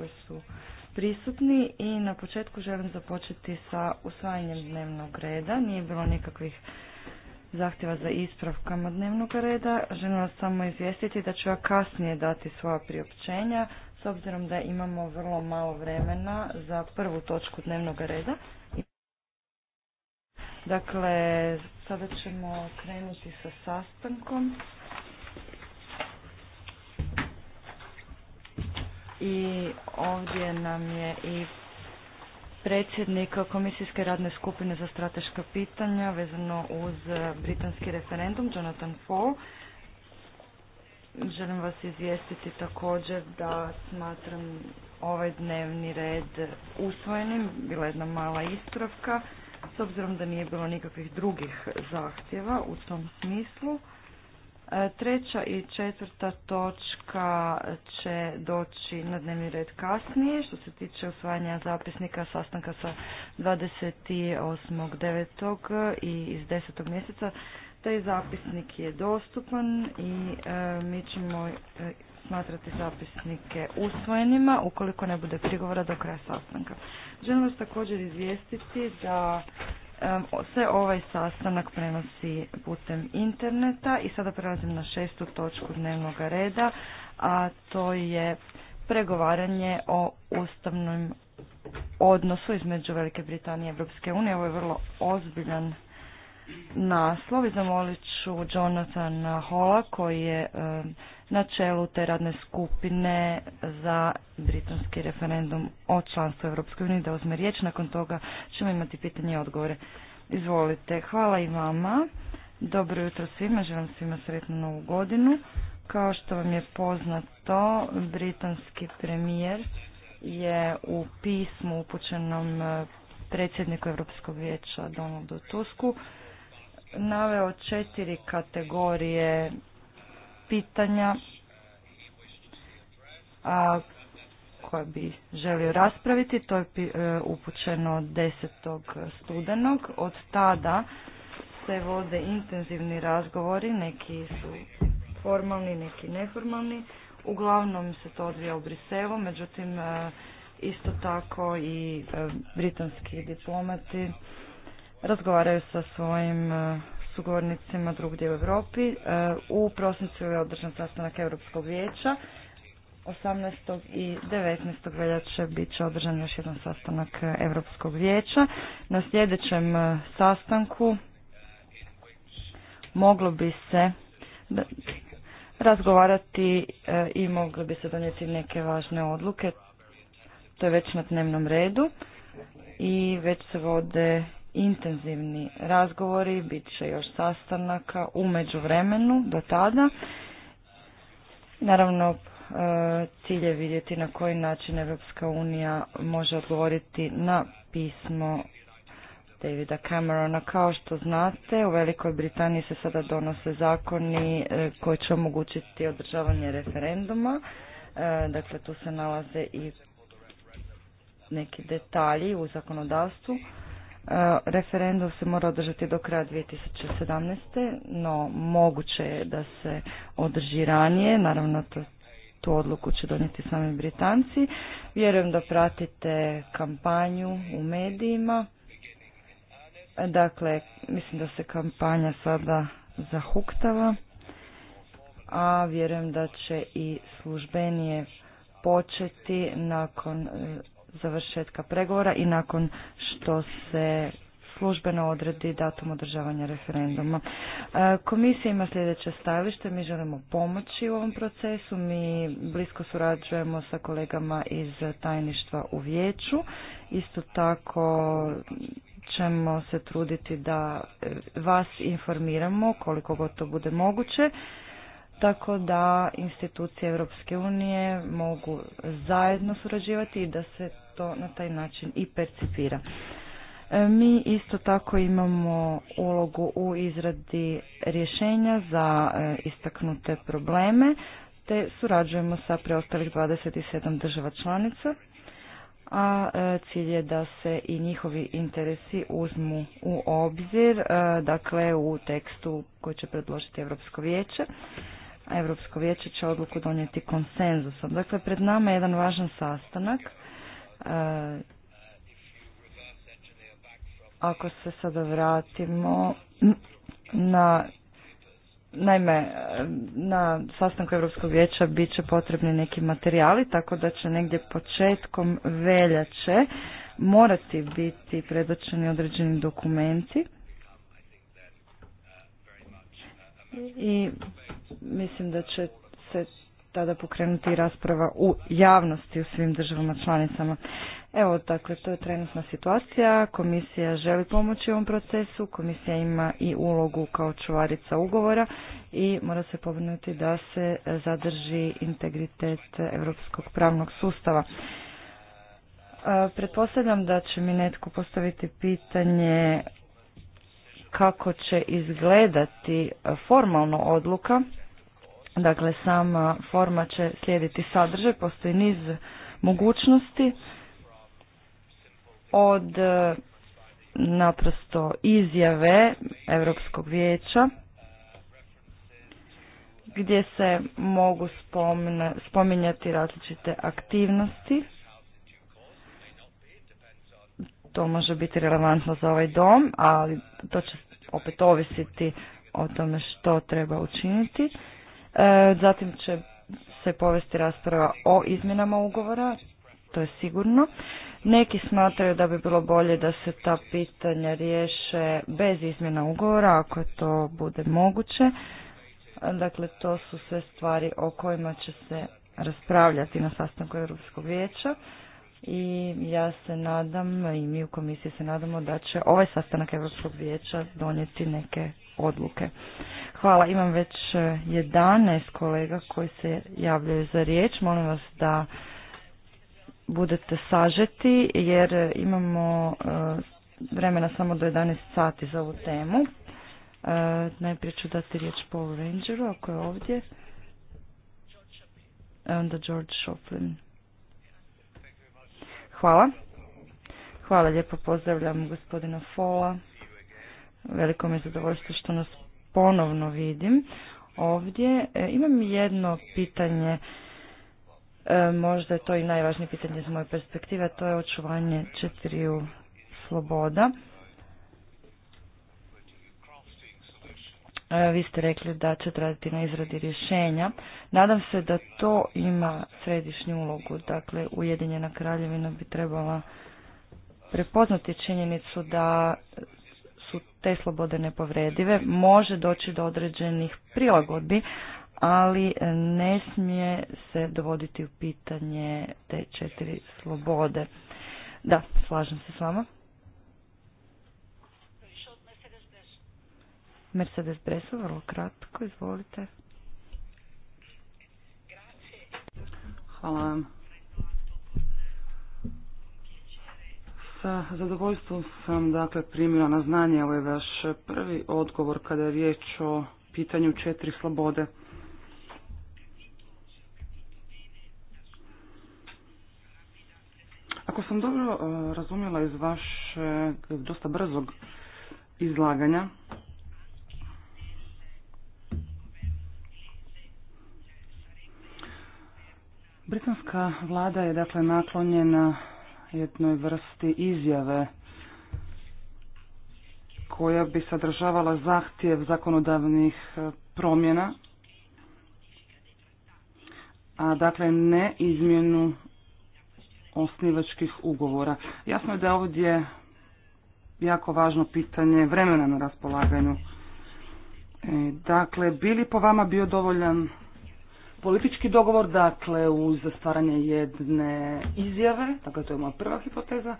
koji su prisutni i na početku želim započeti sa usvajanjem dnevnog reda. Nije bilo nikakvih zahtjeva za ispravkama dnevnog reda. Želim vas samo izvijestiti da ću ja kasnije dati svoja priopćenja s obzirom da imamo vrlo malo vremena za prvu točku dnevnog reda. Dakle, sada ćemo krenuti sa sastankom. i ovdje nam je i predsjednik Komisijske radne skupine za strateška pitanja vezano uz britanski referendum, Jonathan Fall. Želim vas izvijestiti također da smatram ovaj dnevni red usvojenim. Bila je jedna mala ispravka, s obzirom da nije bilo nikakvih drugih zahtjeva u tom smislu. Treća i četvrta točka će doći na dnevni red kasnije što se tiče usvajanja zapisnika sastanka sa 28.9. i iz 10. mjeseca. Taj zapisnik je dostupan i e, mi ćemo e, smatrati zapisnike usvojenima ukoliko ne bude prigovora do kraja sastanka. Želim vas također izvijestiti da se ovaj sastanak prenosi putem interneta i sada prelazim na šestu točku dnevnog reda, a to je pregovaranje o ustavnom odnosu između Velike Britanije i Europske unije. Ovo je vrlo ozbiljan naslov i zamolit ću Jonathana Hola koji je e, na čelu te radne skupine za britanski referendum o članstvu Europskoj uniji da uzme riječ. Nakon toga ćemo imati pitanje i odgovore. Izvolite. Hvala i vama. Dobro jutro svima. Želim svima sretnu novu godinu. Kao što vam je poznato, britanski premijer je u pismu upućenom e, predsjedniku Europskog vijeća Donaldu Tusku naveo četiri kategorije pitanja a, koja bi želio raspraviti. To je e, upućeno 10. studenog. Od tada se vode intenzivni razgovori, neki su formalni, neki neformalni. Uglavnom se to odvija u Briselu, međutim e, isto tako i e, britanski diplomati razgovaraju sa svojim e, sugovornicima drugdje u Europi. E, u prosincu je održan sastanak Europskog vijeća. 18. i 19. veljače bit će održan još jedan sastanak Europskog vijeća. Na sljedećem e, sastanku moglo bi se razgovarati i moglo bi se donijeti neke važne odluke. To je već na dnevnom redu i već se vode intenzivni razgovori, bit će još sastanaka u međuvremenu do tada. Naravno, e, cilj je vidjeti na koji način Evropska unija može odgovoriti na pismo Davida Camerona. Kao što znate, u Velikoj Britaniji se sada donose zakoni e, koji će omogućiti održavanje referenduma. E, dakle, tu se nalaze i neki detalji u zakonodavstvu. E, referendum se mora održati do kraja 2017. No, moguće je da se održi ranije. Naravno, to, tu odluku će donijeti sami Britanci. Vjerujem da pratite kampanju u medijima. Dakle, mislim da se kampanja sada zahuktava, a vjerujem da će i službenije početi nakon e, završetka pregovora i nakon što se službeno odredi datum održavanja referenduma. E, komisija ima sljedeće stajalište, mi želimo pomoći u ovom procesu, mi blisko surađujemo sa kolegama iz tajništva u vijeću, isto tako ćemo se truditi da e, vas informiramo koliko god to bude moguće, tako da institucije Europske unije mogu zajedno surađivati i da se to na taj način i percipira. E, mi isto tako imamo ulogu u izradi rješenja za e, istaknute probleme, te surađujemo sa preostalih 27 država članica, a e, cilj je da se i njihovi interesi uzmu u obzir, dakle u tekstu koji će predložiti Europsko vijeće. Europsko vijeće će odluku donijeti konsenzusom. Dakle, pred nama je jedan važan sastanak E, ako se sada vratimo na Naime, na sastanku Europskog vijeća bit će potrebni neki materijali, tako da će negdje početkom veljače morati biti predočeni određeni dokumenti. I mislim da će se tada pokrenuti rasprava u javnosti u svim državama članicama. Evo, dakle, to je trenutna situacija. Komisija želi pomoći u ovom procesu. Komisija ima i ulogu kao čuvarica ugovora i mora se pobrinuti da se zadrži integritet europskog pravnog sustava. E, pretpostavljam da će mi netko postaviti pitanje kako će izgledati formalno odluka Dakle, sama forma će slijediti sadržaj, postoji niz mogućnosti od e, naprosto izjave Europskog vijeća gdje se mogu spominjati različite aktivnosti. To može biti relevantno za ovaj dom, ali to će opet ovisiti o tome što treba učiniti. E, zatim će se povesti rasprava o izmjenama ugovora, to je sigurno. Neki smatraju da bi bilo bolje da se ta pitanja riješe bez izmjena ugovora, ako to bude moguće. Dakle, to su sve stvari o kojima će se raspravljati na sastanku Europskog vijeća i ja se nadam i mi u komisiji se nadamo da će ovaj sastanak Europskog vijeća donijeti neke odluke. Hvala, imam već 11 e, kolega koji se javljaju za riječ. Molim vas da budete sažeti jer e, imamo e, vremena samo do 11 sati za ovu temu. Najprije ću dati riječ Paul Rangeru ako je ovdje. A onda George Shoplin. Hvala. Hvala lijepo, pozdravljam gospodina Fola. Veliko mi je zadovoljstvo što nas ponovno vidim ovdje. E, imam jedno pitanje, e, možda je to i najvažnije pitanje iz moje perspektive, to je očuvanje četiriju sloboda. E, vi ste rekli da ćete raditi na izradi rješenja. Nadam se da to ima središnju ulogu. Dakle, Ujedinjena kraljevina bi trebala prepoznati činjenicu da su te slobode nepovredive, može doći do određenih prilagodbi, ali ne smije se dovoditi u pitanje te četiri slobode. Da, slažem se s vama. Mercedes Breso, vrlo kratko, izvolite. Hvala vam. Sa zadovoljstvom sam dakle primila na znanje ovaj vaš prvi odgovor kada je riječ o pitanju četiri slobode. Ako sam dobro e, razumjela iz vašeg dosta brzog izlaganja, Britanska vlada je dakle naklonjena jednoj vrsti izjave koja bi sadržavala zahtjev zakonodavnih e, promjena, a dakle ne izmjenu osnivačkih ugovora. Jasno je da je ovdje jako važno pitanje vremena na raspolaganju. E, dakle, bi li po vama bio dovoljan politički dogovor, dakle uz stvaranje jedne izjave, dakle to je moja prva hipoteza,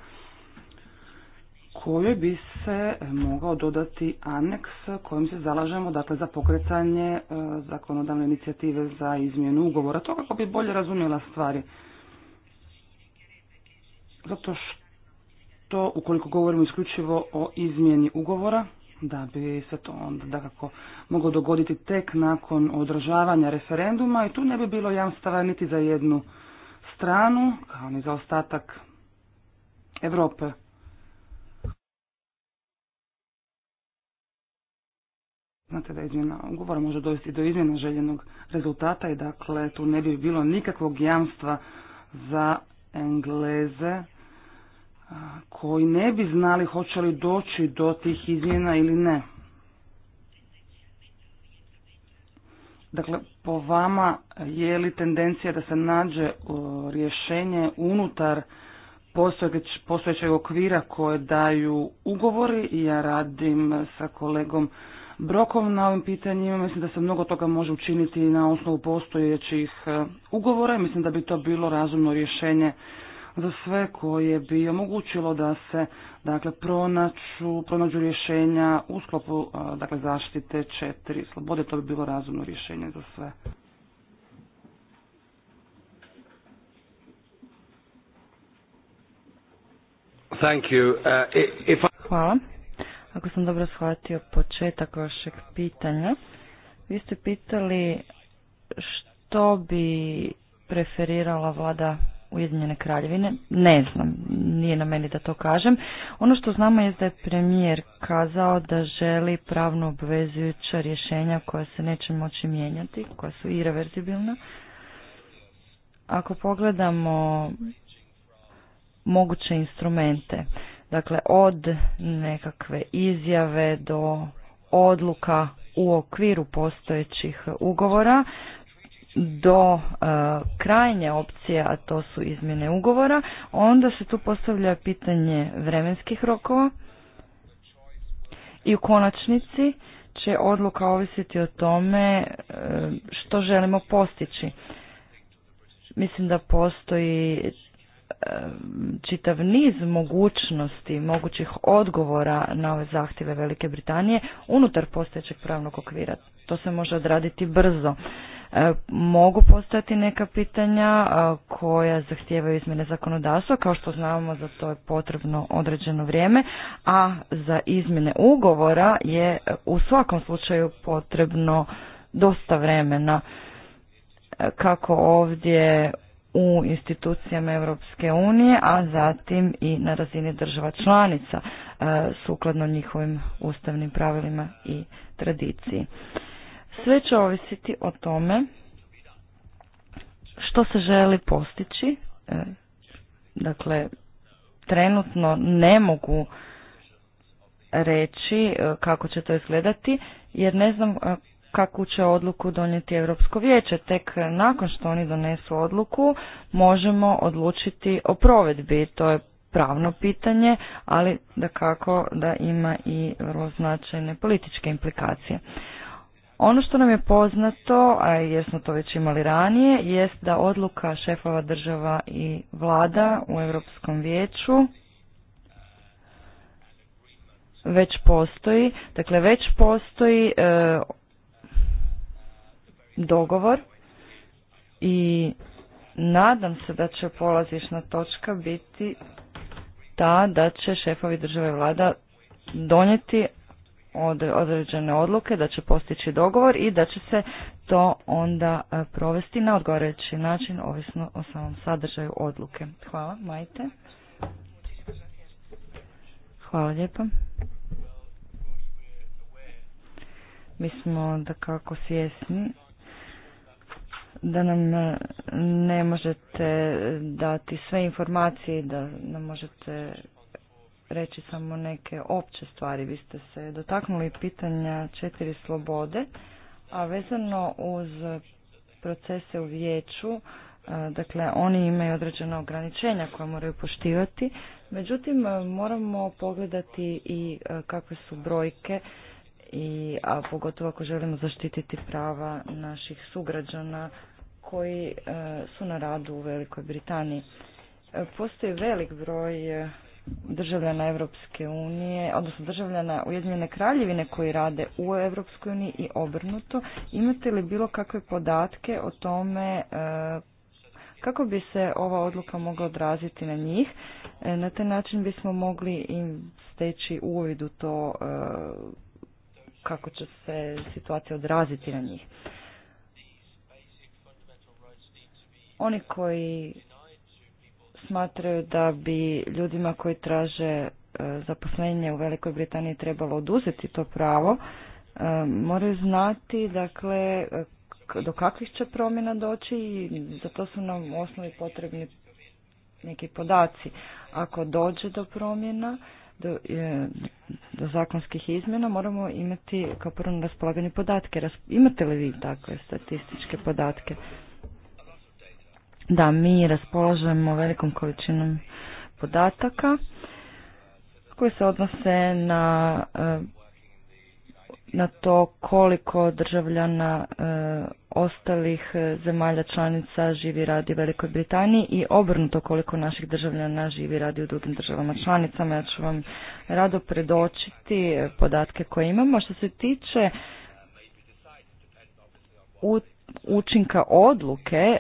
kojoj bi se mogao dodati aneks kojim se zalažemo dakle, za pokretanje e, zakonodavne inicijative za izmjenu ugovora. To kako bi bolje razumjela stvari. Zato što ukoliko govorimo isključivo o izmjeni ugovora, da bi se to onda dakako moglo dogoditi tek nakon održavanja referenduma i tu ne bi bilo jamstava niti za jednu stranu, kao ni za ostatak Europe. Znate da izmjena ugovora može dovesti do izmjena željenog rezultata i dakle tu ne bi bilo nikakvog jamstva za Engleze koji ne bi znali hoće li doći do tih izmjena ili ne. Dakle, po vama je li tendencija da se nađe rješenje unutar postojećeg okvira koje daju ugovori i ja radim sa kolegom Brokom na ovim pitanjima. Mislim da se mnogo toga može učiniti na osnovu postojećih e, ugovora mislim da bi to bilo razumno rješenje za sve koje bi omogućilo da se dakle, pronaču, pronađu rješenja u sklopu dakle, zaštite četiri slobode. To bi bilo razumno rješenje za sve. Thank you. Uh, if I... Hvala. Ako sam dobro shvatio početak vašeg pitanja, vi ste pitali što bi preferirala vlada Ujedinjene kraljevine? Ne znam, nije na meni da to kažem. Ono što znamo je da je premijer kazao da želi pravno obvezujuća rješenja koja se neće moći mijenjati, koja su irreverzibilna. Ako pogledamo moguće instrumente, dakle od nekakve izjave do odluka u okviru postojećih ugovora do e, krajnje opcije, a to su izmjene ugovora, onda se tu postavlja pitanje vremenskih rokova i u konačnici će odluka ovisiti o tome e, što želimo postići. Mislim da postoji čitav niz mogućnosti, mogućih odgovora na ove zahtjeve Velike Britanije unutar postojećeg pravnog okvira. To se može odraditi brzo. E, mogu postati neka pitanja e, koja zahtijevaju izmjene zakonodavstva, kao što znamo za to je potrebno određeno vrijeme, a za izmjene ugovora je e, u svakom slučaju potrebno dosta vremena kako ovdje u institucijama Europske unije, a zatim i na razini država članica e, sukladno njihovim ustavnim pravilima i tradiciji. Sve će ovisiti o tome što se želi postići. E, dakle, trenutno ne mogu reći e, kako će to izgledati jer ne znam kakvu će odluku donijeti Europsko vijeće. Tek nakon što oni donesu odluku možemo odlučiti o provedbi. To je pravno pitanje, ali da kako da ima i vrlo značajne političke implikacije. Ono što nam je poznato, a jesmo to već imali ranije, jest da odluka šefova država i vlada u Europskom vijeću već postoji, dakle već postoji e, dogovor i nadam se da će polazišna točka biti ta da će šefovi države vlada donijeti određene odluke, da će postići dogovor i da će se to onda e, provesti na odgovarajući način, ovisno o samom sadržaju odluke. Hvala, Majte. Hvala lijepa. Mi smo da kako svjesni da nam e, ne možete dati sve informacije, da nam možete reći samo neke opće stvari. Vi ste se dotaknuli pitanja četiri slobode, a vezano uz procese u vijeću, e, dakle oni imaju određena ograničenja koja moraju poštivati, međutim e, moramo pogledati i kakve su brojke i a pogotovo ako želimo zaštititi prava naših sugrađana koji e, su na radu u Velikoj Britaniji. E, postoji velik broj e, državljana Europske unije, odnosno državljana Ujedinjene kraljevine koji rade u Europskoj uniji i obrnuto. Imate li bilo kakve podatke o tome kako bi se ova odluka mogla odraziti na njih? Na taj način bismo mogli im steći uvid u to kako će se situacija odraziti na njih. Oni koji smatraju da bi ljudima koji traže e, zaposlenje u Velikoj Britaniji trebalo oduzeti to pravo, e, moraju znati dakle do kakvih će promjena doći i za to su nam u osnovi potrebni neki podaci. Ako dođe do promjena, do, je, do zakonskih izmjena moramo imati kao prvo na podatke. imate li vi takve statističke podatke? Da, mi raspolažemo velikom količinom podataka koji se odnose na e, na to koliko državljana e, ostalih e, zemalja članica živi radi u Velikoj Britaniji i obrnuto koliko naših državljana živi radi u drugim državama članicama. Ja ću vam rado predočiti e, podatke koje imamo. Što se tiče učinka odluke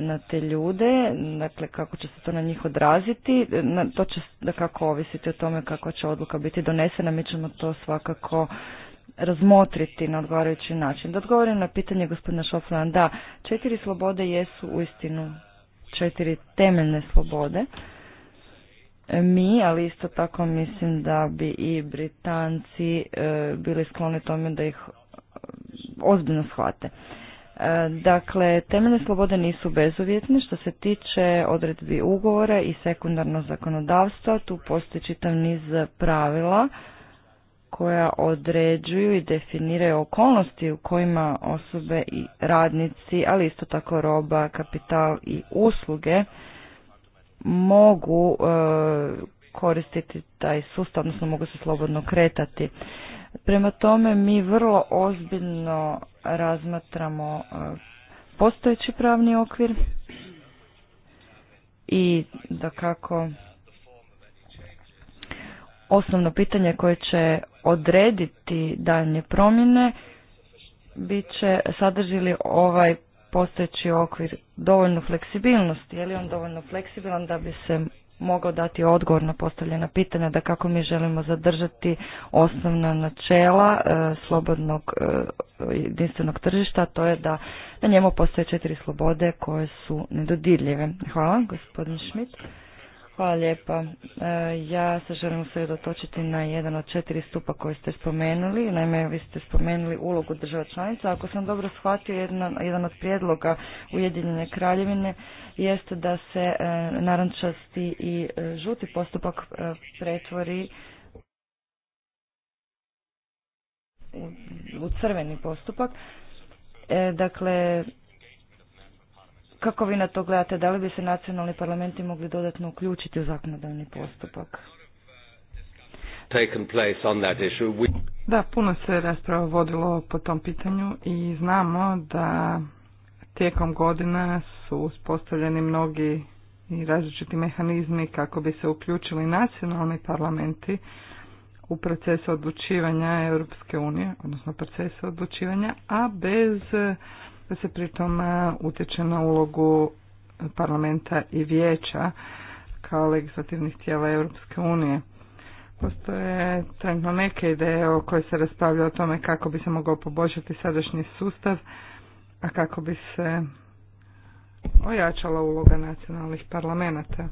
na te ljude, dakle kako će se to na njih odraziti, na, to će da kako ovisiti o tome kako će odluka biti donesena, mi ćemo to svakako razmotriti na odgovarajući način. Da odgovorim na pitanje gospodina Šoflana, da, četiri slobode jesu uistinu četiri temeljne slobode. Mi, ali isto tako mislim da bi i Britanci e, bili skloni tome da ih e, ozbiljno shvate. E, dakle, temeljne slobode nisu bezuvjetne što se tiče odredbi ugovora i sekundarnog zakonodavstva. Tu postoji čitav niz pravila koja određuju i definiraju okolnosti u kojima osobe i radnici, ali isto tako roba, kapital i usluge mogu e, koristiti taj sustav, odnosno mogu se slobodno kretati. Prema tome mi vrlo ozbiljno razmatramo e, postojeći pravni okvir i da kako osnovno pitanje koje će odrediti daljnje promjene bit će sadrži li ovaj postojeći okvir dovoljnu fleksibilnost, je li on dovoljno fleksibilan da bi se mogao dati odgovor na postavljena pitanja da kako mi želimo zadržati osnovna načela e, slobodnog e, jedinstvenog tržišta, to je da na njemu postoje četiri slobode koje su nedodirljive. Hvala, gospodin Šmit. Hvala lijepa. E, ja se želim dotočiti na jedan od četiri stupa koji ste spomenuli. Naime, vi ste spomenuli ulogu država članica. Ako sam dobro shvatio, jedan, jedan od prijedloga Ujedinjene kraljevine jeste da se e, narančasti i e, žuti postupak pretvori u crveni postupak. Dakle, kako vi na to gledate? Da li bi se nacionalni parlamenti mogli dodatno uključiti u zakonodavni postupak? Da, puno se rasprava vodilo po tom pitanju i znamo da tijekom godina su uspostavljeni mnogi i različiti mehanizmi kako bi se uključili nacionalni parlamenti u proces odlučivanja Europske unije, odnosno procesu odlučivanja, a bez da se pritom utječe na ulogu parlamenta i vijeća kao legislativnih tijela Europske unije. Postoje trenutno neke ideje o kojoj se raspravlja o tome kako bi se mogao poboljšati sadašnji sustav, a kako bi se ojačala uloga nacionalnih parlamenta.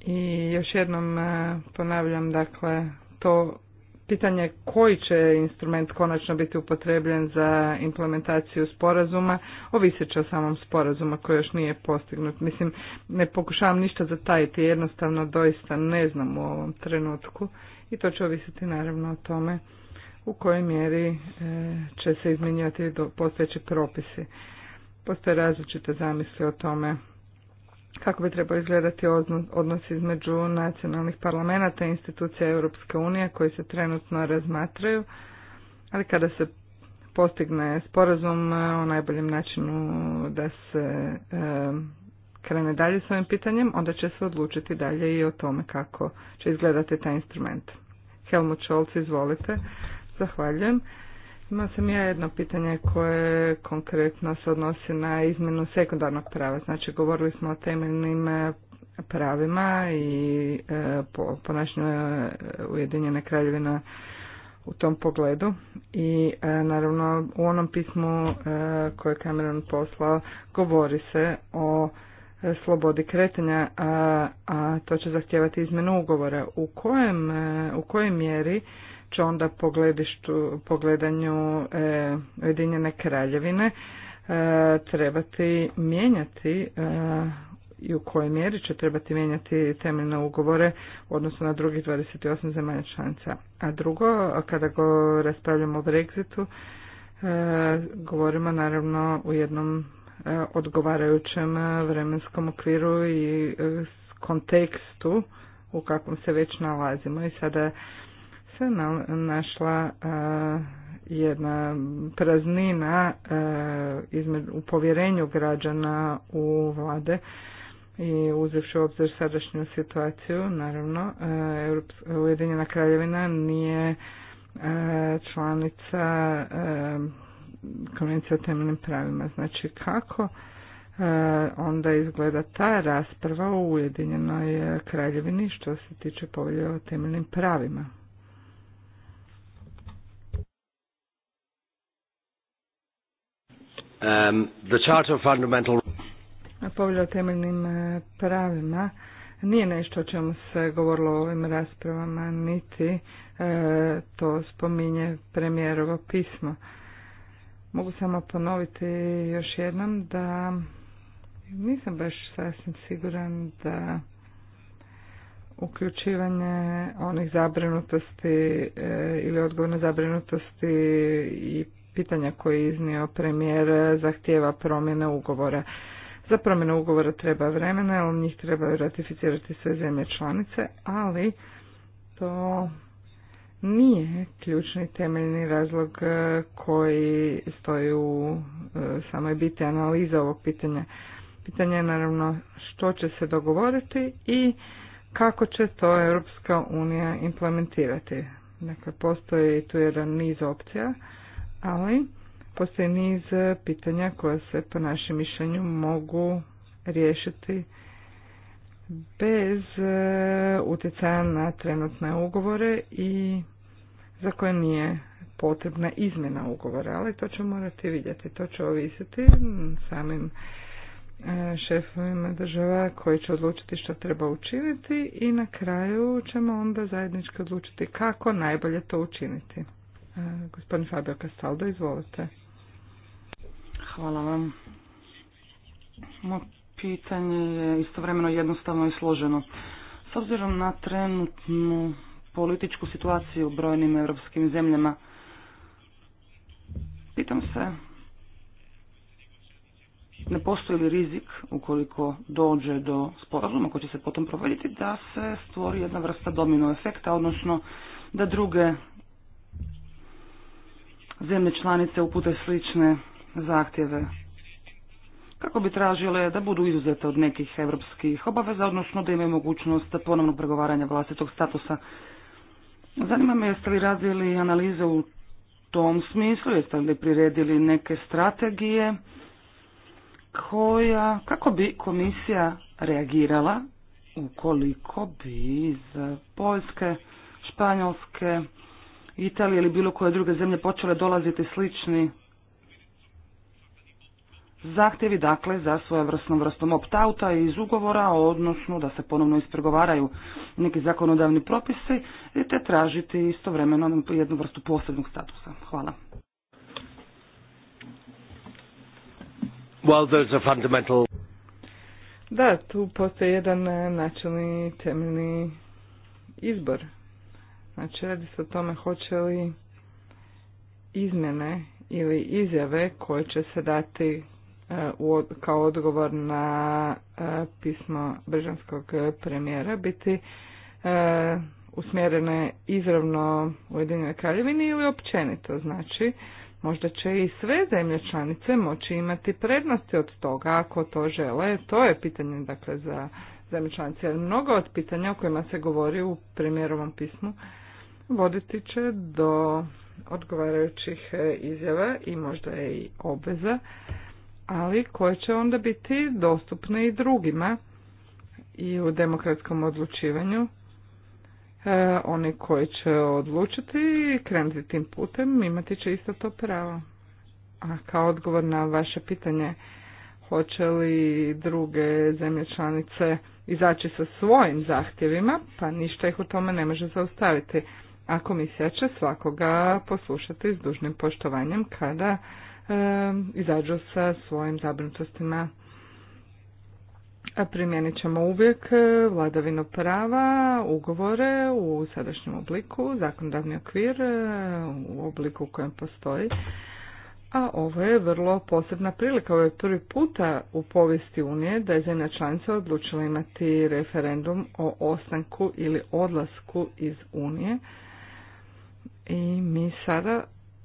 I još jednom eh, ponavljam, dakle, to pitanje koji će instrument konačno biti upotrebljen za implementaciju sporazuma ovisit će o samom sporazuma koji još nije postignut. Mislim, ne pokušavam ništa zatajiti, jednostavno doista ne znam u ovom trenutku i to će ovisiti naravno o tome u kojoj mjeri e, će se izmjenjivati postojeći propisi. Postoje različite zamisli o tome kako bi trebao izgledati odnos između nacionalnih parlamenta i institucija Europske unije koji se trenutno razmatraju, ali kada se postigne sporazum e, o najboljem načinu da se e, krene dalje s ovim pitanjem, onda će se odlučiti dalje i o tome kako će izgledati taj instrument. Helmut Scholz, izvolite. Zahvaljujem. Ima sam ja jedno pitanje koje konkretno se odnosi na izmjenu sekundarnog prava. Znači, govorili smo o temeljnim e, pravima i e, po ponašanju e, Ujedinjene kraljevina u tom pogledu i naravno u onom pismu koje je Cameron poslao govori se o slobodi kretanja, a, to će zahtijevati izmenu ugovora. U, kojem, u kojoj mjeri će onda po, e, Ujedinjene kraljevine e, trebati mijenjati e, i u kojoj mjeri će trebati mijenjati temeljne ugovore u odnosu na drugih 28 zemalja članica. A drugo, kada go raspravljamo o Brexitu, govorimo naravno u jednom odgovarajućem vremenskom okviru i kontekstu u kakvom se već nalazimo i sada se našla jedna praznina u povjerenju građana u vlade i uzevši u obzir sadašnju situaciju, naravno, Ujedinjena kraljevina nije članica konvencija o temeljnim pravima. Znači kako onda izgleda ta rasprava u Ujedinjenoj kraljevini što se tiče povelje o temeljnim pravima. Um, o temeljnim e, pravima nije nešto o čemu se govorilo u ovim raspravama, niti e, to spominje premijerovo pismo. Mogu samo ponoviti još jednom da nisam baš sasvim siguran da uključivanje onih zabrinutosti e, ili odgovorne zabrinutosti i pitanja koje je iznio premijer eh, zahtjeva promjene ugovora. Za promjene ugovora treba vremena, jer njih treba ratificirati sve zemlje članice, ali to nije ključni temeljni razlog eh, koji stoji u eh, samoj biti analiza ovog pitanja. Pitanje je naravno što će se dogovoriti i kako će to Europska unija implementirati. Dakle, postoji tu jedan niz opcija ali postoji niz e, pitanja koja se po našem mišljenju mogu riješiti bez e, utjecaja na trenutne ugovore i za koje nije potrebna izmjena ugovora, ali to će morati vidjeti, to će ovisiti samim e, šefovima država koji će odlučiti što treba učiniti i na kraju ćemo onda zajednički odlučiti kako najbolje to učiniti. Gospodin Fabio Castaldo, izvolite. Hvala vam. Moje pitanje je istovremeno jednostavno i složeno. S obzirom na trenutnu političku situaciju u brojnim europskim zemljama, pitam se ne postoji li rizik ukoliko dođe do sporazuma koji će se potom provoditi da se stvori jedna vrsta domino efekta, odnosno da druge zemlje članice upute slične zahtjeve kako bi tražile da budu izuzete od nekih europskih obaveza, odnosno da imaju mogućnost ponovno pregovaranja vlastitog statusa. Zanima me jeste li radili analize u tom smislu, jeste li priredili neke strategije koja, kako bi komisija reagirala ukoliko bi iz Poljske, Španjolske, Italije ili bilo koje druge zemlje počele dolaziti slični zahtjevi dakle za svojevrsnom vrstom opt-outa iz ugovora, odnosno da se ponovno ispregovaraju neki zakonodavni propisi, te tražiti istovremeno jednu vrstu posebnog statusa. Hvala. Well, fundamental... Da, tu postoji jedan načelni temeljni izbor Znači radi se o tome hoće li izmjene ili izjave koje će se dati e, kao odgovor na e, pismo Bržanskog premijera biti e, usmjerene izravno u Ujedinjenoj kraljevini ili općenito. Znači, možda će i sve zemlje članice moći imati prednosti od toga ako to žele. To je pitanje dakle, za zemlje članice. mnogo od pitanja o kojima se govori u premijerovom pismu voditi će do odgovarajućih e, izjava i možda i obveza, ali koje će onda biti dostupne i drugima i u demokratskom odlučivanju. E, oni koji će odlučiti i krenuti tim putem imati će isto to pravo. A kao odgovor na vaše pitanje hoće li druge zemlje članice izaći sa svojim zahtjevima, pa ništa ih u tome ne može zaustaviti ako komisija će svakoga poslušati s dužnim poštovanjem kada izađu sa svojim zabrinutostima. Primijenit ćemo uvijek e, vladavinu prava, ugovore u sadašnjem obliku, zakonodavni okvir e, u obliku u kojem postoji. A ovo je vrlo posebna prilika, ovo je prvi puta u povijesti Unije da je zemlja članica odlučila imati referendum o ostanku ili odlasku iz Unije i mi sada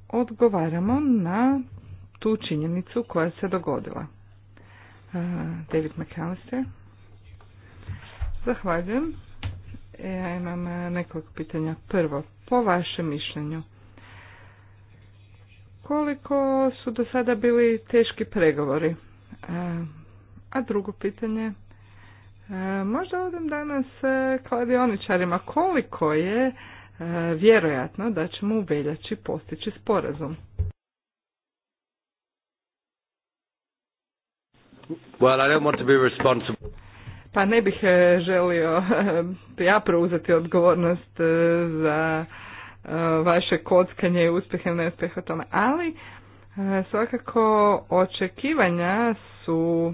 odgovaramo na tu činjenicu koja se dogodila. E, David McAllister. Zahvaljujem. Ja imam e, nekoliko pitanja. Prvo, po vašem mišljenju, koliko su do sada bili teški pregovori? E, a drugo pitanje, možda odem danas kladioničarima, koliko je E, vjerojatno da ćemo u veljači postići sporazum. Well, I don't to be Pa ne bih e, želio e, ja preuzeti odgovornost za vaše kockanje i uspjehe i neuspjehe o tome, ali svakako očekivanja su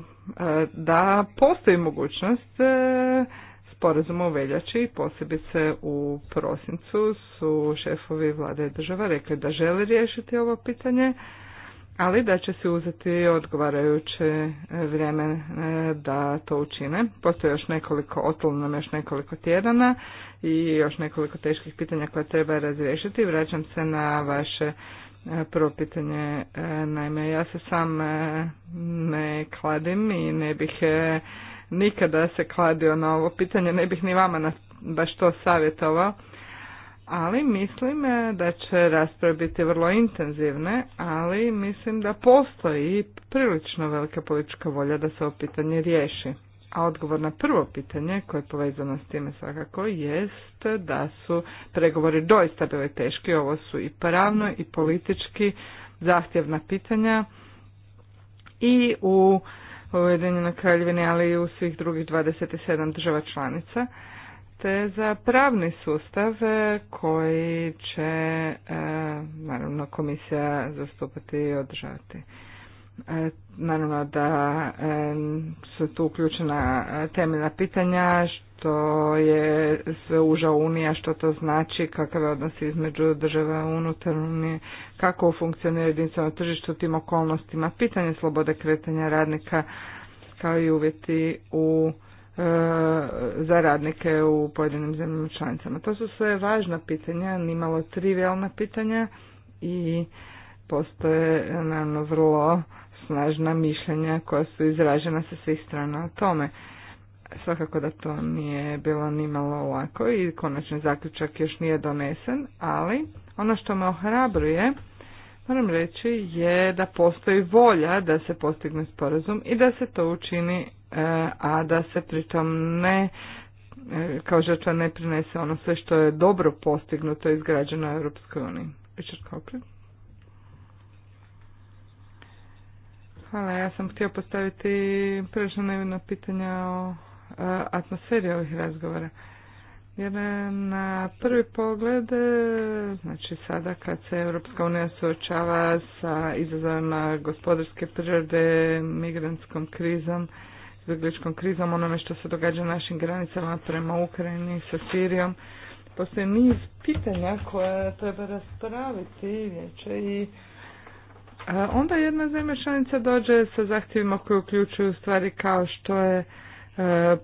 da postoji mogućnost sporazuma u veljači, posebice u prosincu, su šefovi vlade i država rekli da žele riješiti ovo pitanje, ali da će se uzeti odgovarajuće vrijeme e, da to učine. Postoje još nekoliko, ostalo nam još nekoliko tjedana i još nekoliko teških pitanja koja treba razriješiti. Vraćam se na vaše e, prvo pitanje. E, naime, ja se sam ne kladim i ne bih nikada se kladio na ovo pitanje, ne bih ni vama baš to savjetovao, ali mislim e, da će rasprave biti vrlo intenzivne, ali mislim da postoji prilično velika politička volja da se ovo pitanje riješi. A odgovor na prvo pitanje koje je povezano s time svakako jest da su pregovori doista bili teški, ovo su i pravno i politički zahtjevna pitanja i u u Ujedinjenoj kraljevini, ali i u svih drugih 27 država članica, te za pravni sustav e, koji će, e, naravno, komisija zastupati i održavati. E, naravno da e, su tu uključena temeljna pitanja što je sve uža unija, što to znači, kakav je odnos između države unutar unije, kako funkcionira jedinstveno tržište u tim okolnostima, pitanje slobode kretanja radnika kao i uvjeti u e, za radnike u pojedinim zemljama članicama. To su sve važna pitanja, nimalo trivialna pitanja i postoje naravno vrlo snažna mišljenja koja su izražena sa svih strana o tome. Svakako da to nije bilo ni malo lako i konačni zaključak još nije donesen, ali ono što me ohrabruje, moram reći, je da postoji volja da se postigne sporazum i da se to učini, e, a da se pritom ne e, kao žrtva ne prinese ono sve što je dobro postignuto i izgrađeno u Europskoj uniji. Richard Hvala, ja sam htio postaviti prilično nevino pitanja o e, atmosferi ovih razgovora. Jer e, na prvi pogled, e, znači sada kad se Europska unija suočava sa izazovima gospodarske prirode, migrantskom krizom, izbjegličkom krizom, onome što se događa na našim granicama prema Ukrajini sa Sirijom, postoji niz pitanja koje treba raspraviti vječe i onda jedna zemlja članica dođe sa zahtjevima koji uključuju stvari kao što je e,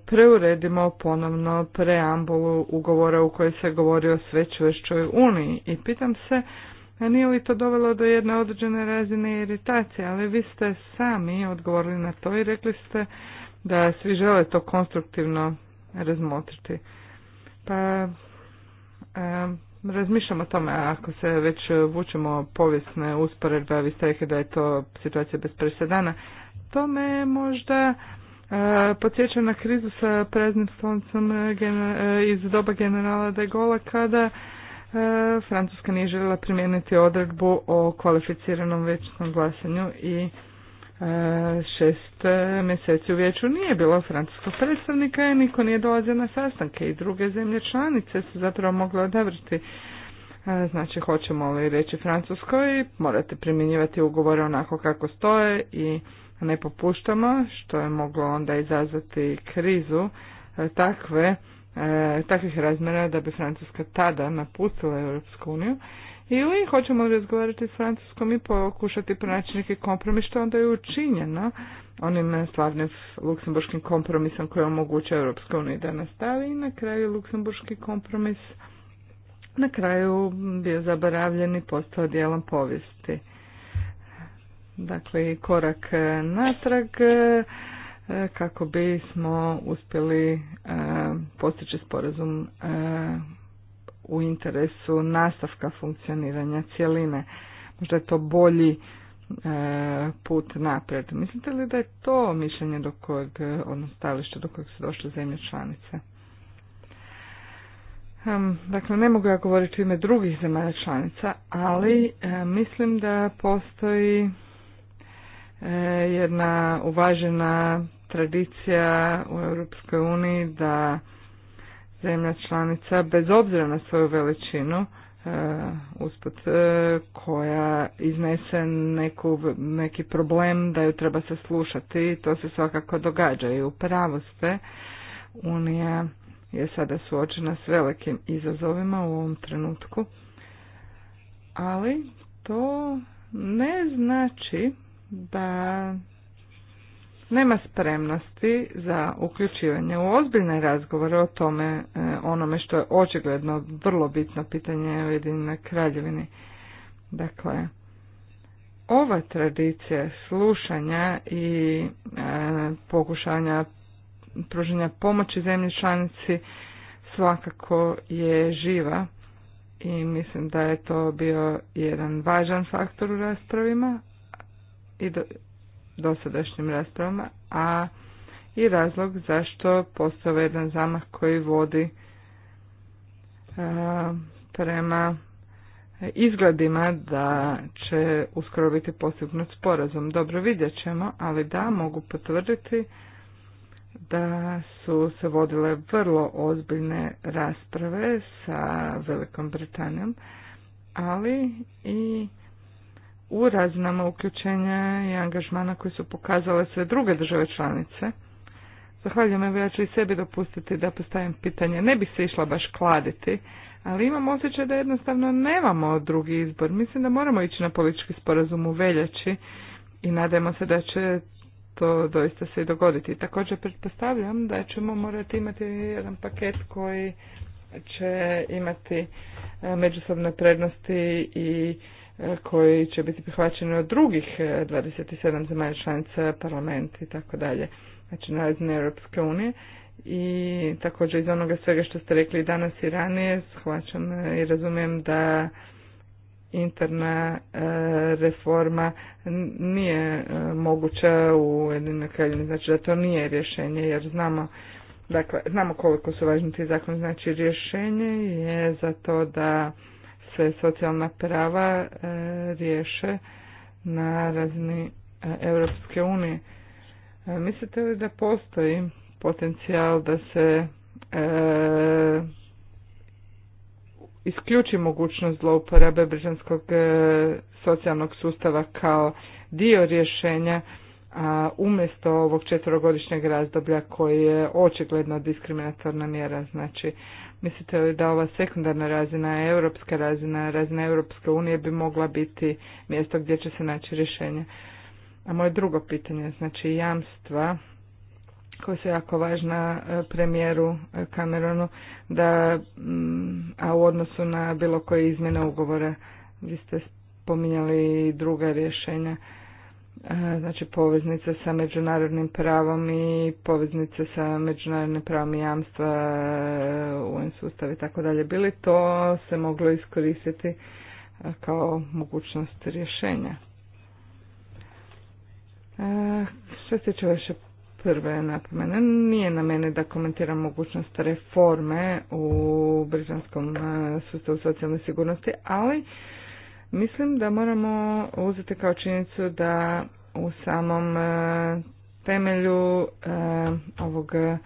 preuredimo ponovno preambulu ugovora u kojoj se govori o sve uniji i pitam se nije li to dovelo do jedne određene razine iritacije, ali vi ste sami odgovorili na to i rekli ste da svi žele to konstruktivno razmotriti. Pa e, razmišljam o tome, ako se već vučemo povijesne usporedbe, vi ste rekli da je to situacija bez presedana, to me možda e, podsjeća na krizu sa preznim stolnicom e, e, iz doba generala de Gaulle kada e, Francuska nije željela primijeniti odredbu o kvalificiranom većinskom glasanju i E, šest e, mjeseci u vijeću nije bilo francuskog predstavnika i niko nije dolazio na sastanke i druge zemlje članice su zapravo mogle odabrati e, znači hoćemo li reći Francuskoj, morate primjenjivati ugovore onako kako stoje i ne popuštamo, što je moglo onda izazvati krizu takve, takvih razmjera da bi Francuska tada napustila Europsku uniju ili hoćemo razgovarati s Francuskom i pokušati pronaći neki kompromis što onda je učinjeno onim slavnim luksemburškim kompromisom koji omogućuje omogućio EU da nastavi i na kraju luksemburški kompromis na kraju bio zaboravljen i postao dijelom povijesti. Dakle, korak natrag e, kako bismo uspjeli e, postići sporazum e, u interesu nastavka funkcioniranja cjeline. Možda je to bolji e, put naprijed. Mislite li da je to mišljenje do kojeg, odnosno stajalište do kojeg su došle zemlje članice? Dakle, ne mogu ja govoriti u ime drugih zemalja članica, ali e, mislim da postoji e, jedna uvažena tradicija u Europskoj uniji da zemlja članica, bez obzira na svoju veličinu, e, usput e, koja iznese neku, neki problem da ju treba se slušati i to se svakako događa i u pravoste. Unija je sada suočena s velikim izazovima u ovom trenutku ali to ne znači da nema spremnosti za uključivanje u ozbiljne razgovore o tome, e, onome što je očigledno vrlo bitno pitanje Ujedinjene kraljevini. Dakle, ova tradicija slušanja i e, pokušanja pruženja pomoći zemlji članici svakako je živa i mislim da je to bio jedan važan faktor u raspravima i do, dosadašnjim raspravama, a i razlog zašto postoje jedan zamah koji vodi e, prema izgledima da će uskoro biti postignut sporazum. Dobro vidjet ćemo, ali da mogu potvrditi da su se vodile vrlo ozbiljne rasprave sa Velikom Britanijom, ali i u razinama uključenja i angažmana koji su pokazale sve druge države članice. Zahvaljujem, evo ja ću i sebi dopustiti da postavim pitanje. Ne bih se išla baš kladiti, ali imam osjećaj da jednostavno nemamo drugi izbor. Mislim da moramo ići na politički sporazum u veljači i nadajmo se da će to doista se i dogoditi. Također pretpostavljam da ćemo morati imati jedan paket koji će imati e, međusobne prednosti i E, koji će biti prihvaćeni od drugih e, 27 zemalja članica, parlamenta i tako dalje, znači na Europske unije. I također iz onoga svega što ste rekli danas i ranije, shvaćam e, i razumijem da interna reforma nije moguća u jedinoj kraljini, znači da to nije rješenje jer znamo Dakle, znamo koliko su važni ti zakoni, znači rješenje je za to da se socijalna prava e, riješe na razini e, Europske unije. E, mislite li da postoji potencijal da se isključi mogućnost zlouporabe brižanskog socijalnog sustava kao dio rješenja a umjesto ovog četvrogodišnjeg razdoblja koji je očigledno diskriminatorna mjera, znači Mislite li da ova sekundarna razina, europska razina, razina Europske unije bi mogla biti mjesto gdje će se naći rješenje? A moje drugo pitanje, znači jamstva koja su jako važna e, premijeru e, Cameronu, da, mm, a u odnosu na bilo koje izmjene ugovora, vi ste spominjali druga rješenja. E, znači poveznica sa međunarodnim pravom i poveznice sa međunarodnim pravom i jamstva e, UN sustav i tako dalje. Bili to se moglo iskoristiti e, kao mogućnost rješenja. Što se tiče vaše prve napomene, nije na mene da komentiram mogućnost reforme u britanskom sustavu socijalne sigurnosti, ali Mislim da moramo uzeti kao činjenicu da u samom e, temelju e, ovog e,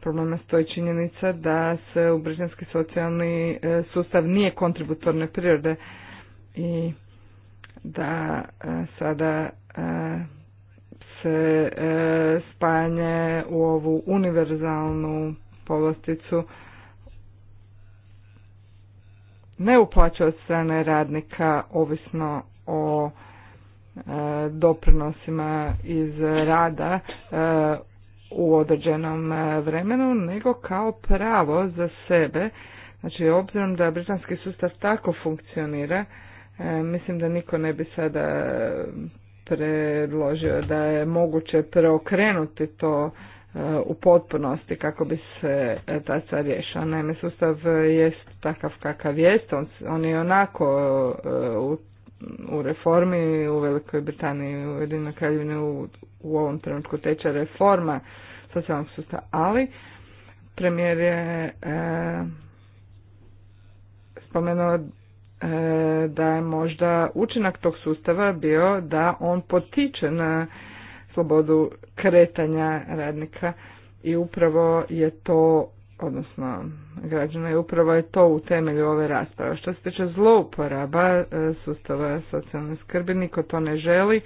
problema stoji činjenica da se u britanski socijalni sustav nije kontributorne prirode i da sada se spajanje u ovu univerzalnu povlasticu ne uplaća od strane radnika ovisno o e, doprinosima iz rada e, u određenom e, vremenu, nego kao pravo za sebe. Znači, obzirom da britanski sustav tako funkcionira, mislim da niko ne bi sada predložio da je moguće preokrenuti to u potpunosti kako bi se e, ta stvar riješila. Naime, sustav jest takav kakav jest, on, on je onako e, u, reformi u Velikoj Britaniji, u Jedinoj Kraljevini u, u ovom trenutku teče reforma socijalnog sustava, ali premijer je e, spomenuo e, da je možda učinak tog sustava bio da on potiče na slobodu kretanja radnika i upravo je to odnosno građana i upravo je to u temelju ove rasprave. Što se tiče zlouporaba e, sustava socijalne skrbi, niko to ne želi.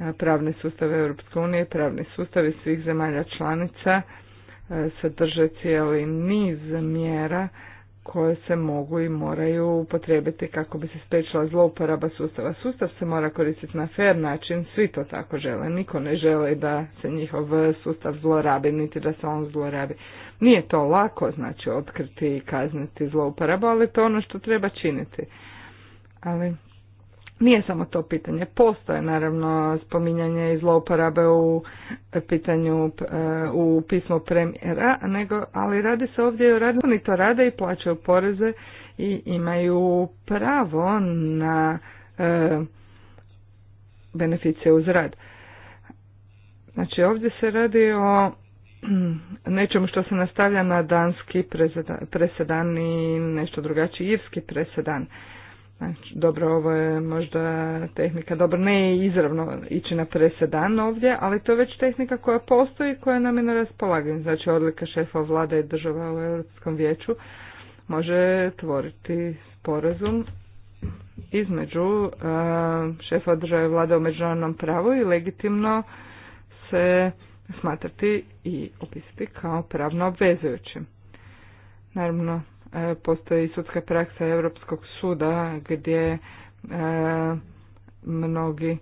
E, pravni sustav Europske unije, pravni sustavi svih zemalja članica e, sadrže cijeli niz mjera koje se mogu i moraju upotrijebiti kako bi se spriječila zlouporaba sustava. Sustav se mora koristiti na fair način, svi to tako žele. Niko ne želi da se njihov sustav zlorabi, niti da se on zlorabi. Nije to lako, znači, otkriti i kazniti zlouporabu, ali to je ono što treba činiti. Ali nije samo to pitanje. Postoje naravno spominjanje i zlouporabe u pitanju e, u pismu premijera, nego, ali radi se ovdje o radu. Oni to rade i plaćaju poreze i imaju pravo na e, beneficije uz rad. Znači ovdje se radi o nečemu što se nastavlja na danski presedan i nešto drugačiji irski presedan. Znači, dobro, ovo je možda tehnika, dobro, ne izravno ići na presedan ovdje, ali to je već tehnika koja postoji i koja nam je na raspolaganju. Znači, odlika šefa vlada i država u Europskom vijeću može tvoriti sporazum između e, šefa države vlade u međunarodnom pravu i legitimno se smatrati i opisati kao pravno obvezujućim. Naravno, postoji sudska praksa Europskog suda gdje e, mnogi e,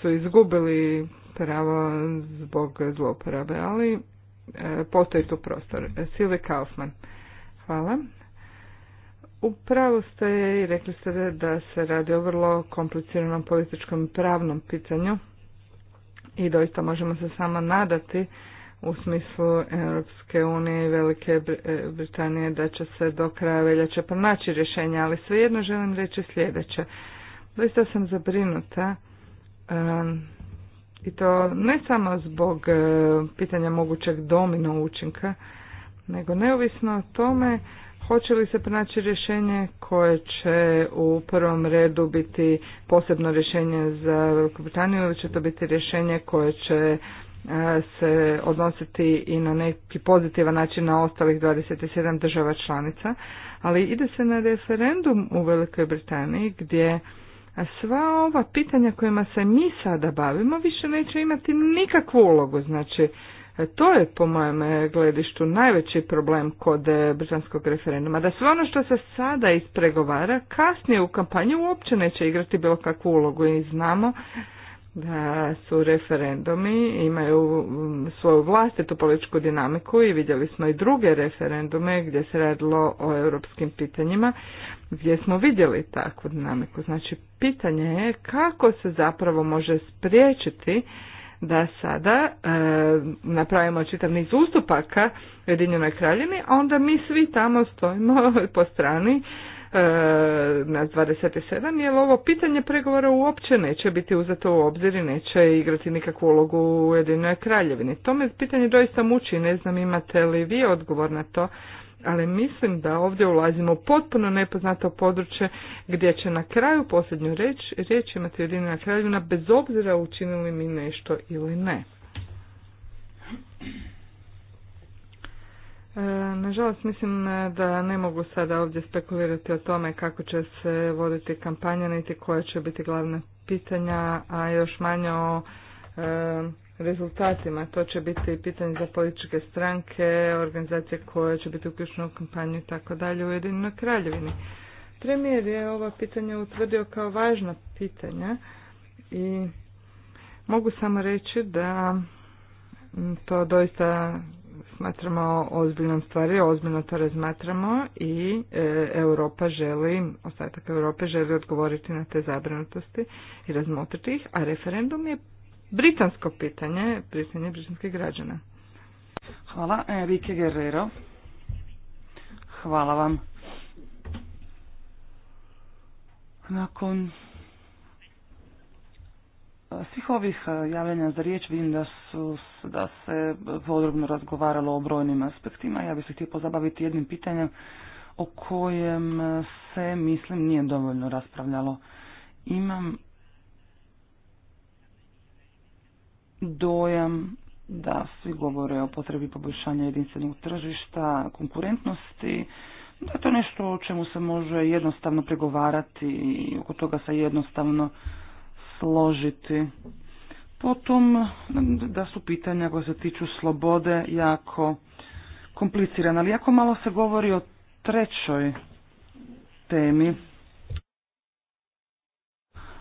su izgubili pravo zbog zlouporabe, ali e, postoji tu prostor. Sili Kaufman. Hvala. Upravo ste i rekli ste da se radi o vrlo kompliciranom političkom i pravnom pitanju i doista možemo se samo nadati u smislu Europske unije i Velike e, Britanije da će se do kraja veljače pronaći rješenje, ali svejedno želim reći sljedeće. Doista sam zabrinuta i to ne samo zbog e, pitanja mogućeg domino učinka, nego neovisno o tome hoće li se pronaći rješenje koje će u prvom redu biti posebno rješenje za Veliku Britaniju ili će to biti rješenje koje će se odnositi i na neki pozitivan način na ostalih 27 država članica, ali ide se na referendum u Velikoj Britaniji gdje sva ova pitanja kojima se mi sada bavimo više neće imati nikakvu ulogu. Znači, to je po mojem gledištu najveći problem kod britanskog referenduma. Da sve ono što se sada ispregovara kasnije u kampanju uopće neće igrati bilo kakvu ulogu i znamo da su referendumi, imaju svoju vlastitu političku dinamiku i vidjeli smo i druge referendume gdje se radilo o europskim pitanjima, gdje smo vidjeli takvu dinamiku. Znači, pitanje je kako se zapravo može spriječiti da sada e, napravimo čitav niz ustupaka Ujedinjenoj kraljevini, a onda mi svi tamo stojimo po strani E, nas 27, jer ovo pitanje pregovora uopće neće biti uzeto u obzir i neće igrati nikakvu ulogu u jedinoj kraljevini. To me pitanje doista muči, ne znam imate li vi odgovor na to, ali mislim da ovdje ulazimo u potpuno nepoznato područje gdje će na kraju posljednju riječ, riječ imati Ujedinjena kraljevina bez obzira učinili mi nešto ili ne. Nažalost, mislim e, da ne mogu sada ovdje spekulirati o tome kako će se voditi kampanja, niti koja će biti glavna pitanja, a još manje o e, rezultatima. To će biti pitanje za političke stranke, organizacije koje će biti uključene u kampanju i tako dalje u Jedinoj Kraljevini. Premijer je ova pitanje utvrdio kao važna pitanja i mogu samo reći da to doista smatramo ozbiljnom stvari, ozbiljno to razmatramo i e, Europa želi, ostatak Europe želi odgovoriti na te zabrinutosti i razmotriti ih, a referendum je britansko pitanje, pitanje britanskih građana. Hvala, Enrique Guerrero. Hvala vam. Nakon svih ovih e, javljanja za riječ vidim da, su, da se podrobno razgovaralo o brojnim aspektima. Ja bih se htio pozabaviti jednim pitanjem o kojem se, mislim, nije dovoljno raspravljalo. Imam dojam da svi govore o potrebi poboljšanja jedinstvenog tržišta, konkurentnosti, da je to nešto o čemu se može jednostavno pregovarati i oko toga se jednostavno složiti. Potom da su pitanja koje se tiču slobode jako komplicirana, ali jako malo se govori o trećoj temi.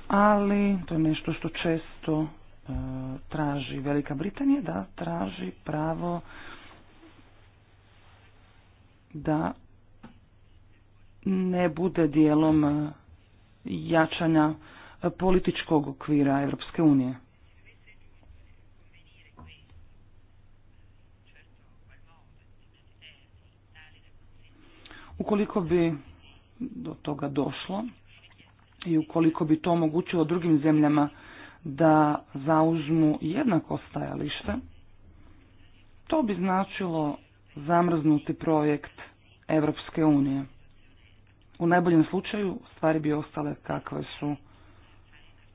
Ali to je nešto što često e, traži Velika Britanija, da traži pravo da ne bude dijelom e, jačanja političkog okvira Europske unije. Ukoliko bi do toga došlo i ukoliko bi to omogućilo drugim zemljama da zauzmu jednako stajalište, to bi značilo zamrznuti projekt Evropske unije. U najboljem slučaju stvari bi ostale kakve su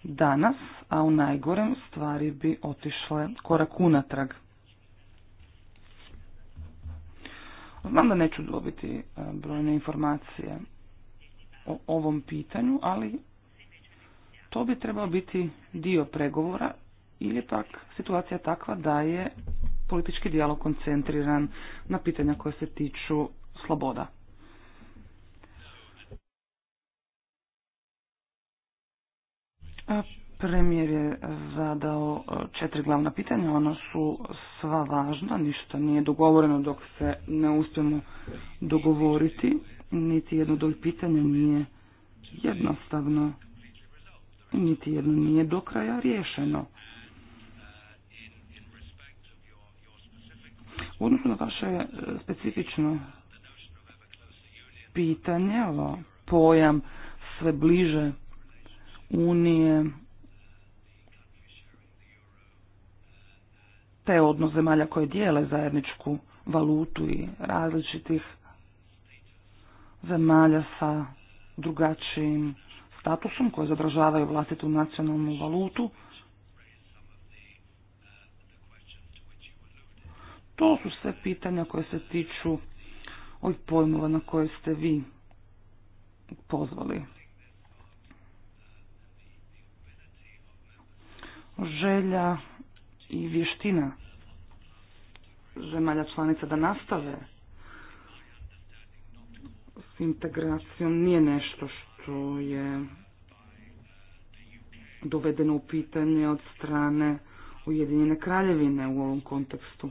danas, a u najgorem stvari bi otišle korak unatrag. Znam da neću dobiti e, brojne informacije o ovom pitanju, ali to bi trebao biti dio pregovora ili pak situacija takva da je politički dijalog koncentriran na pitanja koje se tiču sloboda. Premijer je e, zadao e, četiri glavna pitanja, ona su sva važna, ništa nije dogovoreno dok se ne uspijemo dogovoriti, niti jedno od pitanja nije jednostavno, niti jedno nije do kraja riješeno. U odnosu na vaše e, specifično pitanje, ovo pojam sve bliže unije te odnos zemalja koje dijele zajedničku valutu i različitih zemalja sa drugačijim statusom koje zadržavaju vlastitu nacionalnu valutu. To su sve pitanja koje se tiču ovih pojmova na koje ste vi pozvali. želja i vještina zemalja članica da nastave s integracijom nije nešto što je dovedeno u pitanje od strane Ujedinjene kraljevine u ovom kontekstu.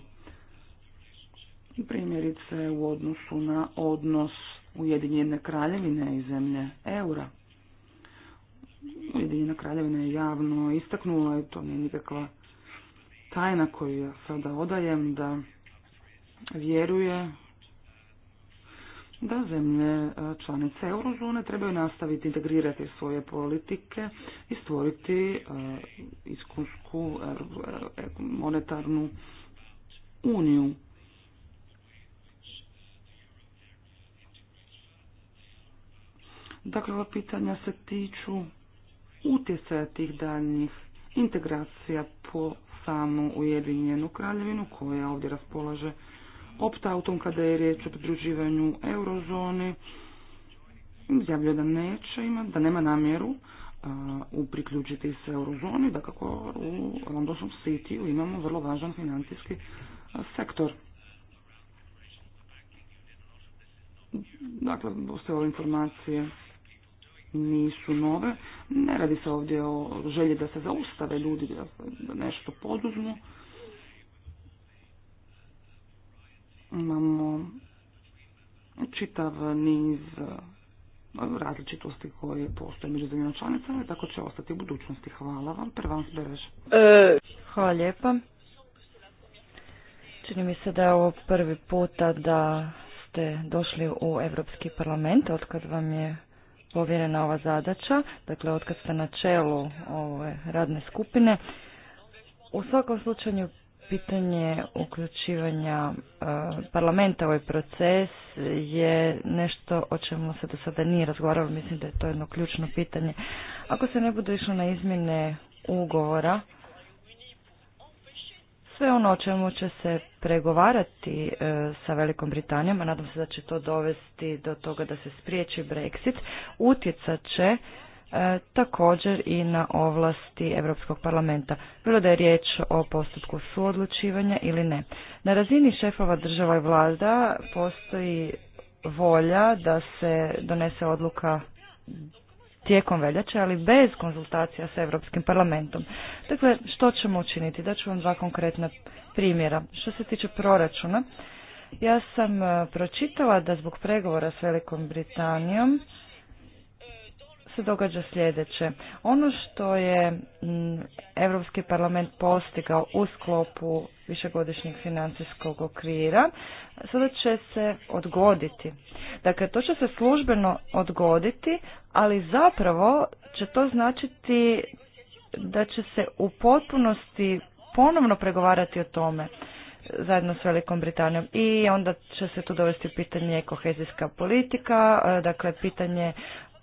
Primjerice u odnosu na odnos Ujedinjene kraljevine i zemlje eura. Jedina kraljevina je javno istaknula i to nije nikakva tajna koju ja sada odajem da vjeruje da zemlje e, članice eurozone trebaju nastaviti integrirati svoje politike i stvoriti e, iskunsku e, monetarnu uniju. Dakle, ova pitanja se tiču utjecaja tih daljnjih integracija po samu Ujedinjenu kraljevinu koja ovdje raspolaže opt-outom kada je riječ o pridruživanju eurozoni. Izjavljuje da neće imati, da nema namjeru u priključiti se eurozoni, da kako u Londonskom City imamo vrlo važan financijski sektor. Dakle, postoje ove informacije nisu nove. Ne radi se ovdje o želji da se zaustave ljudi da nešto poduzmu. Imamo čitav niz e, različitosti koje postoje među zemljeno članicama tako će ostati u budućnosti. Hvala vam. Prva vam e, Hvala lijepa. Čini mi se da je ovo prvi puta da ste došli u Europski parlament, otkad vam je povjerena ova zadaća, dakle otkad ste na čelu ove radne skupine. U svakom slučaju pitanje uključivanja e, parlamenta u ovaj proces je nešto o čemu se do sada nije razgovaralo, mislim da je to jedno ključno pitanje. Ako se ne bude išlo na izmjene ugovora, sve ono o čemu će se pregovarati e, sa Velikom Britanijom, a nadam se da će to dovesti do toga da se spriječi Brexit, utjecat će e, također i na ovlasti Europskog parlamenta, bilo da je riječ o postupku suodlučivanja ili ne. Na razini šefova država i vlada postoji volja da se donese odluka tijekom veljače, ali bez konzultacija sa Europskim parlamentom. Dakle, što ćemo učiniti? ću vam dva konkretna primjera. Što se tiče proračuna, ja sam e, pročitala da zbog pregovora s Velikom Britanijom se događa sljedeće. Ono što je mm, Europski parlament postigao u sklopu višegodišnjeg financijskog okvira, sada će se odgoditi. Dakle, to će se službeno odgoditi, ali zapravo će to značiti da će se u potpunosti ponovno pregovarati o tome zajedno s Velikom Britanijom i onda će se tu dovesti pitanje kohezijska politika, e, dakle pitanje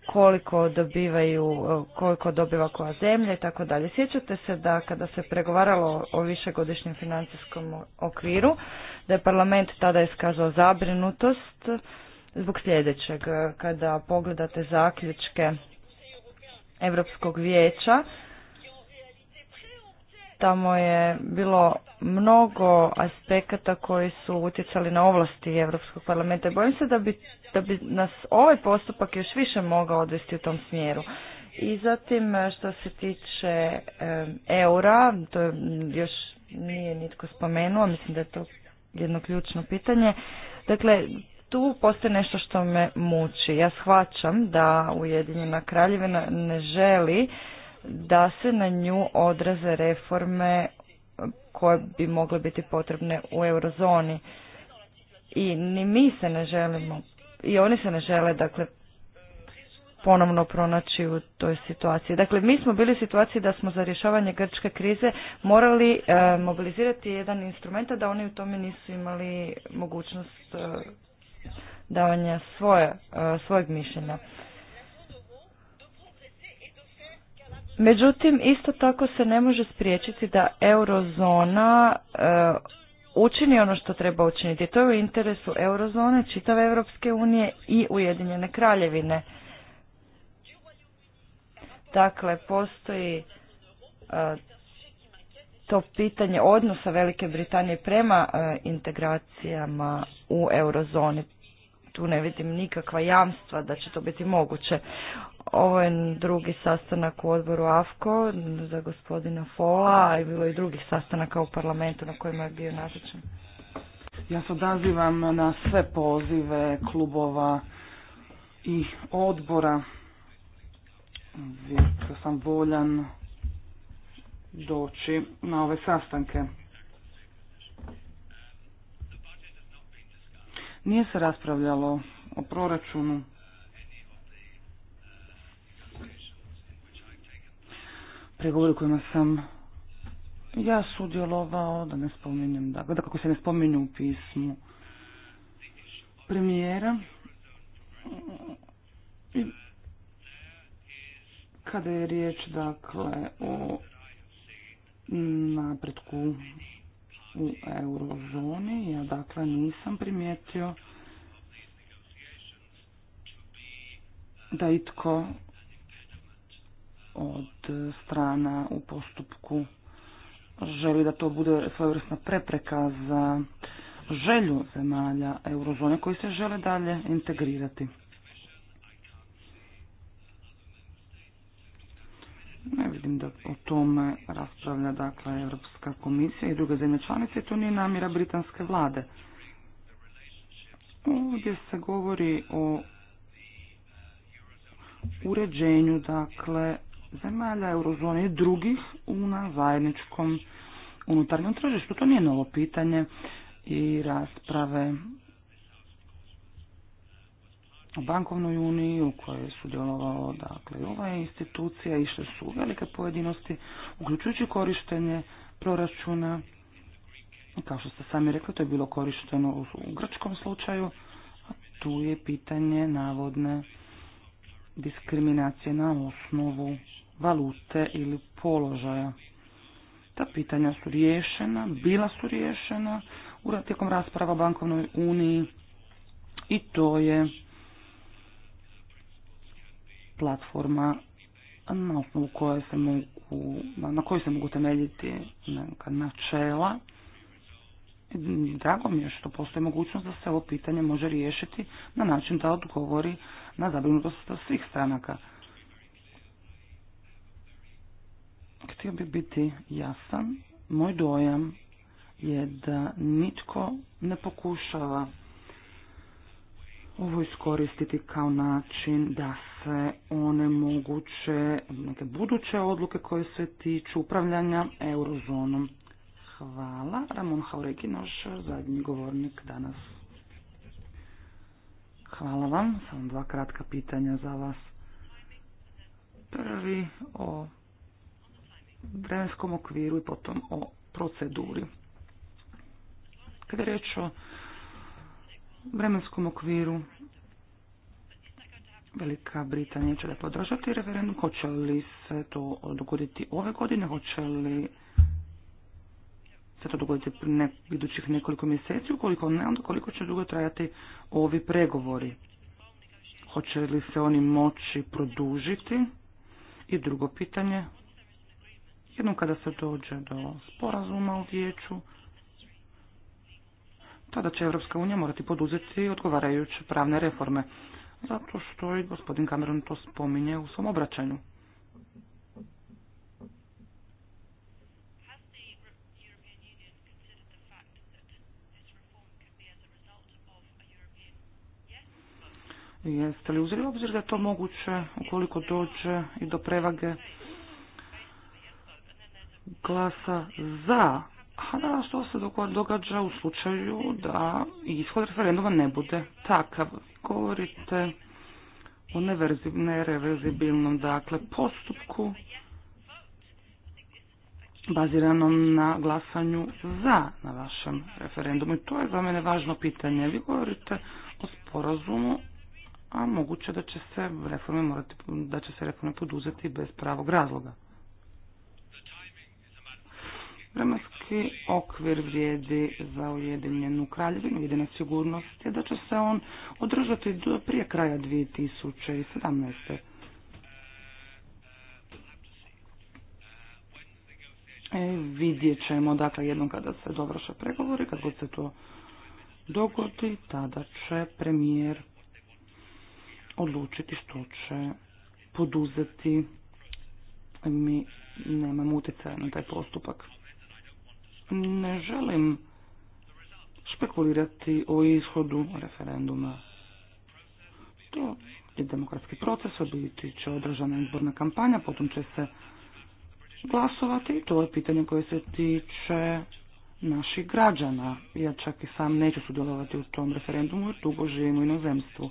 koliko dobivaju, e, koliko dobiva koja zemlja i tako dalje. Sjećate se da kada se pregovaralo o višegodišnjem financijskom okviru, da je parlament tada iskazao zabrinutost zbog sljedećeg. E, kada pogledate zaključke Europskog vijeća, tamo je bilo mnogo aspekata koji su utjecali na ovlasti Europskog parlamenta. Bojim se da bi da bi nas ovaj postupak još više mogao odvesti u tom smjeru. I zatim e, što se tiče e, eura, to još nije nitko spomenuo, mislim da je to jedno ključno pitanje. Dakle, tu postoji nešto što me muči. Ja shvaćam da Ujedinjena kraljevina ne želi da se na nju odraze reforme koje bi mogle biti potrebne u eurozoni. I ni mi se ne želimo i oni se ne žele dakle ponovno pronaći u toj situaciji. Dakle, mi smo bili u situaciji da smo za rješavanje grčke krize morali e, mobilizirati jedan instrument, da oni u tome nisu imali mogućnost e, davanja svoje, e, svojeg mišljenja. Međutim, isto tako se ne može spriječiti da eurozona učini ono što treba učiniti. To je u interesu eurozone, čitave Europske unije i Ujedinjene kraljevine. Dakle, postoji e, to pitanje odnosa Velike Britanije prema e, integracijama u eurozoni. Tu ne vidim nikakva jamstva da će to biti moguće. Ovo je drugi sastanak u odboru AFKO za gospodina Fola, a je bilo i drugih sastanaka u parlamentu na kojima je bio nazočan. Ja se odazivam na sve pozive klubova i odbora. Uvijek sam voljan doći na ove sastanke. Nije se raspravljalo o proračunu. pregovori kojima sam ja sudjelovao, da ne spominjem, da, da kako se ne spominju u pismu premijera. kada je riječ, dakle, o napretku u eurozoni, ja dakle nisam primijetio da itko od strana u postupku želi da to bude svojevrsna prepreka za želju zemalja eurozone koji se žele dalje integrirati. Ne vidim da o tome raspravlja dakle Europska komisija i druge zemlje članice i to nije namjera britanske vlade. Ovdje se govori o uređenju dakle zemalja eurozone i drugih u na zajedničkom unutarnjem tržištu. To nije novo pitanje i rasprave o bankovnoj uniji u kojoj je sudjelovao dakle, ova institucija išle su velike pojedinosti, uključujući korištenje proračuna. Kao što ste sami rekli, to je bilo korišteno u grčkom slučaju, a tu je pitanje navodne diskriminacije na osnovu valute ili položaja. Ta pitanja su riješena, bila su riješena u tijekom rasprava o bankovnoj uniji i to je platforma na osnovu koje se mogu, na kojoj se mogu temeljiti neka načela. Drago mi je što postoji mogućnost da se ovo pitanje može riješiti na način da odgovori na zabrinutost svih stranaka. htio bi biti jasan. Moj dojam je da nitko ne pokušava ovo iskoristiti kao način da se one moguće neke buduće odluke koje se tiču upravljanja eurozonom. Hvala. Ramon Haureki, naš zadnji govornik danas. Hvala vam. Samo dva kratka pitanja za vas. Prvi o vremenskom okviru i potom o proceduri. Kada je riječ o vremenskom okviru, Velika Britanija će da podržati referendum. Hoće li se to dogoditi ove godine? Hoće li se to dogoditi ne, idućih nekoliko mjeseci? Ukoliko ne, onda koliko će dugo trajati ovi pregovori? Hoće li se oni moći produžiti? I drugo pitanje, Jednom kada se dođe do sporazuma u vijeću, tada će Europska unija morati poduzeti odgovarajuće pravne reforme, zato što i gospodin Cameron to spominje u svom obraćanju. Jeste li uzeli obzir da je to moguće ukoliko dođe i do prevage glasa za, a da što se događa u slučaju da ishod referenduma ne bude takav. Govorite o nereverzibilnom dakle, postupku baziranom na glasanju za na vašem referendumu. I to je za mene važno pitanje. Vi govorite o sporazumu, a moguće da će se reforme morati, da će se reforme poduzeti bez pravog razloga. Vremenski okvir vrijedi za Ujedinjenu kraljevinu. Jedina sigurnost je da će se on održati prije kraja 2017. E, vidjet ćemo, dakle, jednom kada se dovrše pregovori, kad god se to dogodi, tada će premijer odlučiti što će poduzeti. Mi nemamo utjecaja na taj postupak. Ne želim špekulirati o ishodu referenduma. To je demokratski proces, obiti će održana izborna kampanja, potom će se glasovati i to je pitanje koje se tiče naših građana. Ja čak i sam neću sudjelovati u tom referendumu jer dugo živim u inozemstvu.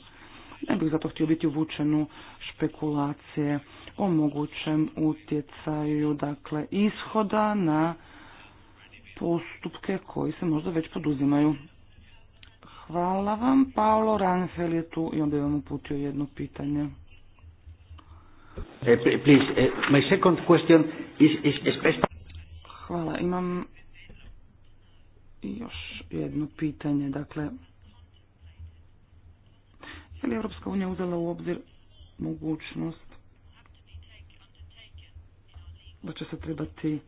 Ne bih zato htio biti uvučen u špekulacije o mogućem utjecaju dakle, ishoda na postupke koji se možda već poduzimaju. Hvala vam. Paolo Ranfel je tu i onda je vam uputio jedno pitanje. Eh, eh, Hvala. Imam još jedno pitanje. Dakle, je li Europska unija uzela u obzir mogućnost da će se trebati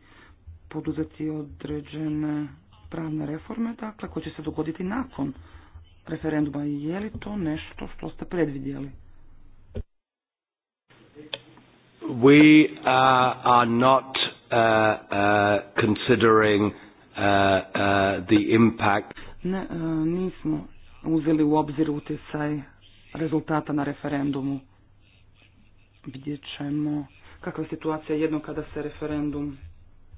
poduzeti određene pravne reforme, dakle, koje će se dogoditi nakon referenduma. Je li to nešto što ste predvidjeli? We uh, are not uh, uh, considering uh, uh, the impact. Ne, nismo uzeli u obzir utjecaj rezultata na referendumu. Vidjet ćemo kakva je situacija jedno kada se referendum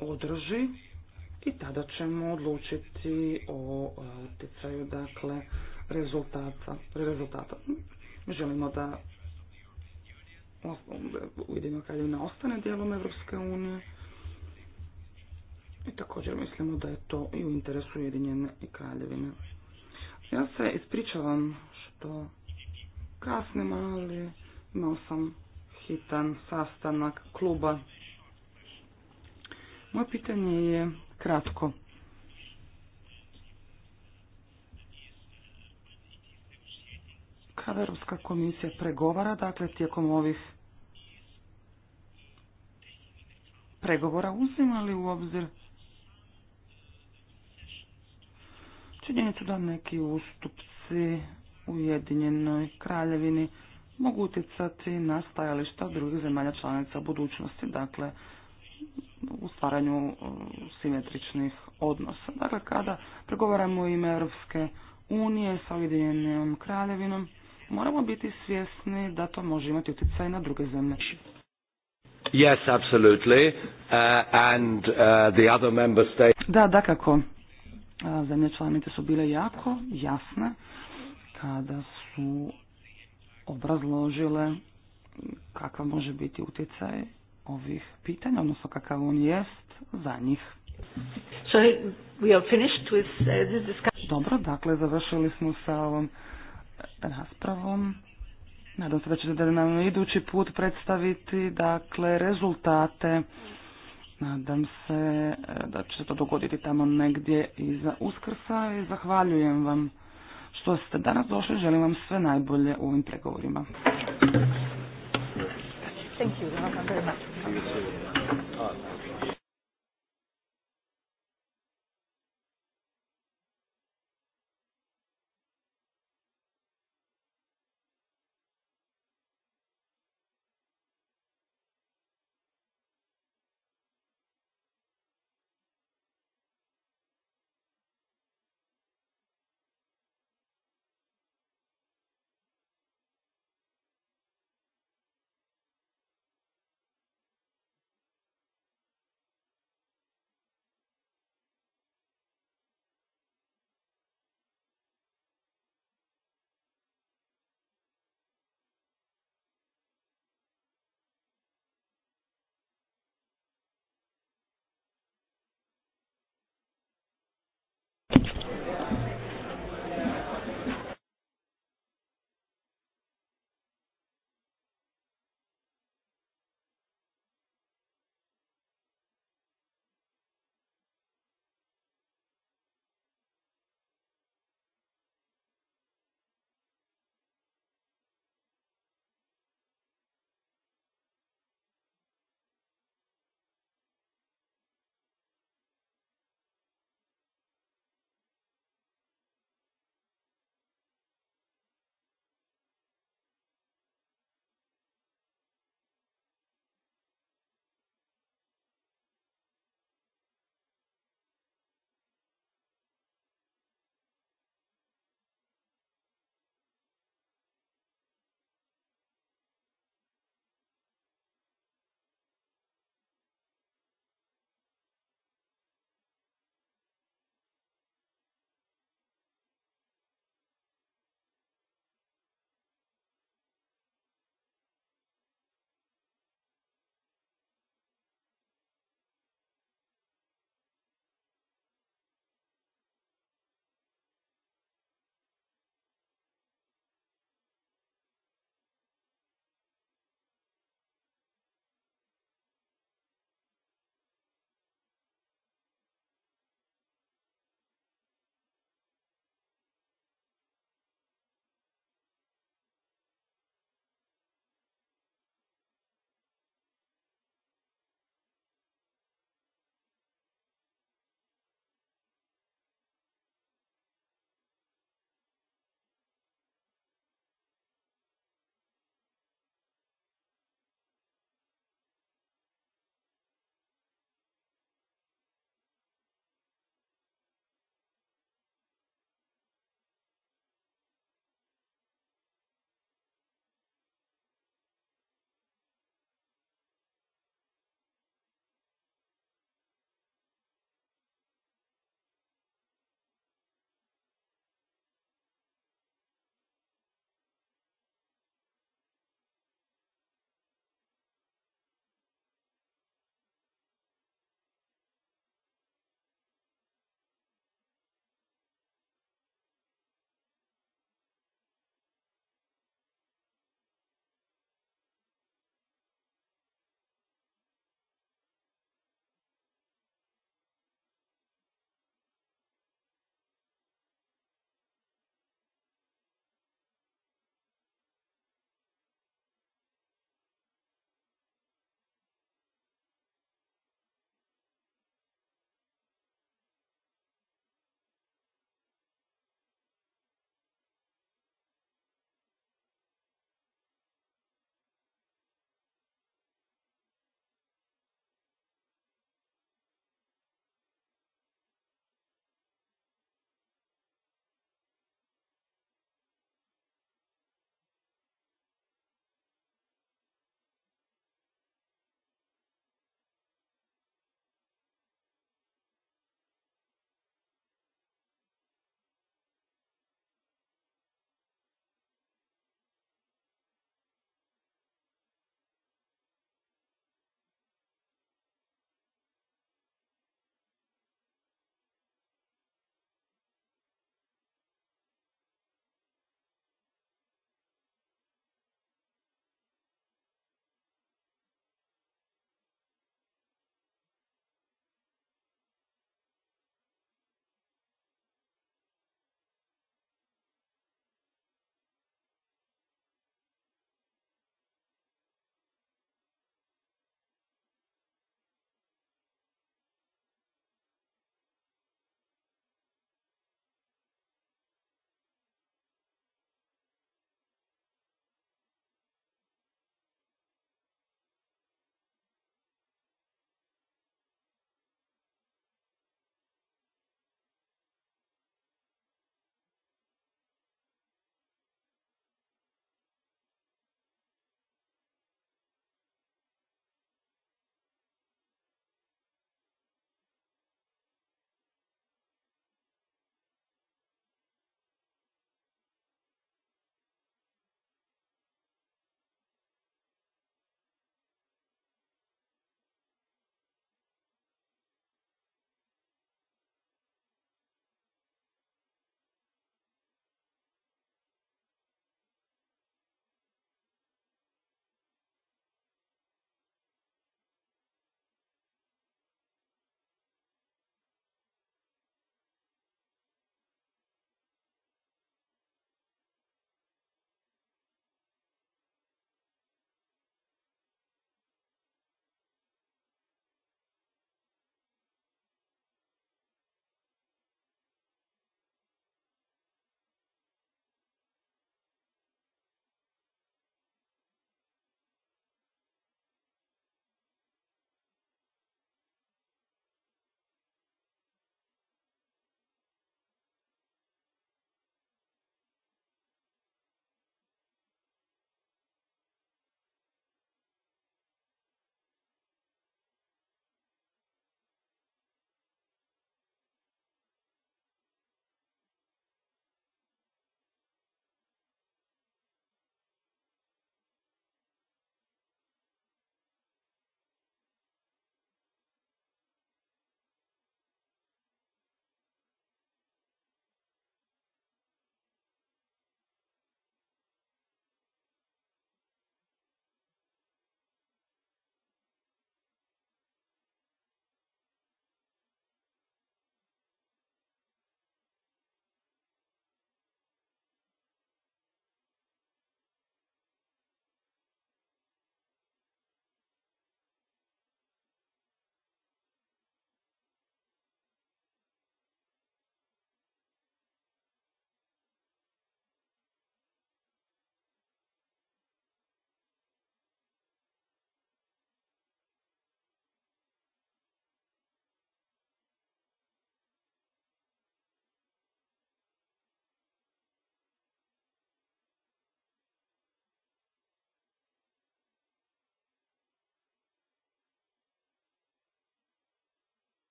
održi i tada ćemo odlučiti o e, utjecaju dakle rezultata, rezultata. Želimo da Ujedinjena Kraljevina ostane dijelom Europske unije i također mislimo da je to i u interesu Ujedinjene i Kraljevine. Ja se ispričavam što kasnim, ali imao sam hitan sastanak kluba moje pitanje je kratko. Kada Europska komisija pregovara, dakle tijekom ovih pregovora, uzimali li u obzir činjenicu da neki ustupci Ujedinjenoj kraljevini mogu utjecati na stajališta drugih zemalja članica budućnosti, dakle u stvaranju uh, simetričnih odnosa. Dakle, kada pregovaramo u ime Europske unije sa Ujedinjenom kraljevinom, moramo biti svjesni da to može imati utjecaj na druge zemlje. Yes, absolutely. Uh, and uh, the other member states... Da, kako Zemlje članice su bile jako jasne kada su obrazložile kakav može biti utjecaj ovih pitanja, odnosno kakav on jest za njih. Uh, Dobro, dakle završili smo sa ovom raspravom. Nadam se da ćete da nam idući put predstaviti dakle rezultate. Nadam se eh, da će se to dogoditi tamo negdje za Uskrsa i zahvaljujem vam što ste danas došli. Želim vam sve najbolje u ovim pregovorima. Thank you very much.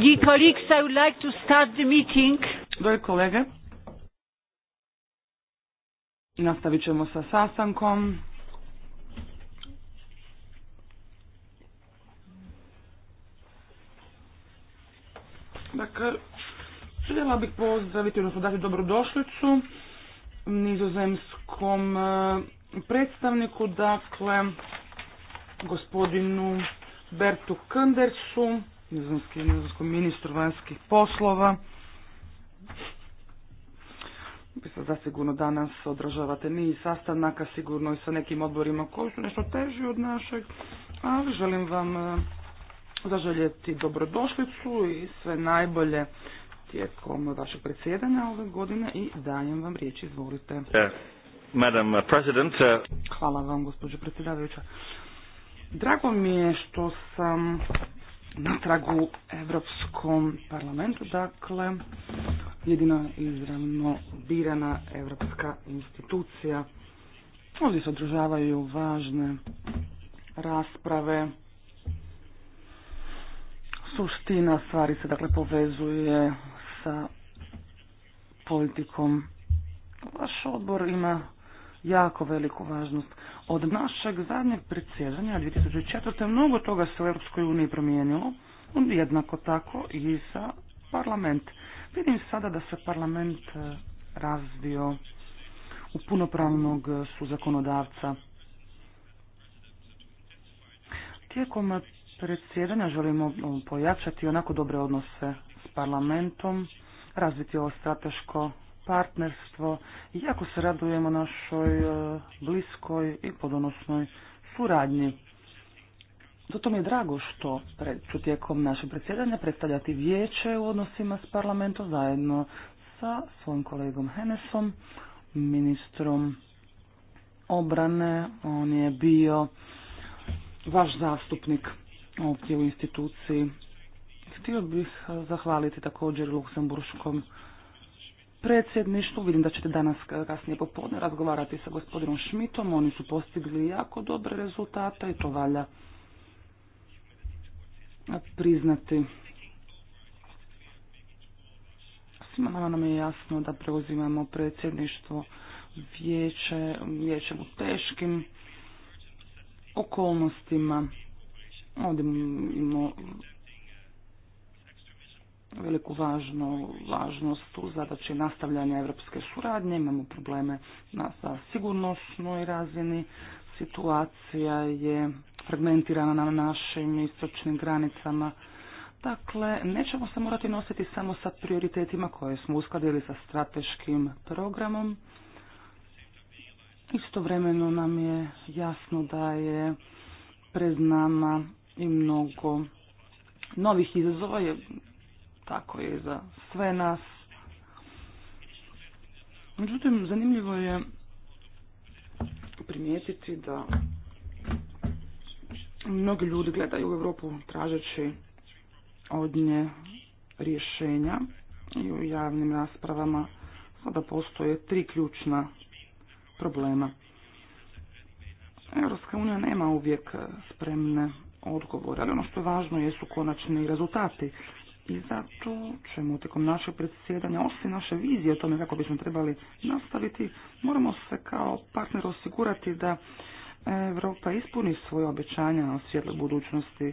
Dear colleagues, I like to start meeting. kolege, nastavit ćemo sa sastankom. Dakle, željela bih pozdraviti, odnosno dati dobrodošlicu nizozemskom e, predstavniku, dakle, gospodinu Bertu Kandersu nizozemskom ministru vanjskih poslova. Mislim, zasigurno danas održavate niz sastanaka, sigurno i sa nekim odborima koji su nešto teži od našeg, ali želim vam eh, zaželjeti dobrodošlicu i sve najbolje tijekom vašeg predsjedanja ove godine i dajem vam riječ, izvolite. Eh, Madam eh. Hvala vam, gospođo predsjedavajuća. Drago mi je što sam na u Europskom parlamentu, dakle jedina izravno birana europska institucija. Ovdje se održavaju važne rasprave. Suština stvari se dakle povezuje sa politikom. Vaš odbor ima jako veliku važnost od našeg zadnjeg predsjedanja 2004. mnogo toga se u Europskoj uniji promijenilo, jednako tako i sa parlament. Vidim sada da se parlament e, razvio u punopravnog e, suzakonodavca. Tijekom predsjedanja želimo e, pojačati onako dobre odnose s parlamentom, razviti ovo strateško partnerstvo. Jako se radujemo našoj e, bliskoj i podonosnoj suradnji. Zato mi je drago što ću tijekom naše predsjedanja predstavljati vijeće u odnosima s parlamentom zajedno sa svojim kolegom Henesom, ministrom obrane. On je bio vaš zastupnik ovdje u instituciji. Htio bih zahvaliti također luksemburskom predsjedništvu. Vidim da ćete danas kasnije popodne razgovarati sa gospodinom Šmitom. Oni su postigli jako dobre rezultate i to valja priznati. Svima nama nam je jasno da preuzimamo predsjedništvo vijeće, vijećem u teškim okolnostima. Ovdje imamo veliku važnu važnost u zadaći nastavljanja evropske suradnje. Imamo probleme na, sigurnosnoj razini. Situacija je fragmentirana na našim istočnim granicama. Dakle, nećemo se morati nositi samo sa prioritetima koje smo uskladili sa strateškim programom. Istovremeno nam je jasno da je pred nama i mnogo novih izazova, tako i za sve nas. Međutim, zanimljivo je primijetiti da mnogi ljudi gledaju u Europu tražeći od nje rješenja i u javnim raspravama sada postoje tri ključna problema. Europska unija nema uvijek spremne odgovore, ali ono što je važno jesu konačni rezultati i zato ćemo tijekom našeg predsjedanja, osim naše vizije o tome kako bismo trebali nastaviti, moramo se kao partner osigurati da Europa ispuni svoje obećanja o svjetloj budućnosti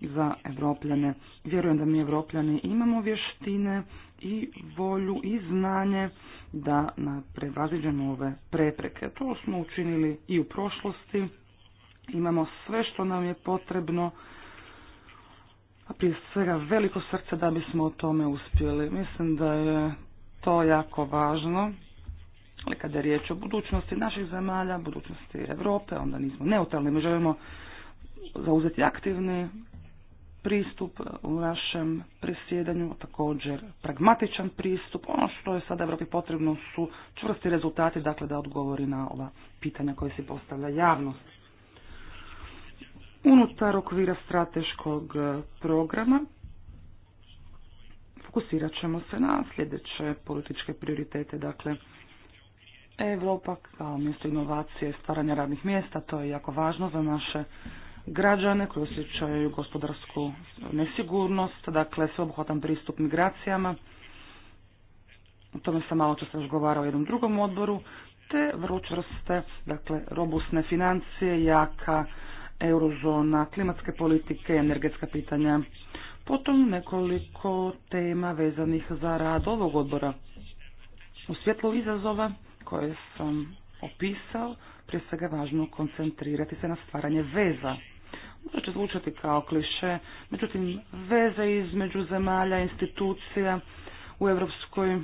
za Evropljane. Vjerujem da mi Evropljani imamo vještine i volju i znanje da prevaziđemo ove prepreke. To smo učinili i u prošlosti. Imamo sve što nam je potrebno a prije svega veliko srce da bismo o tome uspjeli. Mislim da je to jako važno, ali kada je riječ o budućnosti naših zemalja, budućnosti Europe, onda nismo neutralni, mi želimo zauzeti aktivni pristup u našem presjedanju, također pragmatičan pristup. Ono što je sada Europi potrebno su čvrsti rezultati, dakle da odgovori na ova pitanja koje se postavlja javnost unutar okvira strateškog e, programa fokusirat ćemo se na sljedeće političke prioritete, dakle Evropa kao mjesto inovacije, stvaranja radnih mjesta, to je jako važno za naše građane koji osjećaju gospodarsku nesigurnost, dakle sveobuhvatan pristup migracijama. O tome sam malo čas govarao u jednom drugom odboru, te vrlo čvrste, dakle robustne financije, jaka eurozona, klimatske politike, energetska pitanja. Potom nekoliko tema vezanih za rad ovog odbora. U svjetlu izazova koje sam opisao, prije svega je važno koncentrirati se na stvaranje veza. Možda će zvučati kao kliše, međutim veze između zemalja, institucija u Europskoj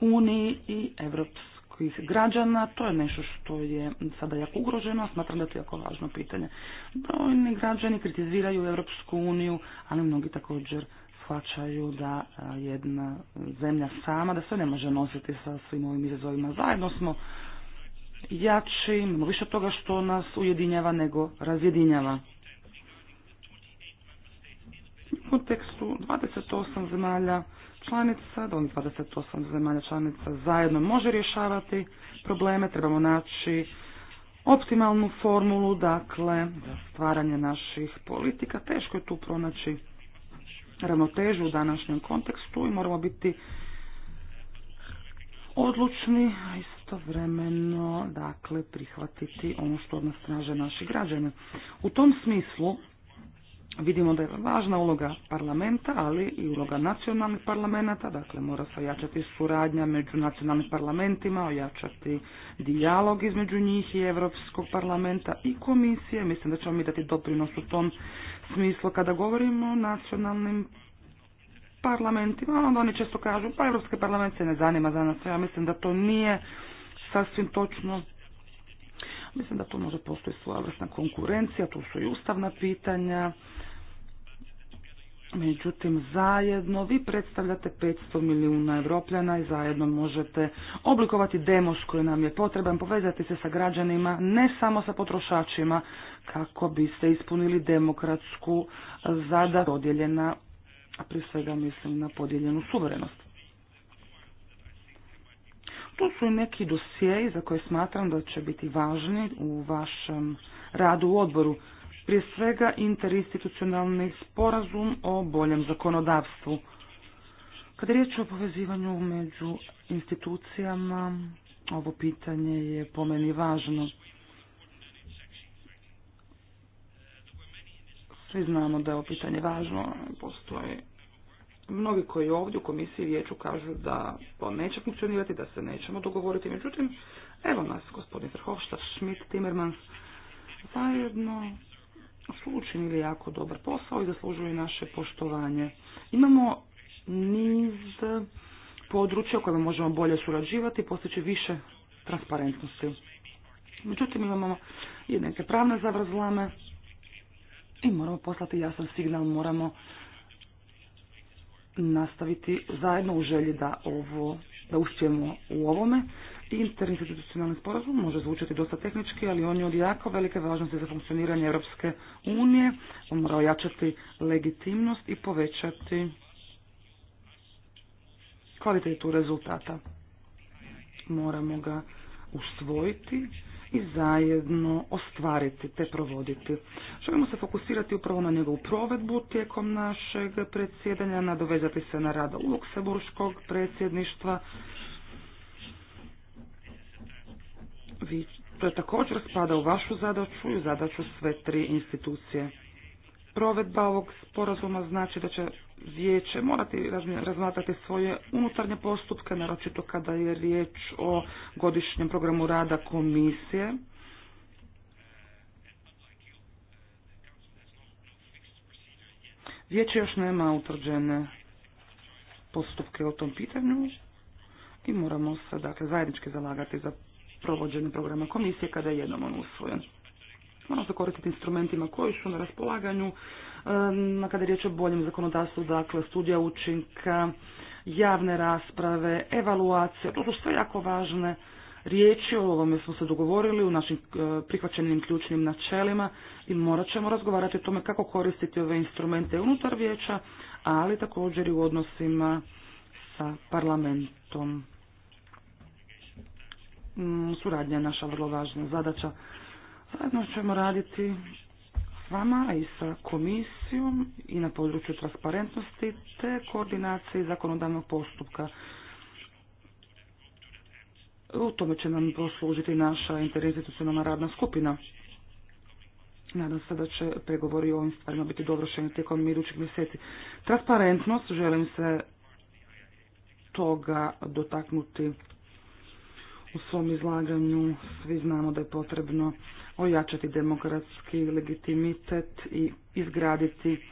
uniji i Evropskoj građana. To je nešto što je sada jako ugroženo, smatram da to jako važno pitanje. Brojni građani kritiziraju Europsku uniju, ali mnogi također shvaćaju da jedna zemlja sama, da se ne može nositi sa svim ovim izazovima. Zajedno smo jači, imamo više toga što nas ujedinjava nego razjedinjava. U kontekstu 28 zemalja članica, do 28 zemalja članica zajedno može rješavati probleme, trebamo naći optimalnu formulu, dakle, za stvaranje naših politika. Teško je tu pronaći ravnotežu u današnjem kontekstu i moramo biti odlučni, a istovremeno, dakle, prihvatiti ono što od nas traže naši građani. U tom smislu, Vidimo da je važna uloga parlamenta, ali i uloga nacionalnih parlamenta, dakle mora se ojačati suradnja među nacionalnim parlamentima, ojačati dijalog između njih i Europskog parlamenta i komisije. Mislim da ćemo mi dati doprinos u tom smislu kada govorimo o nacionalnim parlamentima, onda oni često kažu pa Evropski parlament se ne zanima za nas, ja mislim da to nije sasvim točno Mislim da tu možda postoji svojevrsna konkurencija, tu su i ustavna pitanja. Međutim, zajedno vi predstavljate 500 milijuna evropljana i zajedno možete oblikovati demos koji nam je potreban, povezati se sa građanima, ne samo sa potrošačima, kako biste ispunili demokratsku zada podijeljena a prije svega mislim na podijeljenu suverenost. Tu su i neki dosjei za koje smatram da će biti važni u vašem radu u odboru. Prije svega interinstitucionalni sporazum o boljem zakonodavstvu. Kada je riječ o povezivanju među institucijama, ovo pitanje je po meni važno. Svi znamo da je ovo pitanje važno, postoje mnogi koji ovdje u komisiji vijeću kažu da to neće funkcionirati, da se nećemo dogovoriti. Međutim, evo nas, gospodin Verhofstadt, Schmidt, Timerman zajedno su učinili jako dobar posao i zaslužuju naše poštovanje. Imamo niz područja u kojima možemo bolje surađivati i postići više transparentnosti. Međutim, imamo i neke pravne zavrzlame i moramo poslati jasan signal, moramo nastaviti zajedno u želji da ovo da uspijemo u ovome. Interinstitucionalni sporazum može zvučati dosta tehnički, ali on je od jako velike važnosti za funkcioniranje Europske unije. On mora ojačati legitimnost i povećati kvalitetu rezultata. Moramo ga usvojiti i zajedno ostvariti te provoditi. Želimo se fokusirati upravo na njegovu provedbu tijekom našeg predsjedanja, nadovezati se na rada Luksemburškog predsjedništva. Vi, to je također spada u vašu zadaću i zadaću sve tri institucije. Provedba ovog sporazuma znači da će vijeće morati razmatrati svoje unutarnje postupke, naročito kada je riječ o godišnjem programu rada komisije. Vijeće još nema utvrđene postupke o tom pitanju i moramo se dakle, zajednički zalagati za provođenje programa komisije kada je jednom on usvojen. Moramo se koristiti instrumentima koji su na raspolaganju, kada je riječ o boljem zakonodavstvu, dakle studija učinka, javne rasprave, evaluacije, to su sve jako važne riječi, o ovome smo se dogovorili u našim e, prihvaćenim ključnim načelima i morat ćemo razgovarati o tome kako koristiti ove instrumente unutar vijeća, ali također i u odnosima sa parlamentom. Mm, suradnja je naša vrlo važna zadaća. Zajedno ćemo raditi s vama i sa komisijom i na području transparentnosti te koordinacije zakonodavnog postupka. U tome će nam poslužiti naša interinstitucionalna radna skupina. Nadam se da će pregovori o ovim stvarima biti dovršeni tijekom idućih mjeseci. Transparentnost, želim se toga dotaknuti u svom izlaganju. Svi znamo da je potrebno ojačati demokratski legitimitet i izgraditi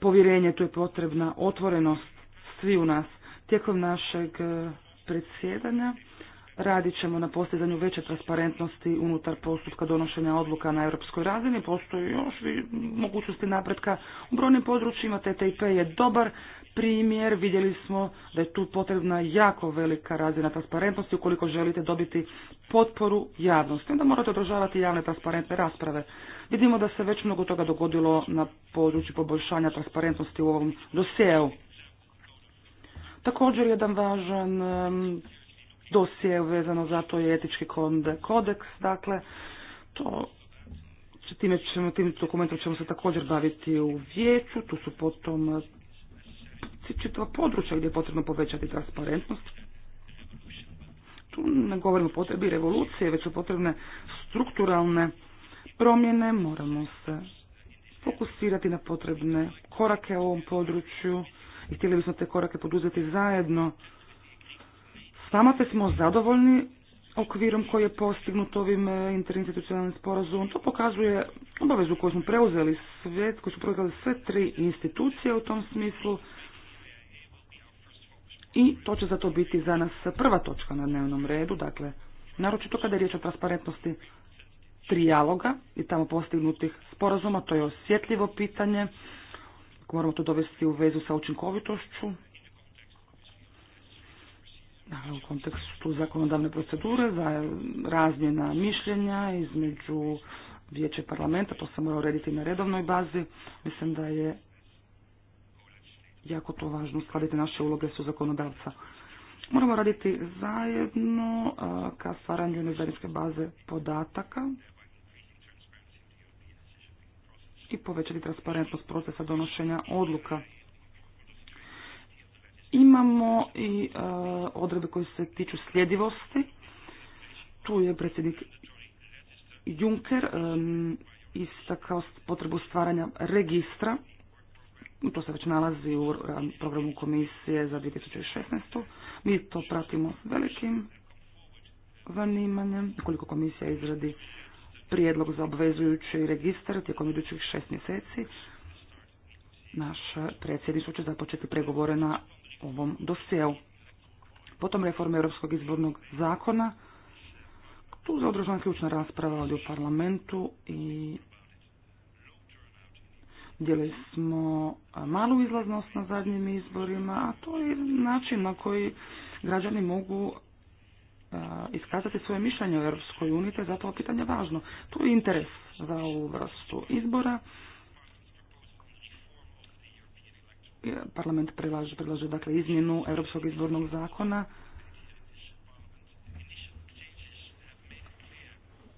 povjerenje. Tu je potrebna otvorenost svi u nas. Tijekom našeg e, predsjedanja radit ćemo na postizanju veće transparentnosti unutar postupka donošenja odluka na europskoj razini. Postoji još mogućnosti napretka u brojnim područjima. TTIP je dobar primjer, vidjeli smo da je tu potrebna jako velika razina transparentnosti ukoliko želite dobiti potporu javnosti. Onda morate održavati javne transparentne rasprave. Vidimo da se već mnogo toga dogodilo na području poboljšanja transparentnosti u ovom dosjeu. Također jedan važan dosje vezano za to je etički kodeks, dakle to time ćemo, tim dokumentom ćemo se također baviti u vijeću, tu su potom čitava područja gdje je potrebno povećati transparentnost. Tu ne govorimo o potrebi revolucije, već su potrebne strukturalne promjene. Moramo se fokusirati na potrebne korake u ovom području i htjeli bismo te korake poduzeti zajedno. Sama te smo zadovoljni okvirom koji je postignut ovim e, interinstitucionalnim sporazumom. To pokazuje obavezu koju smo preuzeli sve, koju su preuzeli sve tri institucije u tom smislu i to će zato biti za nas prva točka na dnevnom redu, dakle, naročito kada je riječ o transparentnosti trijaloga i tamo postignutih sporazuma, to je osjetljivo pitanje, moramo to dovesti u vezu sa učinkovitošću, dakle, u kontekstu zakonodavne procedure, za razmjena mišljenja između vijeće parlamenta, to se mora urediti na redovnoj bazi, mislim da je jako to važno uskladiti naše uloge su zakonodavca. Moramo raditi zajedno ka stvaranju jedne baze podataka i povećati transparentnost procesa donošenja odluka. Imamo i odredbe koje se tiču sljedivosti. Tu je predsjednik Juncker istakao potrebu stvaranja registra to se već nalazi u um, programu komisije za 2016. Mi to pratimo s velikim zanimanjem. Koliko komisija izradi prijedlog za obvezujući registar tijekom idućih šest mjeseci, naš predsjedništvo će započeti pregovore na ovom dosjeu. Potom reforme Europskog izbornog zakona. Tu za održana ključna rasprava ovdje u parlamentu i Dijeli smo malu izlaznost na zadnjim izborima, a to je način na koji građani mogu iskazati svoje mišljenje o Europskoj uniji, te zato je pitanje važno. Tu je interes za ovu vrstu izbora. Parlament predlaže, dakle, izmjenu Europskog izbornog zakona.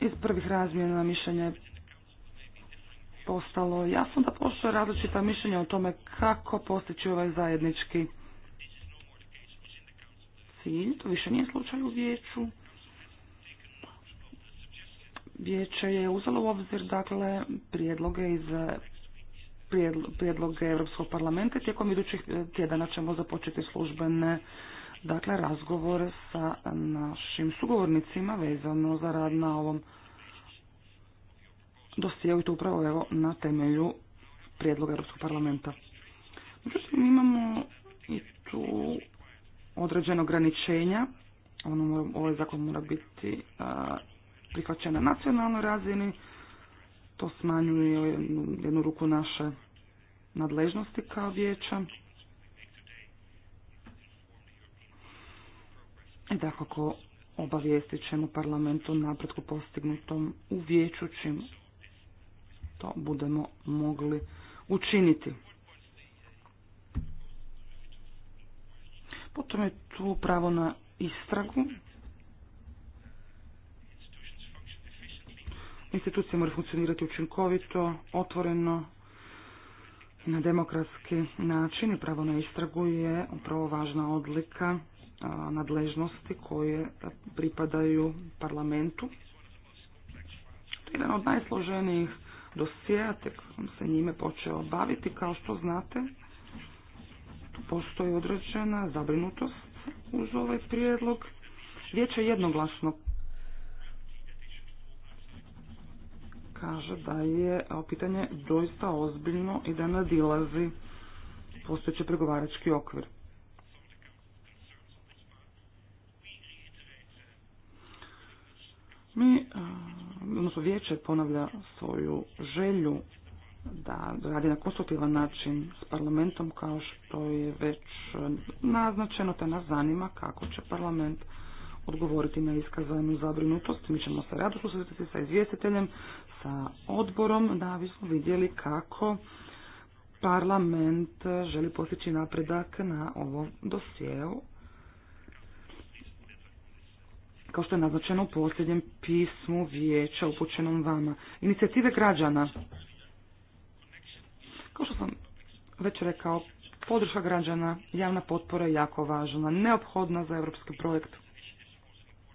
Iz prvih razmjena mišljenja je postalo jasno da postoje različita mišljenja o tome kako postići ovaj zajednički cilj. To više nije slučaj u vijeću. Vijeće je uzelo u obzir dakle prijedloge iz prijedloge Europskog parlamenta. Tijekom idućih eh, tjedana ćemo započeti službene dakle razgovore sa našim sugovornicima vezano za rad na ovom dosjeo i to upravo evo, na temelju prijedloga Europskog parlamenta. Međutim, imamo i tu određena ograničenja. Ono, ovaj zakon mora biti prihvaćen na nacionalnoj razini. To smanjuje jednu, ruku naše nadležnosti kao vijeća. I dakako obavijestit ćemo parlamentu napretku postignutom u vijeću čim to budemo mogli učiniti. Potom je tu pravo na istragu. Institucije moraju funkcionirati učinkovito, otvoreno, na demokratski način i pravo na istragu je upravo važna odlika nadležnosti koje pripadaju parlamentu. To je jedan od najsloženijih dosija, sam se njime počeo baviti. Kao što znate, tu postoji određena zabrinutost uz ovaj prijedlog. Vijeće jednoglasno kaže da je pitanje doista ozbiljno i da nadilazi postojeći pregovarački okvir. Mi odnosno vijeće ponavlja svoju želju da radi na konstruktivan način s parlamentom kao što je već naznačeno, te nas zanima kako će parlament odgovoriti na iskazanu zabrinutost. Mi ćemo se rado susretiti sa izvjestiteljem, sa odborom, da bismo vidjeli kako parlament želi postići napredak na ovom dosjeu kao što je naznačeno u posljednjem pismu vijeća upućenom vama. Inicijative građana. Kao što sam već rekao, podrška građana, javna potpora je jako važna, neophodna za europski projekt.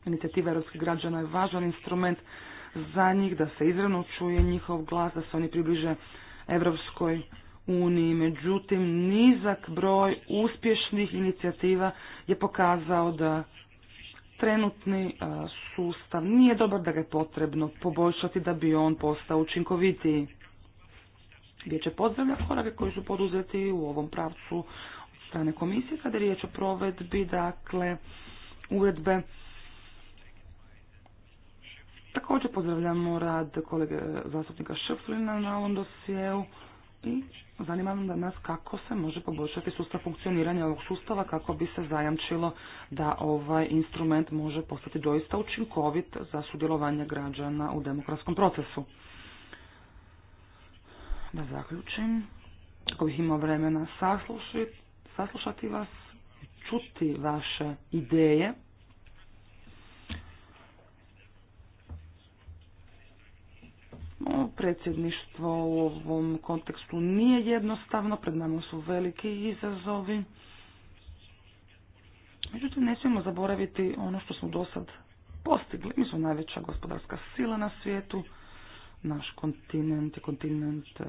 Inicijativa europskih građana je važan instrument za njih, da se izravno čuje njihov glas, da se oni približe Evropskoj uniji. Međutim, nizak broj uspješnih inicijativa je pokazao da trenutni sustav nije dobar, da ga je potrebno poboljšati da bi on postao učinkovitiji. Vijeće pozdravlja korake koji su poduzeti u ovom pravcu od strane komisije kada je riječ o provedbi, dakle, uredbe. Također pozdravljamo rad kolege zastupnika Šeflina na ovom dosijelu i zanima da nas kako se može poboljšati sustav funkcioniranja ovog sustava kako bi se zajamčilo da ovaj instrument može postati doista učinkovit za sudjelovanje građana u demokratskom procesu. Da zaključim, ako bih imao vremena saslušati vas, čuti vaše ideje, predsjedništvo u ovom kontekstu nije jednostavno, pred nama su veliki izazovi. Međutim, ne smijemo zaboraviti ono što smo do sad postigli. Mi smo najveća gospodarska sila na svijetu, naš kontinent je kontinent e,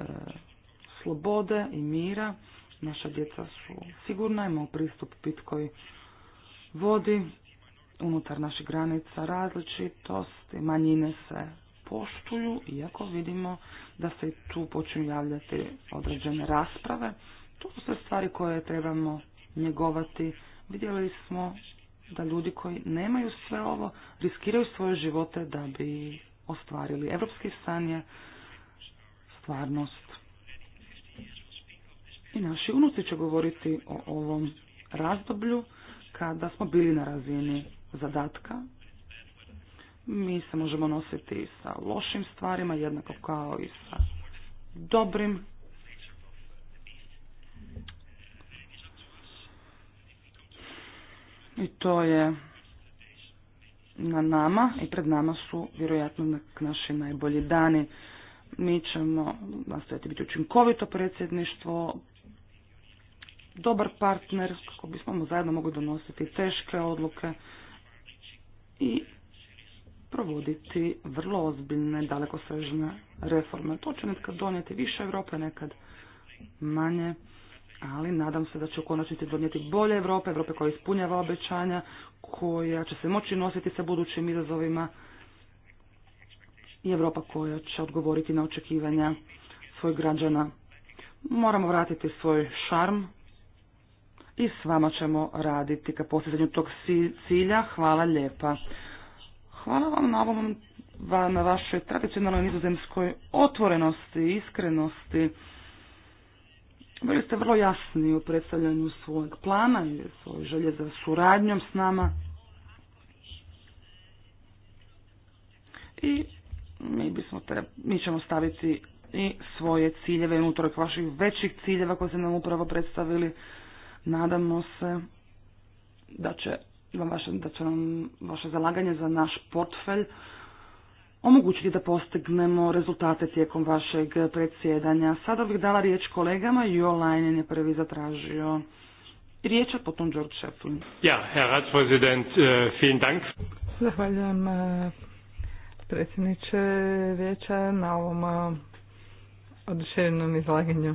slobode i mira. Naša djeca su sigurna, imamo pristup pitkoj vodi, unutar naših granica različitosti, manjine se poštuju, iako vidimo da se tu počinju javljati određene rasprave. To su sve stvari koje trebamo njegovati. Vidjeli smo da ljudi koji nemaju sve ovo riskiraju svoje živote da bi ostvarili evropski sanje, stvarnost. I naši unuci će govoriti o ovom razdoblju kada smo bili na razini zadatka mi se možemo nositi sa lošim stvarima, jednako kao i sa dobrim. I to je na nama i pred nama su vjerojatno naši najbolji dani. Mi ćemo nastaviti biti učinkovito predsjedništvo, dobar partner kako bismo zajedno mogli donositi teške odluke i provoditi vrlo ozbiljne, dalekosežne reforme. To će nekad donijeti više Europe, nekad manje, ali nadam se da će u konačnici donijeti bolje Europe, Europe koja ispunjava obećanja, koja će se moći nositi sa budućim izazovima i Europa koja će odgovoriti na očekivanja svojih građana. Moramo vratiti svoj šarm i s vama ćemo raditi ka postizanju tog cilja. Hvala lijepa. Hvala vam na ovom na vašoj tradicionalnoj nizozemskoj otvorenosti i iskrenosti. Bili ste vrlo jasni u predstavljanju svojeg plana i svoje želje za suradnjom s nama. I mi, bismo mi ćemo staviti i svoje ciljeve unutar vaših većih ciljeva koje ste nam upravo predstavili. Nadamo se da će vaše, da će nam vaše zalaganje za naš portfelj omogućiti da postignemo rezultate tijekom vašeg predsjedanja. Sada bih dala riječ kolegama i online je prvi zatražio riječ, a potom George Sheffield. Ja, herr Ratspräsident, eh, vielen Dank. Zahvaljujem eh, predsjedniče vijeća na ovom eh, oduševnom izlaganju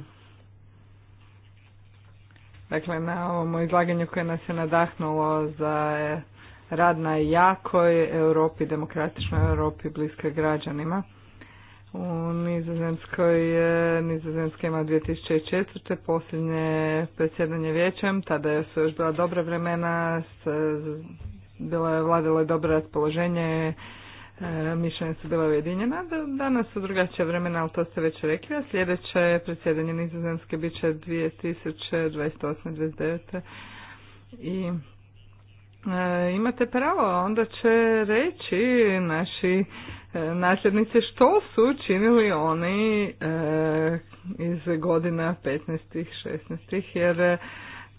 dakle na ovom izlaganju koje nas je nadahnulo za rad na jakoj Europi, demokratičnoj Europi bliske građanima. U Nizozemskoj, e, Nizozemska ima 2004. posljednje predsjedanje vijećem, tada su još bila dobra vremena, bilo je vladalo je dobro raspoloženje, E, mišljenja su bila ujedinjena. Danas su drugačije vremena, ali to ste već rekli. A sljedeće predsjedanje nizozemske bit će 2028 2029 I e, imate pravo, onda će reći naši e, nasljednici što su činili oni e, iz godina 15. 16. jer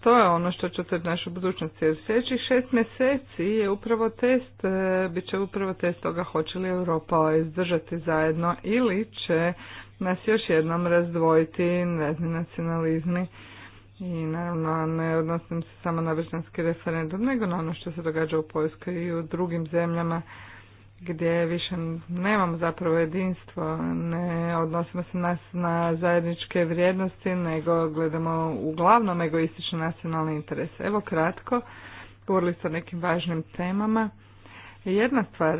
to je ono što će našu budućnost. Jer sljedećih šest mjeseci je upravo test, e, bit će upravo test toga hoće li Europa ovaj izdržati zajedno ili će nas još jednom razdvojiti razni nacionalizmi. I naravno ne odnosim se samo na britanski referendum, nego na ono što se događa u Poljskoj i u drugim zemljama gdje više nemamo zapravo jedinstvo, ne odnosimo se nas na zajedničke vrijednosti, nego gledamo uglavnom egoistične nacionalne interese. Evo kratko, govorili ste o nekim važnim temama. Jedna stvar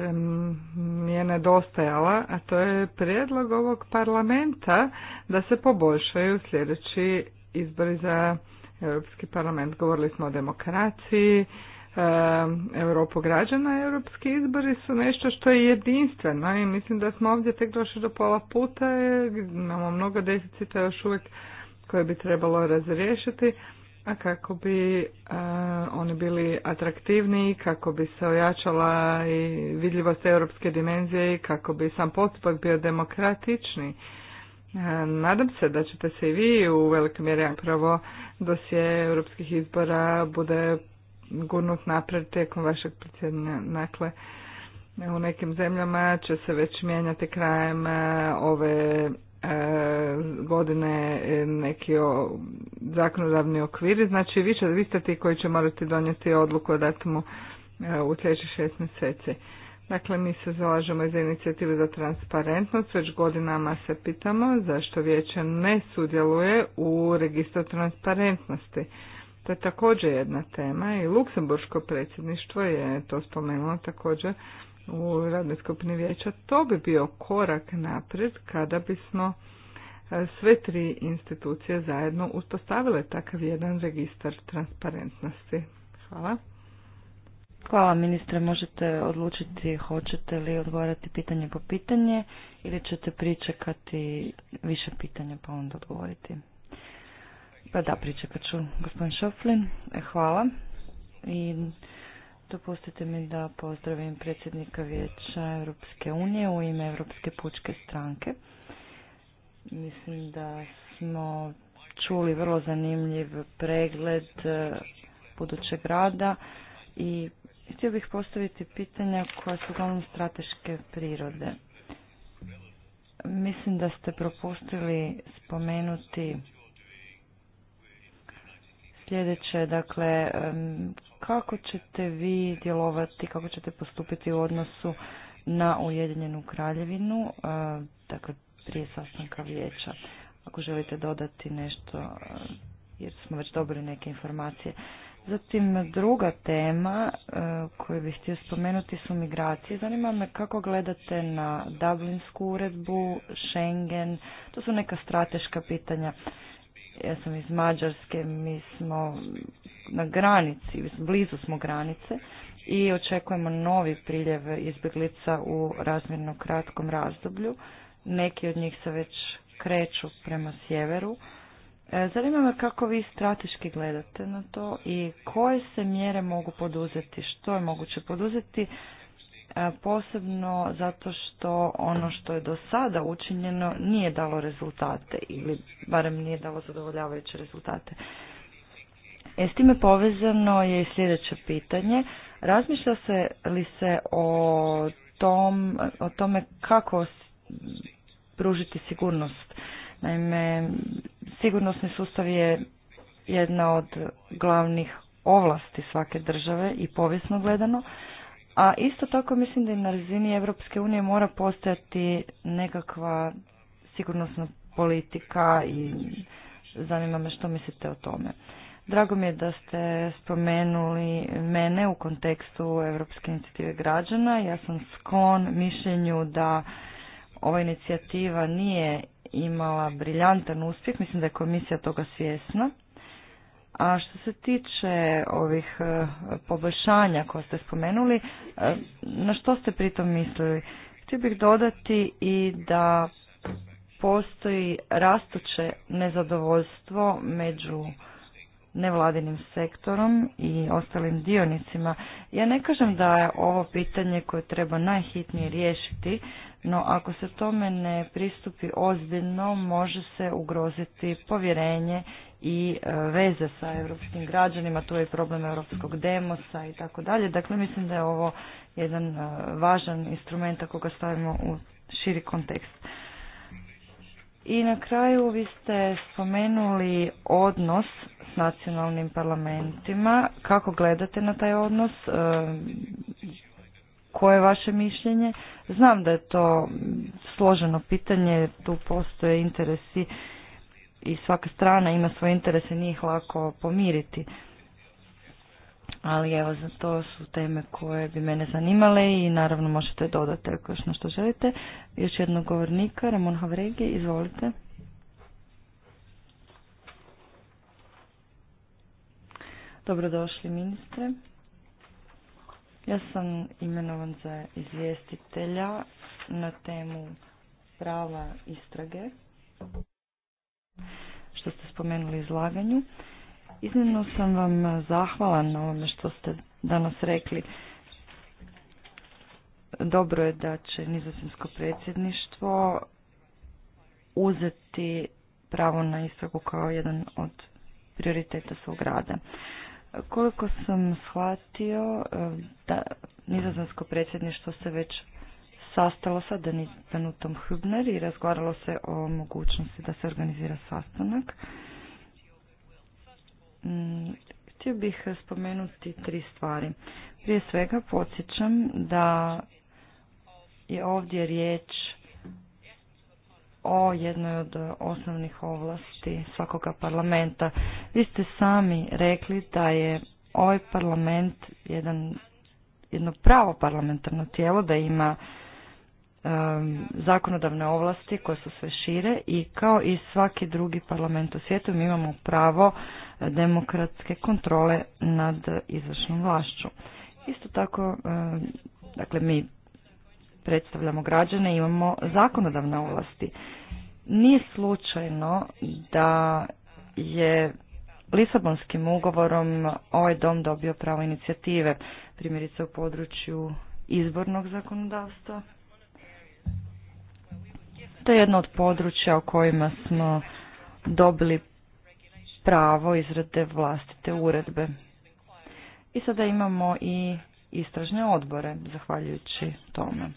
mi je nedostajala, a to je prijedlog ovog parlamenta da se poboljšaju sljedeći izbori za Europski parlament. Govorili smo o demokraciji, Europu građana, europski izbori su nešto što je jedinstveno i mislim da smo ovdje tek došli do pola puta, e, imamo mnogo deficita još uvijek koje bi trebalo razriješiti, a kako bi e, oni bili atraktivniji, kako bi se ojačala i vidljivost europske dimenzije i kako bi sam postupak bio demokratični. E, nadam se da ćete se i vi u velikoj mjeri upravo dosije europskih izbora bude gurnut napred tijekom vašeg predsjedanja. Dakle, u nekim zemljama će se već mijenjati krajem e, ove e, godine neki o, zakonodavni okviri, znači vi, će, vi ste ti koji će morati donijeti odluku o datumu e, u sljedećih šest mjeseci. Dakle, mi se zalažemo iz inicijative za transparentnost, već godinama se pitamo zašto vijeće ne sudjeluje u registru transparentnosti. To je također jedna tema i Luksemburško predsjedništvo je to spomenulo također u radnoj skupini vijeća. To bi bio korak naprijed kada bismo e, sve tri institucije zajedno uspostavile takav jedan registar transparentnosti. Hvala. Hvala ministre, možete odlučiti hoćete li odgovarati pitanje po pitanje ili ćete pričekati više pitanja pa onda odgovoriti. Pa da, pričekat ću gospodin Šoflin. E, hvala. I dopustite mi da pozdravim predsjednika Vijeća Europske unije u ime Europske pučke stranke. Mislim da smo čuli vrlo zanimljiv pregled e, budućeg rada i htio bih postaviti pitanja koja su uglavnom strateške prirode. Mislim da ste propustili spomenuti sljedeće, dakle, kako ćete vi djelovati, kako ćete postupiti u odnosu na Ujedinjenu kraljevinu, eh, dakle, prije sastanka vijeća, ako želite dodati nešto, eh, jer smo već dobili neke informacije. Zatim druga tema eh, koju bih htio spomenuti su migracije. Zanima me kako gledate na Dublinsku uredbu, Schengen, to su neka strateška pitanja ja sam iz Mađarske, mi smo na granici, blizu smo granice i očekujemo novi priljev izbjeglica u razmjerno kratkom razdoblju. Neki od njih se već kreću prema sjeveru. E, zanima me kako vi strateški gledate na to i koje se mjere mogu poduzeti, što je moguće poduzeti E, posebno zato što ono što je do sada učinjeno nije dalo rezultate ili barem nije dalo zadovoljavajuće rezultate. E, s time povezano je i sljedeće pitanje. Razmišlja se li se o, tom, o tome kako pružiti sigurnost? Naime, sigurnosni sustav je jedna od glavnih ovlasti svake države i povijesno gledano. A isto tako mislim da i na razini Europske unije mora postojati nekakva sigurnosna politika i zanima me što mislite o tome. Drago mi je da ste spomenuli mene u kontekstu Europske inicijative građana. Ja sam sklon mišljenju da ova inicijativa nije imala briljantan uspjeh. Mislim da je komisija toga svjesna. A što se tiče ovih e, poboljšanja koje ste spomenuli, e, na što ste pritom mislili? Htio bih dodati i da postoji rastuće nezadovoljstvo među nevladinim sektorom i ostalim dionicima. Ja ne kažem da je ovo pitanje koje treba najhitnije riješiti, no ako se tome ne pristupi ozbiljno, može se ugroziti povjerenje i e, veze sa europskim građanima, tu je i problem europskog demosa i tako dalje. Dakle, mislim da je ovo jedan e, važan instrument ako ga stavimo u širi kontekst. I na kraju vi ste spomenuli odnos s nacionalnim parlamentima. Kako gledate na taj odnos? E, koje je vaše mišljenje? Znam da je to složeno pitanje, tu postoje interesi i svaka strana ima svoje interese, nije ih lako pomiriti. Ali evo, za to su teme koje bi mene zanimale i naravno možete dodati ako još što želite. Još jednog govornika, Ramon Havregi, izvolite. Dobrodošli ministre. Ja sam imenovan za izvjestitelja na temu prava istrage što ste spomenuli izlaganju. Iznimno sam vam zahvala na ovome što ste danas rekli. Dobro je da će nizozemsko predsjedništvo uzeti pravo na istragu kao jedan od prioriteta svog rada. Koliko sam shvatio, da nizozemsko predsjedništvo se već sastalo sa Danutom Hübner i razgovaralo se o mogućnosti da se organizira sastanak. Mm, htio bih spomenuti tri stvari. Prije svega podsjećam da je ovdje riječ o jednoj od osnovnih ovlasti svakoga parlamenta. Vi ste sami rekli da je ovaj parlament jedan jedno pravo parlamentarno tijelo, da ima zakonodavne ovlasti koje su sve šire i kao i svaki drugi parlament u svijetu mi imamo pravo demokratske kontrole nad izvršnom vlašću. Isto tako, dakle, mi predstavljamo građane, imamo zakonodavne ovlasti. Nije slučajno da je Lisabonskim ugovorom ovaj dom dobio pravo inicijative, primjerice u području izbornog zakonodavstva, to je jedno od područja o kojima smo dobili pravo izrade vlastite uredbe. I sada imamo i istražne odbore, zahvaljujući tome.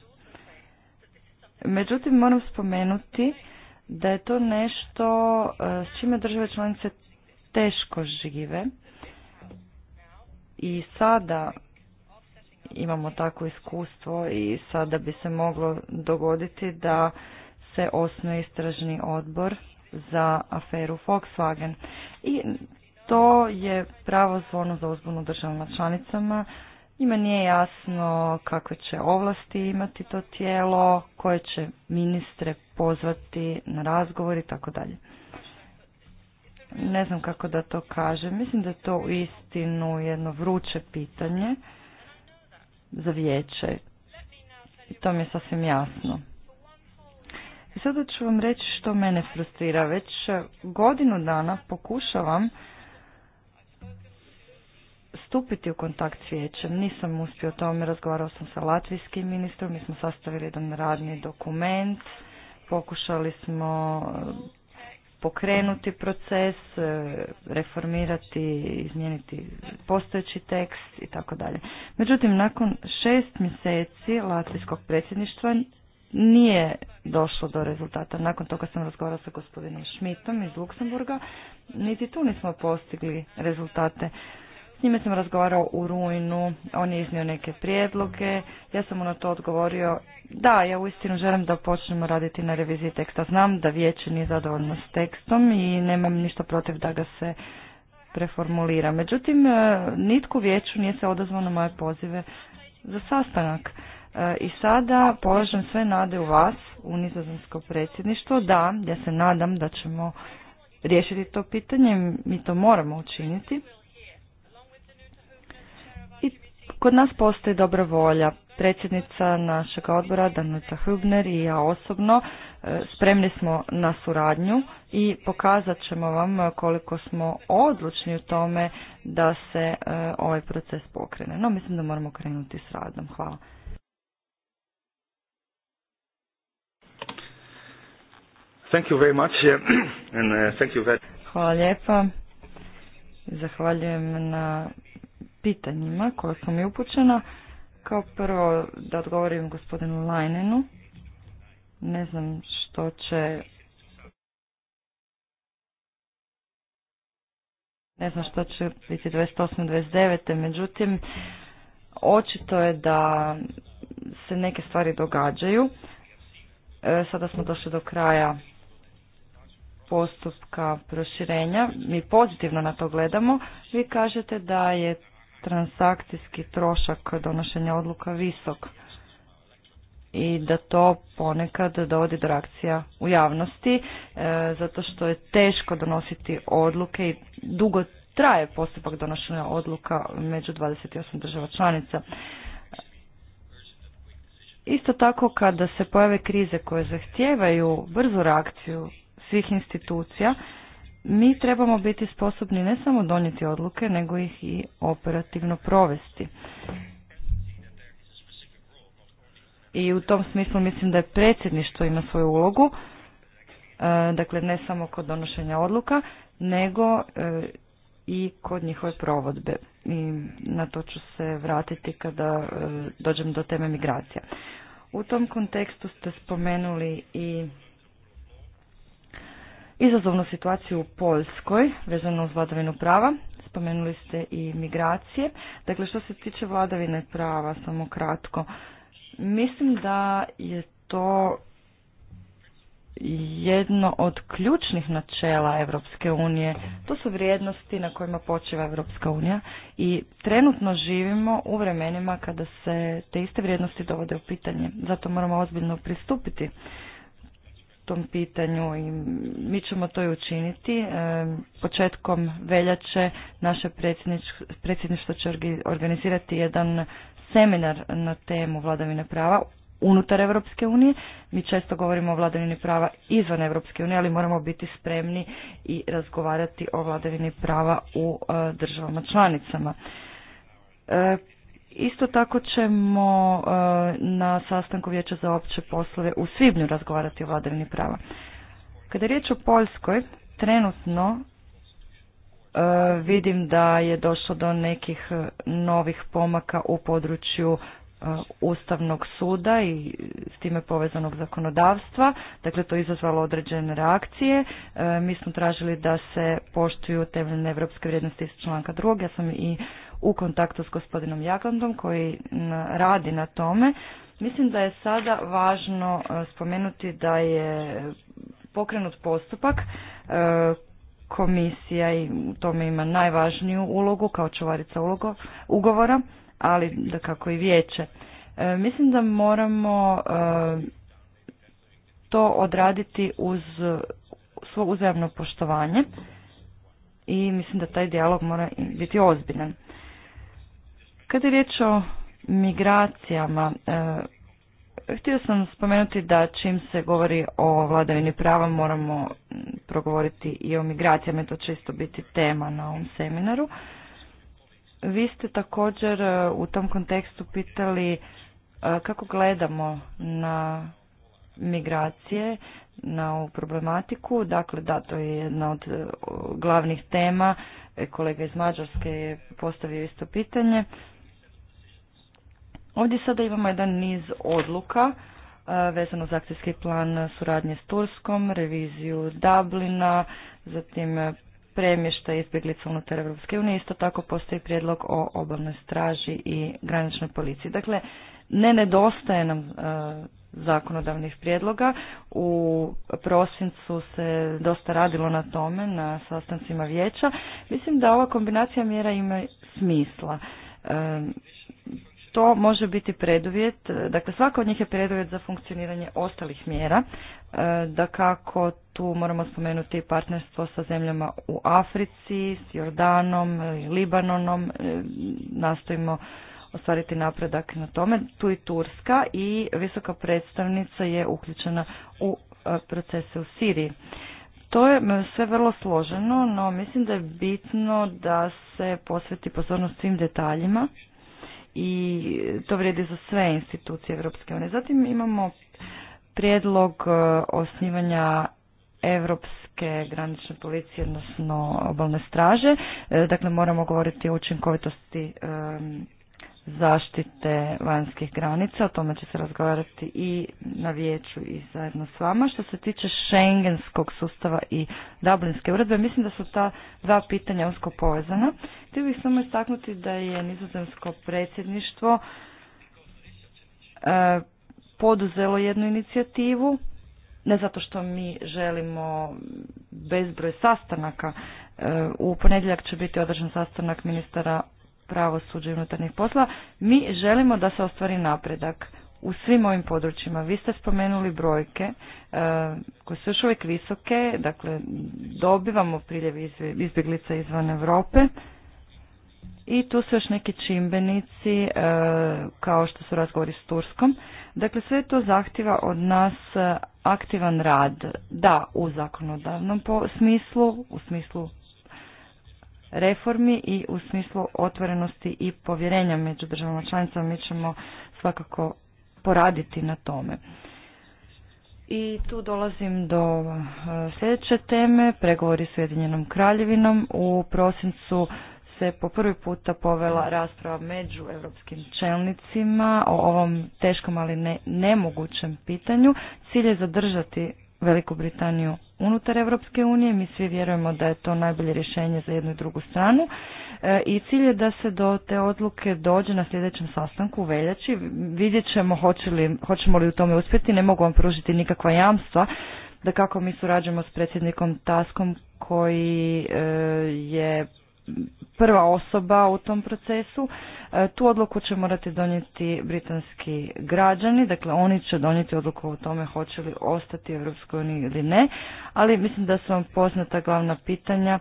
Međutim, moram spomenuti da je to nešto e, s čime države članice teško žive. I sada imamo takvo iskustvo i sada bi se moglo dogoditi da se osnuje istražni odbor za aferu Volkswagen. I to je pravo zvono za uzbunu državama članicama. ima nije jasno kakve će ovlasti imati to tijelo, koje će ministre pozvati na razgovor i tako dalje. Ne znam kako da to kažem. Mislim da je to u istinu jedno vruće pitanje za vijeće. I to mi je sasvim jasno. I sada ću vam reći što mene frustrira. Već e, godinu dana pokušavam stupiti u kontakt s vijećem. Nisam uspio o tome, razgovarao sam sa latvijskim ministrom, mi smo sastavili jedan radni dokument, pokušali smo e, pokrenuti proces, e, reformirati, izmijeniti postojeći tekst i tako dalje. Međutim, nakon šest mjeseci latvijskog predsjedništva nije došlo do rezultata. Nakon toga sam razgovarala sa gospodinom Šmitom iz Luksemburga. Niti tu nismo postigli rezultate. S njime sam razgovarao u rujnu, on je iznio neke prijedloge, ja sam mu na to odgovorio, da, ja uistinu želim da počnemo raditi na reviziji teksta. Znam da vijeće nije zadovoljno s tekstom i nemam ništa protiv da ga se preformulira. Međutim, e, nitko vijeću nije se odazvao na moje pozive za sastanak. E, I sada polažem sve nade u vas, u nizozemsko predsjedništvo, da, ja se nadam da ćemo riješiti to pitanje, mi to moramo učiniti. I kod nas postoji dobra volja. Predsjednica našeg odbora, Danica Hübner i ja osobno, e, spremni smo na suradnju i pokazat ćemo vam koliko smo odlučni u tome da se e, ovaj proces pokrene. No, mislim da moramo krenuti s radom. Hvala. Thank you very much and uh, thank you very... Hvala lijepa. Zahvaljujem na pitanjima koja su mi upućena. Kao prvo da odgovorim gospodinu Lajnenu. Ne znam što će ne znam što će biti 28. 29. Međutim, očito je da se neke stvari događaju. E, sada smo došli do kraja postupka proširenja, mi pozitivno na to gledamo, vi kažete da je transakcijski trošak donošenja odluka visok i da to ponekad dovodi do reakcija u javnosti e, zato što je teško donositi odluke i dugo traje postupak donošenja odluka među 28 država članica. Isto tako kada se pojave krize koje zahtijevaju brzu reakciju svih institucija, mi trebamo biti sposobni ne samo donijeti odluke, nego ih i operativno provesti. I u tom smislu mislim da je predsjedništvo ima svoju ulogu, e, dakle ne samo kod donošenja odluka, nego e, i kod njihove provodbe. I na to ću se vratiti kada e, dođem do teme migracija. U tom kontekstu ste spomenuli i izazovnu situaciju u Poljskoj vezano uz vladavinu prava. Spomenuli ste i migracije. Dakle, što se tiče vladavine prava, samo kratko, mislim da je to jedno od ključnih načela Europske unije. To su vrijednosti na kojima počeva Europska unija i trenutno živimo u vremenima kada se te iste vrijednosti dovode u pitanje. Zato moramo ozbiljno pristupiti tom pitanju i mi ćemo to i učiniti. E, početkom veljače naše predsjedništvo će organizirati jedan seminar na temu vladavine prava unutar Europske unije. Mi često govorimo o vladavini prava izvan Europske unije, ali moramo biti spremni i razgovarati o vladavini prava u e, državama članicama. E, Isto tako ćemo e, na sastanku Vijeća za opće poslove u svibnju razgovarati o vladavini prava. Kada je riječ o Poljskoj, trenutno e, vidim da je došlo do nekih novih pomaka u području e, Ustavnog suda i s time povezanog zakonodavstva. Dakle, to je izazvalo određene reakcije. Mi smo tražili da se poštuju temeljne evropske vrijednosti iz članka drugog. Ja sam i u kontaktu s gospodinom Jaglandom koji radi na tome. Mislim da je sada važno e, spomenuti da je pokrenut postupak e, komisija i u tome ima najvažniju ulogu kao čuvarica ulogo, ugovora, ali da kako i vijeće. E, mislim da moramo to odraditi uz svo uzajamno poštovanje i mislim da taj dijalog mora biti ozbiljan. Kad je riječ o migracijama, e, htio sam spomenuti da čim se govori o vladavini prava moramo progovoriti i o migracijama, to će isto biti tema na ovom seminaru. Vi ste također e, u tom kontekstu pitali e, kako gledamo na migracije, na ovu problematiku. Dakle, da, to je jedna od glavnih tema. Kolega iz Mađarske je postavio isto pitanje. Ovdje sada imamo jedan niz odluka e, vezano za akcijski plan suradnje s Turskom, reviziju Dublina, zatim premješta izbjeglica unutar Europske unije. Isto tako postoji prijedlog o obalnoj straži i graničnoj policiji. Dakle, ne nedostaje nam e, zakonodavnih prijedloga. U prosincu se dosta radilo na tome, na sastancima vijeća. Mislim da ova kombinacija mjera ima smisla. E, to može biti preduvjet, dakle svaka od njih je preduvjet za funkcioniranje ostalih mjera, e, da kako tu moramo spomenuti partnerstvo sa zemljama u Africi, s Jordanom, e, Libanonom, e, nastojimo ostvariti napredak na tome, tu i Turska i visoka predstavnica je uključena u procese u Siriji. To je sve vrlo složeno, no mislim da je bitno da se posveti pozornost svim detaljima i to vrijedi za sve institucije Evropske unije. Zatim imamo prijedlog e, osnivanja Europske granične policije, odnosno obalne straže. E, dakle, moramo govoriti o učinkovitosti e, zaštite vanjskih granica, o tome će se razgovarati i na vijeću i zajedno s vama. Što se tiče šengenskog sustava i Dublinske uredbe, mislim da su ta dva pitanja usko povezana. Htio bih samo istaknuti da je nizozemsko predsjedništvo e, poduzelo jednu inicijativu, ne zato što mi želimo bezbroj sastanaka, e, u ponedjeljak će biti održan sastanak ministara pravosuđa i unutarnjih posla, mi želimo da se ostvari napredak u svim ovim područjima. Vi ste spomenuli brojke e, koje su još uvijek visoke, dakle dobivamo priljev izbjeglica izvan Europe i tu su još neki čimbenici e, kao što su razgovori s Turskom. Dakle, sve to zahtjeva od nas e, aktivan rad, da u zakonodavnom smislu, u smislu reformi i u smislu otvorenosti i povjerenja među državama članicama mi ćemo svakako poraditi na tome. I tu dolazim do e, sljedeće teme, pregovori s Ujedinjenom kraljevinom. U prosincu se po prvi puta povela rasprava među europskim čelnicima o ovom teškom ali ne, nemogućem pitanju. Cilj je zadržati Veliku Britaniju unutar Europske unije. Mi svi vjerujemo da je to najbolje rješenje za jednu i drugu stranu. E, I cilj je da se do te odluke dođe na sljedećem sastanku u veljači. Vidjet ćemo hoćemo li u tome uspjeti. Ne mogu vam pružiti nikakva jamstva da kako mi surađujemo s predsjednikom Taskom koji e, je prva osoba u tom procesu. E, tu odluku će morati donijeti britanski građani, dakle oni će donijeti odluku o tome hoće li ostati u Europskoj uniji ili ne, ali mislim da su vam poznata glavna pitanja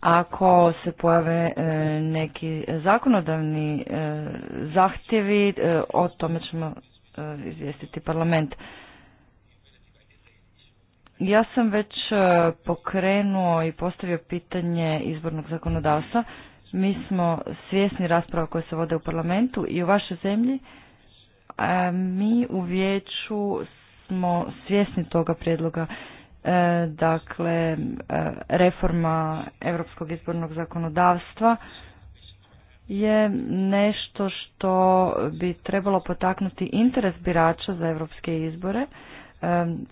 ako se pojave e, neki zakonodavni e, zahtjevi, o tome ćemo izvijestiti parlament. Ja sam već e, pokrenuo i postavio pitanje izbornog zakonodavstva. Mi smo svjesni rasprava koje se vode u parlamentu i u vašoj zemlji. mi u vijeću smo svjesni toga prijedloga. E, dakle, e, reforma europskog izbornog zakonodavstva je nešto što bi trebalo potaknuti interes birača za europske izbore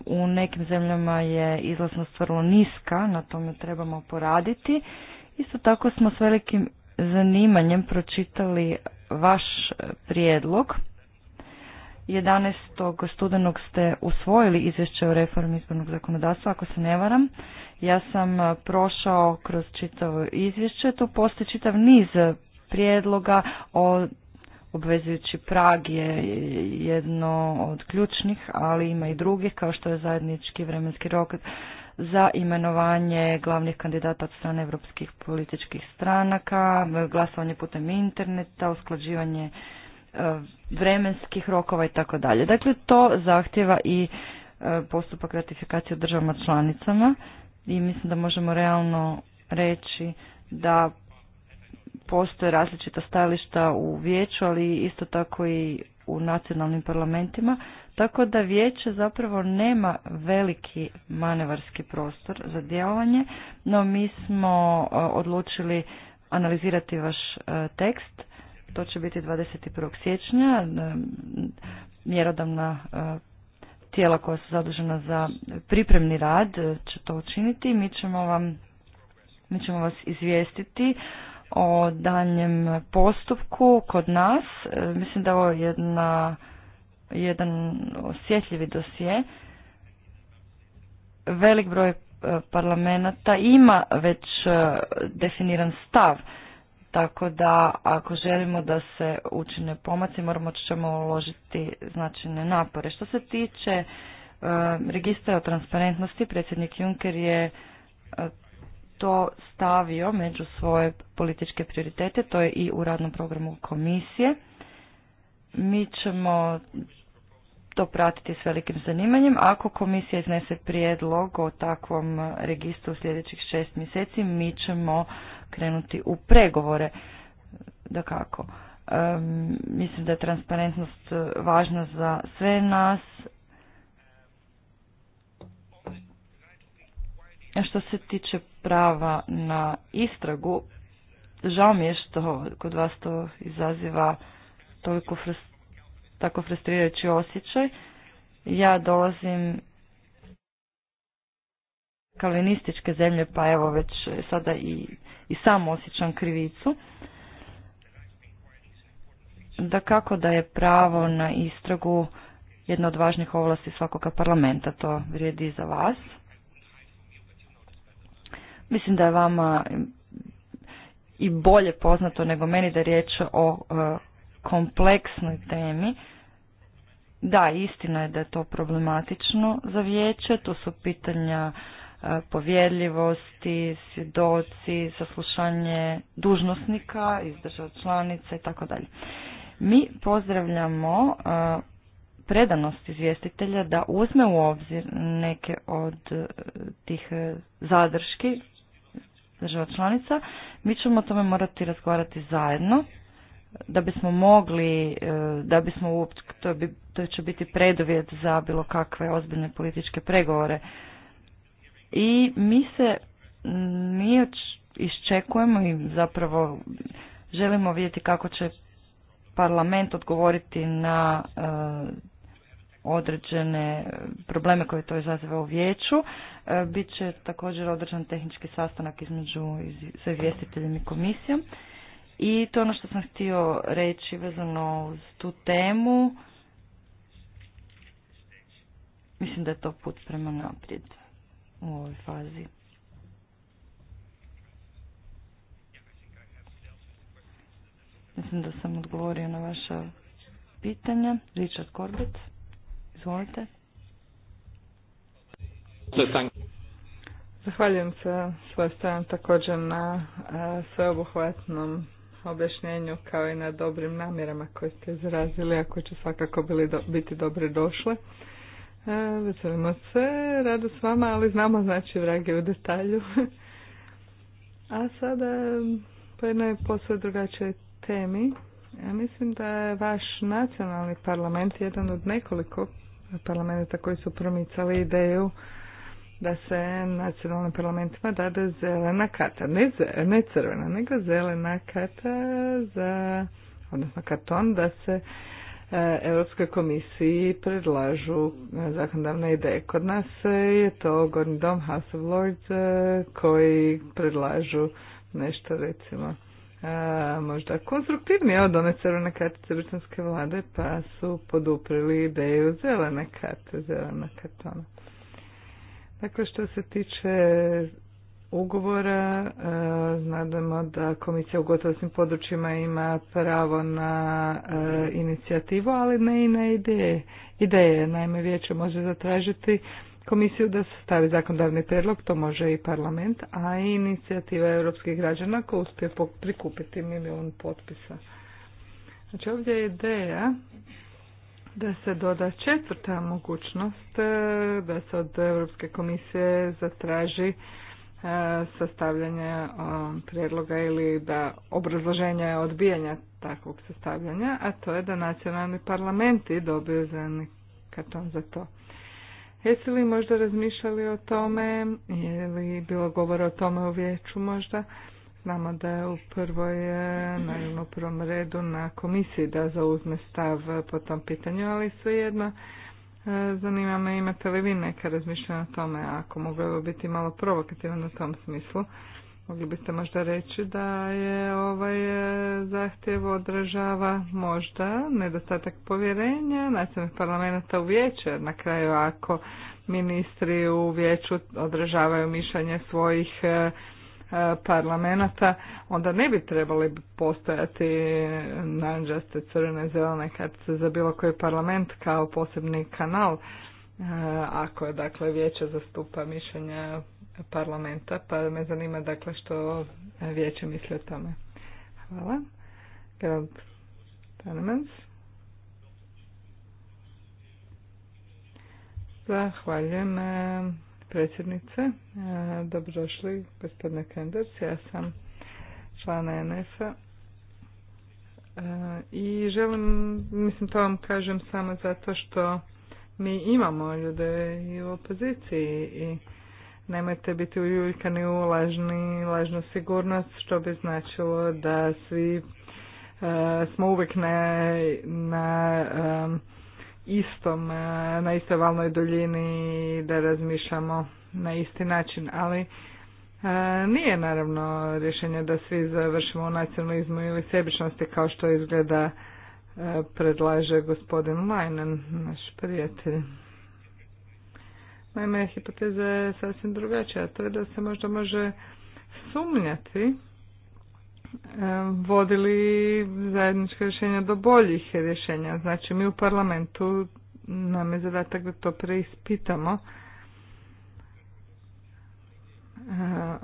u nekim zemljama je izlaznost vrlo niska, na tome trebamo poraditi. Isto tako smo s velikim zanimanjem pročitali vaš prijedlog. 11. studenog ste usvojili izvješće o reformi izbornog zakonodavstva, ako se ne varam. Ja sam e, prošao kroz čitavo izvješće, tu postoji čitav niz prijedloga o obvezujući prag je jedno od ključnih, ali ima i drugih kao što je zajednički vremenski rok za imenovanje glavnih kandidata od strane europskih političkih stranaka, glasovanje putem interneta, usklađivanje e, vremenskih rokova i tako dalje. Dakle, to zahtjeva i e, postupak ratifikacije u državama članicama i mislim da možemo realno reći da postoje različita stajališta u vijeću, ali isto tako i u nacionalnim parlamentima, tako da vijeće zapravo nema veliki manevarski prostor za djelovanje, no mi smo e, odlučili analizirati vaš e, tekst. To će biti 21. siječnja, e, mjerodavna tijela koja su zadužena za pripremni rad će to učiniti. Mi ćemo, vam, mi ćemo vas izvijestiti o danjem postupku kod nas. E, mislim da je ovo jedna, jedan osjetljivi dosje. Velik broj e, parlamenta ima već e, definiran stav. Tako da ako želimo da se učine pomaci moramo ćemo uložiti značajne napore. Što se tiče registra o transparentnosti, predsjednik Juncker je to stavio među svoje političke prioritete, to je i u radnom programu komisije. Mi ćemo to pratiti s velikim zanimanjem. Ako komisija iznese prijedlog o takvom registru u sljedećih šest mjeseci, mi ćemo krenuti u pregovore. Da kako? mislim da je transparentnost važna za sve nas. Što se tiče prava na istragu, žao mi je što kod vas to izaziva toliko tako frustrirajući osjećaj. Ja dolazim kalinističke zemlje, pa evo već sada i, i sam osjećam krivicu. Da kako da je pravo na istragu jedna od važnih ovlasti svakoga parlamenta, to vrijedi i za vas. Mislim da je vama i bolje poznato nego meni da je riječ o e, kompleksnoj temi. Da, istina je da je to problematično za vijeće, to su pitanja e, povjerljivosti, svjedoci, saslušanje dužnosnika iz država članica i tako dalje. Mi pozdravljamo e, predanost izvjestitelja da uzme u obzir neke od tih zadrški država članica. Mi ćemo o tome morati razgovarati zajedno da bismo mogli, e, da bismo uopće, to, bi, to će biti preduvjet za bilo kakve ozbiljne političke pregovore. I mi se mi iščekujemo i zapravo želimo vidjeti kako će parlament odgovoriti na e, određene e, probleme koje to izaziva u vijeću. E, Biće također održan tehnički sastanak između sa izvjestiteljem i komisijom. I to ono što sam htio reći vezano uz tu temu. Mislim da je to put prema naprijed u ovoj fazi. Mislim da sam odgovorio na vaša pitanja. Richard Corbett. Izvolite. Zahvaljujem se svoje također na e, sveobuhvatnom objašnjenju kao i na dobrim namjerama koje ste izrazili, a koje će svakako bili biti dobre došle. E, veselimo se, rado s vama, ali znamo znači vrage u detalju. a sada po jednoj posve drugačijoj temi. Ja mislim da je vaš nacionalni parlament jedan od nekoliko parlamenta koji su promicali ideju da se nacionalnim parlamentima dade zelena kata, ne, ne crvena, nego zelena kata za, odnosno karton, da se e, Europskoj komisiji predlažu e, zakonodavne ideje. Kod nas je to Gornji dom House of Lords e, koji predlažu nešto recimo a, možda konstruktivnije od one crvene kartice britanske vlade, pa su poduprili ideju zelene karte, zelena kartona. Dakle, što se tiče ugovora, znademo da komisija u gotovostim područjima ima pravo na inicijativu, ali ne i na ideje. Ideje, naime, vijeće može zatražiti komisiju da stavi zakonodavni prijedlog, to može i parlament, a i inicijativa europskih građana koja uspije prikupiti milijun potpisa. Znači ovdje je ideja da se doda četvrta mogućnost e, da se od Europske komisije zatraži e, sastavljanje e, prijedloga ili da obrazloženje odbijanja takvog sastavljanja, a to je da nacionalni parlamenti dobiju zeleni za to. Jesi li možda razmišljali o tome, je li bilo govora o tome u vijeću možda? Znamo da je u prvoj, e, naravno u prvom redu na komisiji da zauzme stav po tom pitanju, ali svejedno e, zanima me imate li vi neka razmišljanja o tome, ako mogu biti malo provokativno u tom smislu. Mogli biste možda reći da je ovaj e, zahtjev odražava možda nedostatak povjerenja nacionalnih parlamenta u vijeće. Na kraju ako ministri u vijeću odražavaju mišljenje svojih e, e, parlamenta, onda ne bi trebali postojati nađaste crvene, zelene se za bilo koji parlament kao posebni kanal ako dakle vijeće zastupa mišljenja parlamenta, pa me zanima dakle što vijeće misli o tome. Hvala. Gerald Tanemans. Zahvaljujem e, predsjednice. E, dobrodošli gospodine Kenders. Ja sam člana ns e, a i želim, mislim to vam kažem samo zato što mi imamo ljude i u opoziciji i nemojte biti uljuljkani u lažni, lažnu sigurnost, što bi značilo da svi e, smo uvijek na, na e, istom, e, na istoj valnoj duljini da razmišljamo na isti način, ali E, nije naravno rješenje da svi završimo u nacionalizmu ili sebičnosti kao što izgleda predlaže gospodin Leinen, naš prijatelj. Naime, hipoteza je sasvim drugačija, a to je da se možda može sumnjati e, vodili zajedničke rješenja do boljih rješenja. Znači mi u parlamentu nam je zadatak da to preispitamo. E,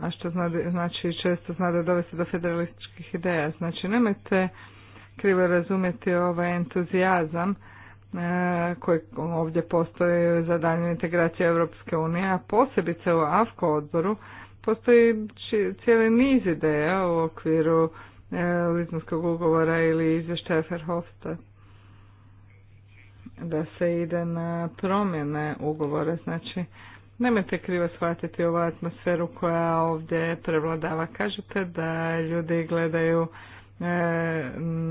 a što zna, znači često zna da dovesti do federalističkih ideja. Znači nemojte krivo razumjeti ovaj entuzijazam E, koje ovdje postoje za daljnju integracije Europske unije, a posebice u AFKO odboru postoji cijeli niz ideja u okviru e, Lizanskog ugovora ili izvještaja Ferhofsta da se ide na promjene ugovora, znači nemojte krivo shvatiti ovu atmosferu koja ovdje prevladava. Kažete da ljudi gledaju e,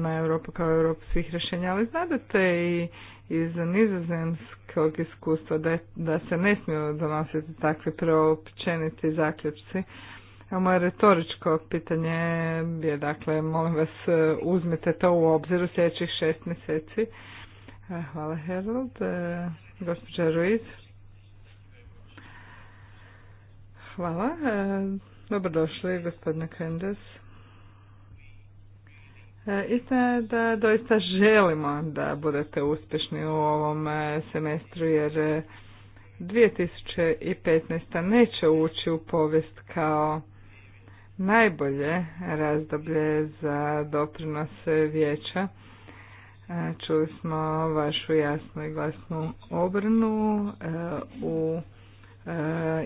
na Europu kao Europu svih rješenja, ali znate i iz nizozemskog iskustva da, da se ne smiju donositi takvi preopćeniti zaključci. Moje retoričko pitanje je, dakle, molim vas, e, uzmite to u obzir u sljedećih šest mjeseci. E, hvala, Harold. E, gospođa Ruiz. Hvala. Dobrodošli, gospodine Kendes. E, istina je da doista želimo da budete uspješni u ovom e, semestru jer 2015. E, neće ući u povijest kao najbolje razdoblje za doprinose vijeća. Čuli smo vašu jasnu i glasnu obrnu u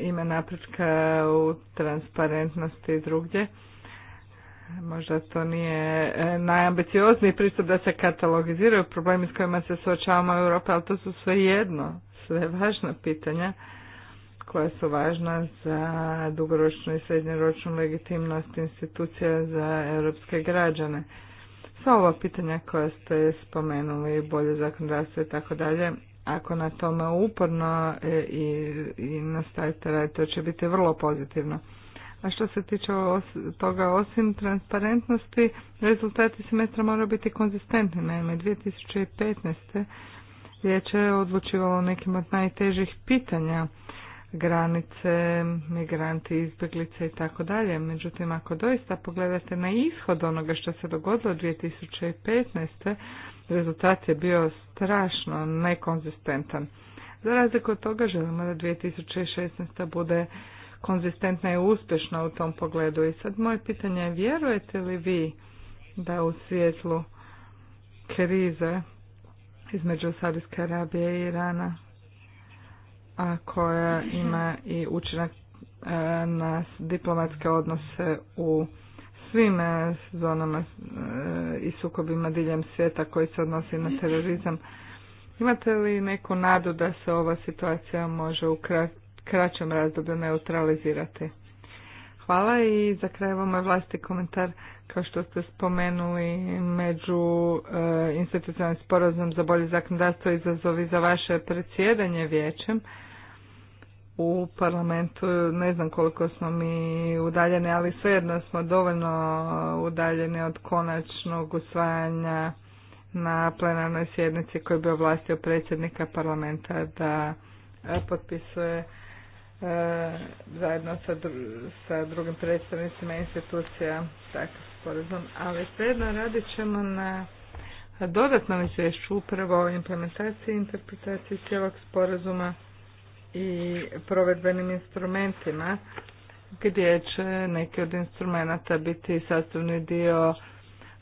ime napretka u transparentnosti i drugdje. Možda to nije e, najambiciozniji pristup da se katalogiziraju problemi s kojima se suočavamo u Europi, ali to su sve jedno, sve važna pitanja koja su važna za dugoročnu i srednjoročnu legitimnost institucija za europske građane. Sva ova pitanja koja ste spomenuli, bolje zakonodavstvo i tako dalje, ako na tome uporno e, i, i nastavite raditi, to će biti vrlo pozitivno. A što se tiče toga, osim transparentnosti, rezultati semestra moraju biti konzistentni. Naime, 2015. vijeće je odlučivalo nekim od najtežih pitanja granice, migranti, izbjeglice i tako dalje. Međutim, ako doista pogledate na ishod onoga što se dogodilo 2015. rezultat je bio strašno nekonzistentan. Za razliku od toga želimo da 2016. bude konzistentna i uspješna u tom pogledu. I sad moje pitanje je vjerujete li vi da u svijetlu krize između Saudijske Arabije i Irana, a koja ima i učinak e, na diplomatske odnose u svim e, zonama e, i sukobima diljem svijeta koji se odnosi na terorizam. Imate li neku nadu da se ova situacija može ukrat? kraćem razdoblju neutralizirati. Hvala i za kraj vam vlasti komentar kao što ste spomenuli među e, institucionalnim sporazum za bolje zakonodavstvo izazovi za vaše predsjedanje vijećem u parlamentu. Ne znam koliko smo mi udaljeni, ali svejedno smo dovoljno udaljeni od konačnog usvajanja na plenarnoj sjednici koji bi ovlastio predsjednika parlamenta da e, potpisuje E, zajedno sa, dru sa drugim predstavnicima institucija takav sporazum, ali svejedno radit ćemo na dodatnom izvješću upravo o implementaciji i interpretaciji cijelog sporazuma i provedbenim instrumentima gdje će neki od instrumenta biti sastavni dio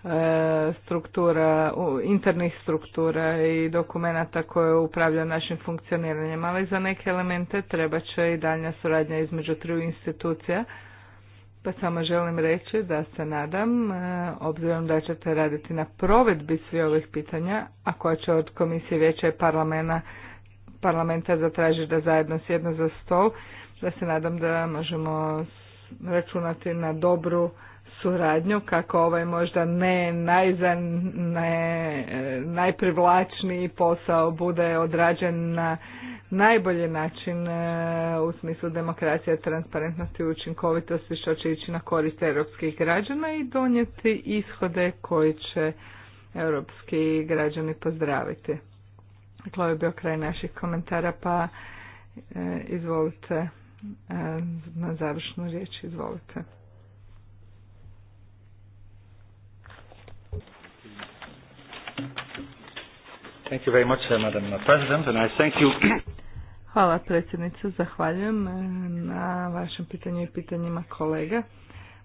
E, struktura, internih struktura i dokumenata koje upravlja našim funkcioniranjem, ali za neke elemente treba će i daljnja suradnja između triju institucija. Pa samo želim reći da se nadam, e, obzirom da ćete raditi na provedbi svi ovih pitanja, a koja će od Komisije vijeća i parlamenta, parlamenta zatražiti da zajedno sjedno za stol, da se nadam da možemo računati na dobru suradnju kako ovaj možda ne, najzan, ne e, najprivlačniji posao bude odrađen na najbolji način e, u smislu demokracije, transparentnosti i učinkovitosti što će ići na korist europskih građana i donijeti ishode koji će europski građani pozdraviti. Dakle, je bio kraj naših komentara, pa e, izvolite na završnu riječ, izvolite. Thank very much, uh, Madam President, and I thank you. Hvala predsjednice, zahvaljujem eh, na vašem pitanju i pitanjima kolega.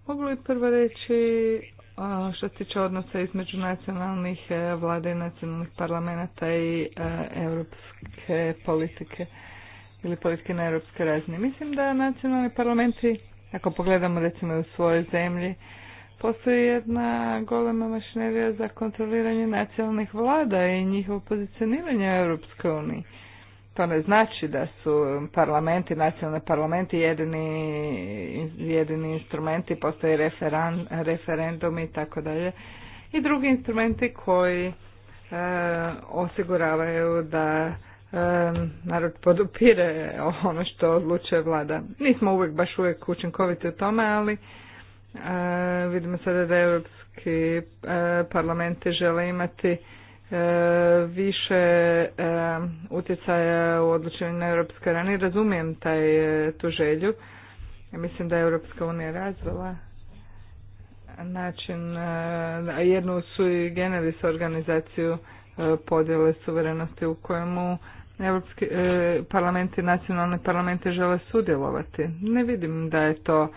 Mogu li prvo reći eh, što se tiče odnosa između nacionalnih eh, Vlade i nacionalnih parlamenta i europske politike ili politike na europske razini. Mislim da nacionalni parlamenti, ako pogledamo recimo u svojoj zemlji, Postoji jedna golema mašinerija za kontroliranje nacionalnih vlada i njihovo pozicioniranje u Europskoj To ne znači da su parlamenti, nacionalni parlamenti jedini, jedini instrumenti, postoji referan, referendum i tako dalje. I drugi instrumenti koji e, osiguravaju da e, narod podupire ono što odlučuje vlada. Nismo uvijek baš uvijek učinkoviti u tome, ali vidimo sada da Europski parlamenti žele imati više utjecaja u odlučenju na Europske rani. Razumijem taj, tu želju. Mislim da je Europska unija razvila način, jednu su i generis organizaciju podjele suverenosti u kojemu Europski parlamenti nacionalni parlamente žele sudjelovati. Ne vidim da je to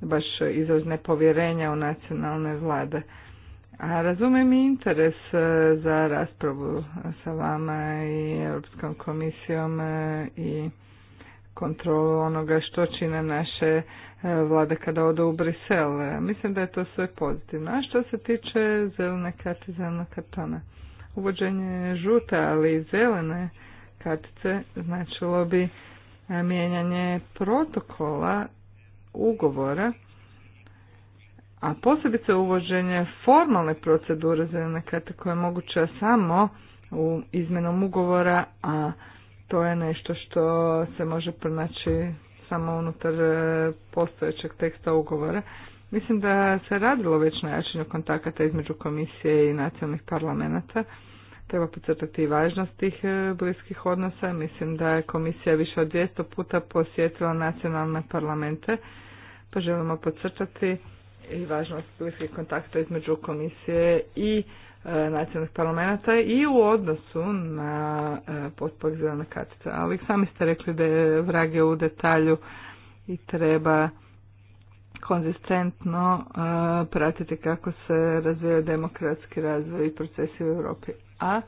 baš izraz nepovjerenja u nacionalne vlade. A razumijem i interes e, za raspravu sa vama i Europskom komisijom e, i kontrolu onoga što čine naše e, vlade kada odu u Brisel. Mislim da je to sve pozitivno. A što se tiče zelene karte, zelenog kartona? Uvođenje žute, ali i zelene kartice značilo bi mijenjanje protokola ugovora, a posebice uvođenje formalne procedure za nekate koje je moguće samo u izmenom ugovora, a to je nešto što se može pronaći samo unutar e, postojećeg teksta ugovora. Mislim da se radilo već na jačanju kontakata između komisije i nacionalnih parlamenta. Treba pocrtati i važnost tih e, bliskih odnosa. Mislim da je komisija više od 200 puta posjetila nacionalne parlamente pa želimo podcrtati i važnost bliskih kontakta između komisije i e, nacionalnih parlamenta i u odnosu na e, potpog zelena kartica. Ali sami ste rekli da je vrage u detalju i treba konzistentno e, pratiti kako se razvijaju demokratski razvoj i procesi u Europi. A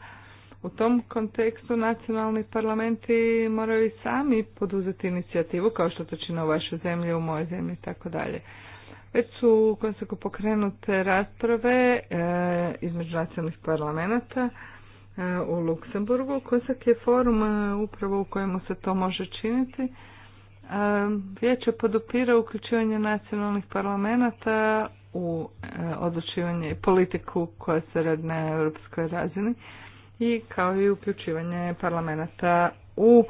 u tom kontekstu nacionalni parlamenti moraju i sami poduzeti inicijativu kao što to čine u vašoj zemlji, u mojoj zemlji i tako dalje. Već su u pokrenute rasprave e, između nacionalnih parlamenta e, u Luksemburgu. Kosak je forum e, upravo u kojemu se to može činiti. Vijeće podupira uključivanje nacionalnih parlamenta u odlučivanje politiku koja se radi na europskoj razini i kao i uključivanje parlamenta u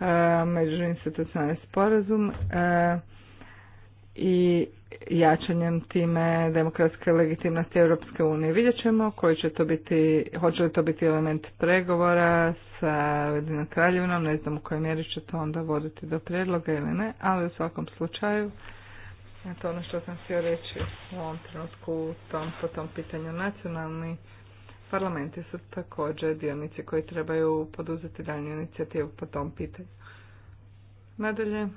e, međuinstitucionalni sporazum e, i jačanjem time demokratske legitimnosti Europske unije. Vidjet ćemo koji će to biti, hoće li to biti element pregovora sa Ujedinom kraljevinom, ne znam u kojoj mjeri će to onda voditi do predloga ili ne, ali u svakom slučaju to ono što sam htio reći u ovom trenutku tom, po tom pitanju nacionalni parlamenti su također dionici koji trebaju poduzeti daljnju inicijativu po tom pitanju. Nadalje,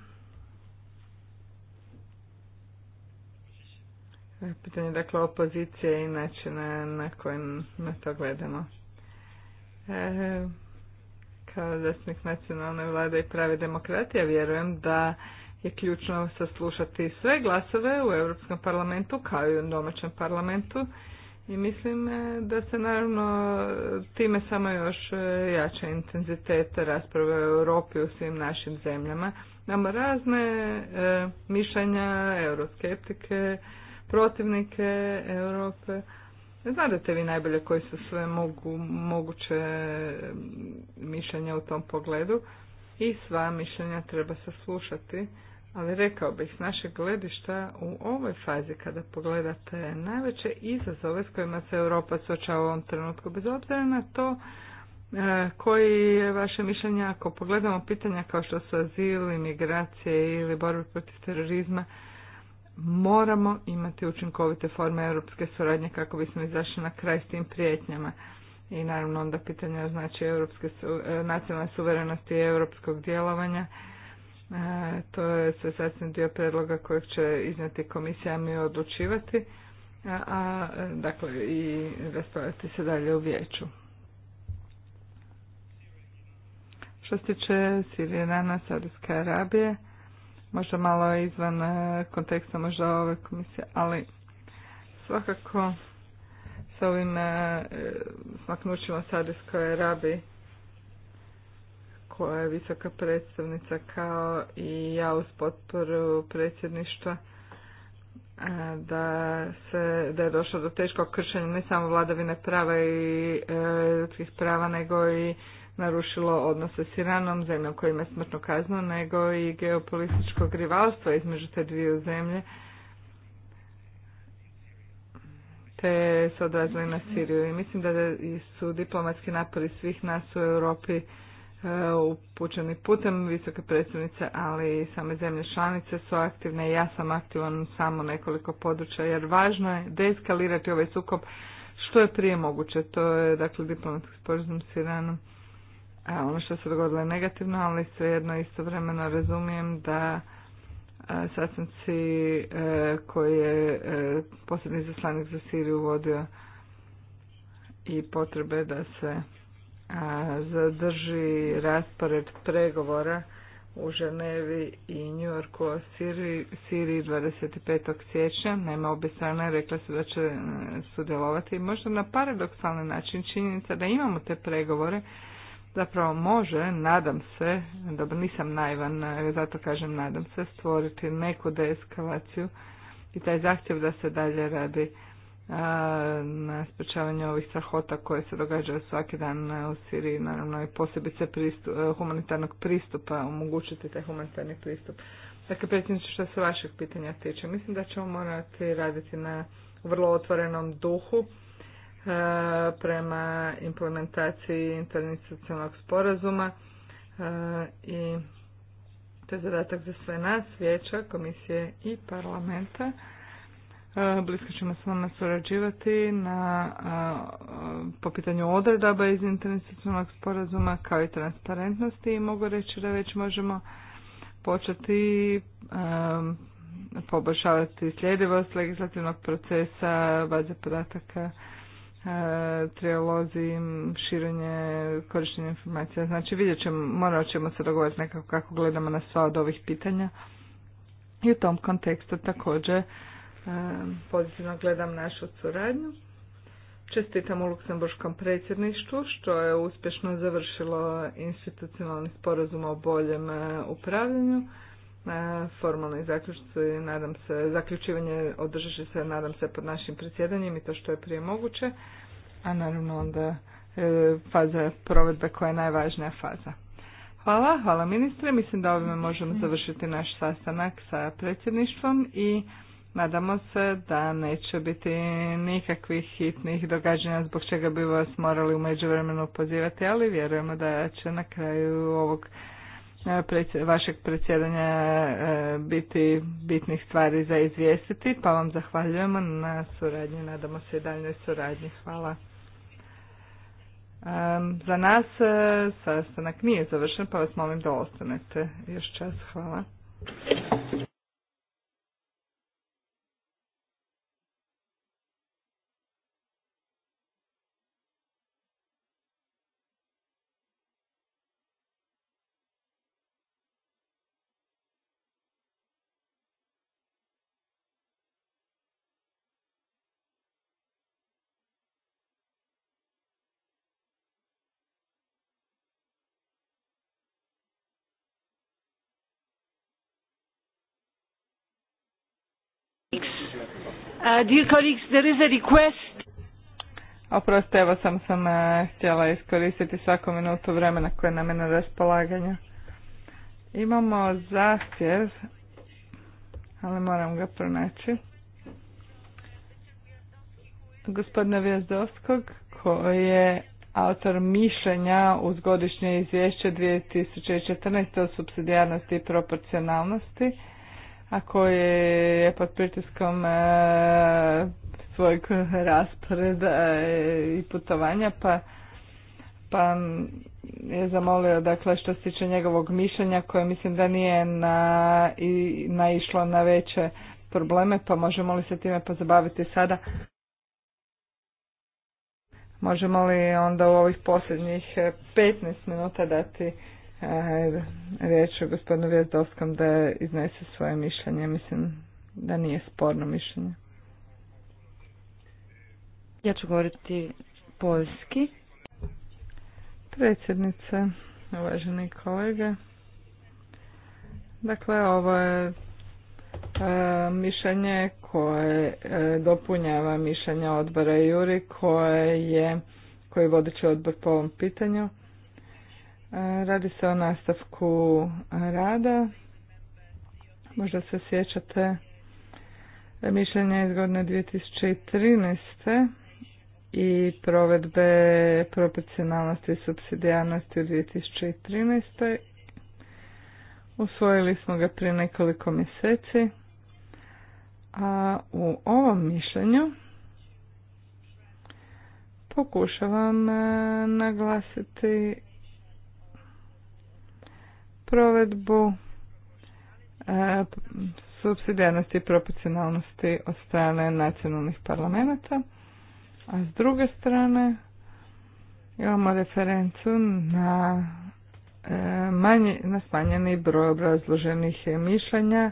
pitanje dakle opozicije i načina na kojem na to gledamo. E, kao zasnik nacionalne vlade i prave demokratije vjerujem da je ključno saslušati sve glasove u Europskom parlamentu kao i u domaćem parlamentu i mislim e, da se naravno e, time samo još e, jača intenzitet rasprave u Europi u svim našim zemljama. Nama razne mišljenja, euroskeptike, protivnike Europe. Znate vi najbolje koji su sve mogu, moguće mišljenja u tom pogledu i sva mišljenja treba saslušati ali rekao bih, s našeg gledišta u ovoj fazi kada pogledate najveće izazove s kojima se Europa suočava u ovom trenutku, bez obzira na to e, koji je vaše mišljenje ako pogledamo pitanja kao što su azil, imigracije ili borbe protiv terorizma, moramo imati učinkovite forme europske suradnje kako bismo izašli na kraj s tim prijetnjama. I naravno onda pitanja znači europske e, nacionalne suverenosti i europskog djelovanja to je sve sasvim dio predloga kojeg će iznijeti komisija mi odlučivati, a, dakle i raspravljati se dalje u vijeću. Što se tiče Nana, Saudijske Arabije, možda malo izvan e, konteksta možda ove komisije, ali svakako sa ovim e, e, smaknućima Saudijskoj Arabiji koja je visoka predstavnica kao i ja uz potporu predsjedništva e, da, se, da je došlo do teškog kršenja ne samo vladavine prava i e, ljudskih prava nego i narušilo odnose s Iranom, zemljom koja ima smrtnu kaznu, nego i geopolitičkog rivalstva između te dvije zemlje te se odrazili na Siriju. I mislim da su diplomatski napori svih nas u Europi E, upućeni putem visoke predstavnice, ali i same zemlje članice su aktivne i ja sam aktivan samo nekoliko područja, jer važno je deeskalirati ovaj sukob što je prije moguće. To je, dakle, diplomatski sporazum s Iranom. A e, ono što se dogodilo je negativno, ali svejedno istovremeno razumijem da e, sastanci koji je posebni zaslanik za Siriju vodio i potrebe da se zadrži raspored pregovora u Ženevi i Yorku o Siriji, Siriji 25. siječnja. Nema obje strane rekla se da će e, sudjelovati. Možda na paradoksalni način činjenica da imamo te pregovore zapravo može, nadam se, dobro nisam najvan, e, zato kažem nadam se, stvoriti neku deeskalaciju i taj zahtjev da se dalje radi na sprečavanje ovih strahota koje se događaju svaki dan u Siriji, naravno i posebice pristup, e, humanitarnog pristupa, omogućiti taj humanitarni pristup. Dakle, predsjedniče, što se vašeg pitanja tiče, mislim da ćemo morati raditi na vrlo otvorenom duhu e, prema implementaciji Internacionalnog sporazuma e, i to je zadatak za sve nas, vijeća, komisije i parlamenta E, blisko ćemo s vama surađivati na, e, po pitanju odredaba iz internacionalnog sporazuma kao i transparentnosti i mogu reći da već možemo početi e, poboljšavati sljedivost legislativnog procesa, baze podataka, triolozi, širenje, korištenje informacija. Znači vidjet ćemo, morat ćemo se dogovoriti nekako kako gledamo na sva od ovih pitanja. I u tom kontekstu također Pozitivno gledam našu suradnju. Čestitam u Luksemburškom predsjedništvu što je uspješno završilo institucionalni sporazum o boljem e, upravljanju. E, formalni zaključci, nadam se, zaključivanje održat se, nadam se, pod našim predsjedanjem i to što je prije moguće, a naravno onda e, faza provedbe koja je najvažnija faza. Hvala, hvala ministre. Mislim da ovime možemo završiti naš sastanak sa predsjedništvom i Nadamo se da neće biti nikakvih hitnih događanja zbog čega bi vas morali u međuvremenu pozivati, ali vjerujemo da će na kraju ovog e, vašeg predsjedanja e, biti bitnih stvari za izvijestiti, pa vam zahvaljujemo na suradnji, nadamo se i daljnoj suradnji. Hvala. Za nas e, sastanak nije završen, pa vas molim da ostanete još čas. Hvala. Uh, dear colleagues, there is a request. evo sam sam uh, htjela iskoristiti svaku minutu vremena koje nam je na raspolaganju. Imamo zahtjev, ali moram ga pronaći. Gospodina Vjezdovskog, koji je autor mišljenja uz godišnje izvješće 2014. o subsidijarnosti i proporcionalnosti a koji je pod pritiskom e, svojeg rasporeda e, i putovanja, pa pa je zamolio dakle što se tiče njegovog mišljenja koje mislim da nije na, i, naišlo na veće probleme pa možemo li se time pozabaviti sada možemo li onda u ovih posljednjih 15 e, minuta dati E, riječ o gospodinu Vjezdovskom da iznese svoje mišljenje. Mislim da nije sporno mišljenje. Ja ću govoriti poljski. Predsjednice, uvaženi kolege. Dakle, ovo je e, mišljenje koje e, dopunjava mišljenje odbora Juri koje je koji vodeći odbor po ovom pitanju E, radi se o nastavku rada. Možda se sjećate mišljenja iz godine 2013. i provedbe proporcionalnosti i subsidijalnosti u 2013. Usvojili smo ga prije nekoliko mjeseci. A u ovom mišljenju pokušavam e, naglasiti provedbu e, subsidijarnosti i proporcionalnosti od strane nacionalnih parlamenta, a s druge strane imamo referencu na, e, manji, na smanjeni broj obrazloženih mišljenja e,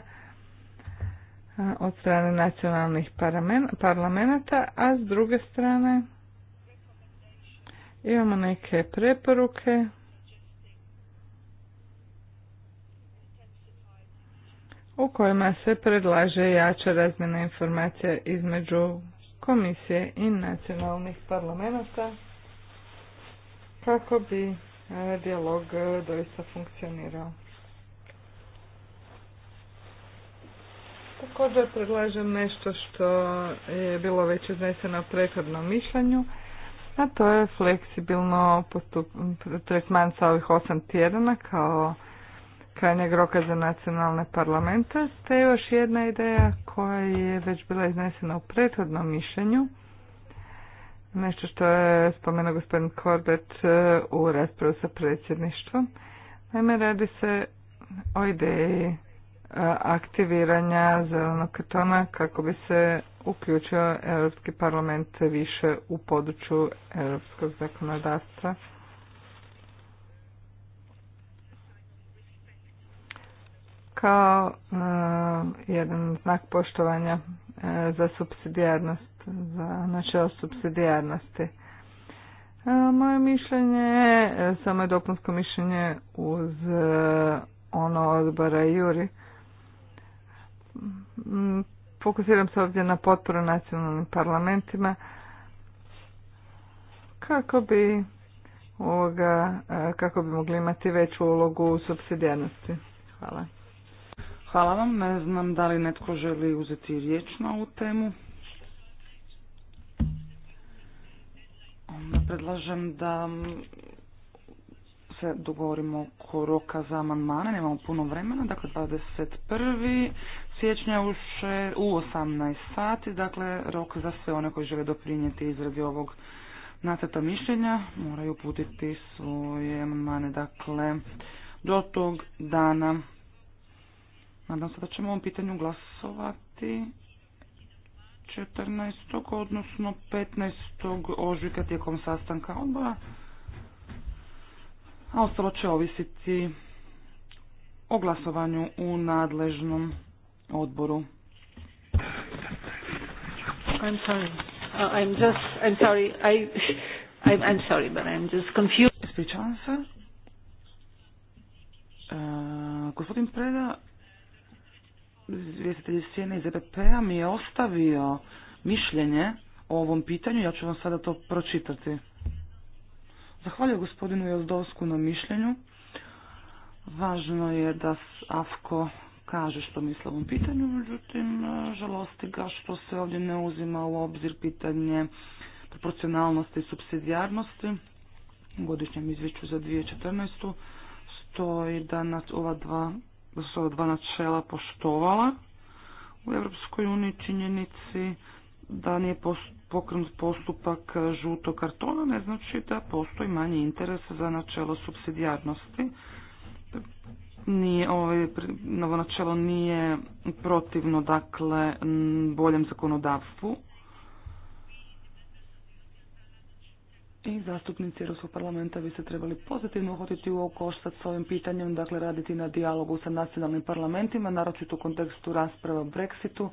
od strane nacionalnih parlamenta, a s druge strane imamo neke preporuke u kojima se predlaže jača razmjena informacija između komisije i nacionalnih parlamenta kako bi e, dijalog e, doista funkcionirao. Također predlažem nešto što je bilo već izneseno prethodnom mišljenju, a to je fleksibilno tretman sa ovih osam tjedana kao krajnjeg roka za nacionalne parlamente, te još jedna ideja koja je već bila iznesena u prethodnom mišljenju, nešto što je spomenuo gospodin Korbet e, u raspravu sa predsjedništvom. Naime, radi se o ideji e, aktiviranja zelenog kartona kako bi se uključio Europski parlament više u području europskog zakonodavstva kao e, jedan znak poštovanja e, za subsidijarnost, za načelo subsidijarnosti. E, moje mišljenje, samo je dopunsko mišljenje uz ono odbora Juri. Mm, fokusiram se ovdje na potporu nacionalnim parlamentima kako bi ovoga, kako bi mogli imati veću ulogu u subsidijarnosti. Hvala. Hvala vam. Ne znam da li netko želi uzeti riječ na ovu temu. Onda predlažem da se dogovorimo oko roka za amandmane. Nemamo puno vremena. Dakle, 21. siječnja u 18 sati. Dakle, rok za sve one koji žele doprinijeti izradi ovog nacrta mišljenja. Moraju uputiti svoje amandmane. Dakle, do tog dana Nadam se da ćemo ovom pitanju glasovati 14. odnosno 15. ožujka tijekom sastanka odbora. A ostalo će ovisiti o glasovanju u nadležnom odboru. I'm sorry. Uh, I'm just, I'm sorry. I, I'm, I'm sorry, but I'm just confused. Ispričavam se. Uh, gospodin Preda, izvjestitelj sjene iz EPP-a e mi je ostavio mišljenje o ovom pitanju, ja ću vam sada to pročitati. Zahvaljujem gospodinu Jozdovsku na mišljenju. Važno je da AFKO kaže što misle o ovom pitanju, međutim žalosti ga što se ovdje ne uzima u obzir pitanje proporcionalnosti i subsidijarnosti. U godišnjem izvješću za 2014. stoji da ova dva da su ova dva načela poštovala u Europskoj uniji činjenici da nije pokrenut postupak žutog kartona ne znači da postoji manji interes za načelo subsidijarnosti. Nije, ovaj, novo načelo nije protivno dakle boljem zakonodavstvu i zastupnici Europskog parlamenta bi se trebali pozitivno uhvatiti u okoštac s ovim pitanjem, dakle raditi na dijalogu sa nacionalnim parlamentima, naročito u kontekstu rasprave o Brexitu.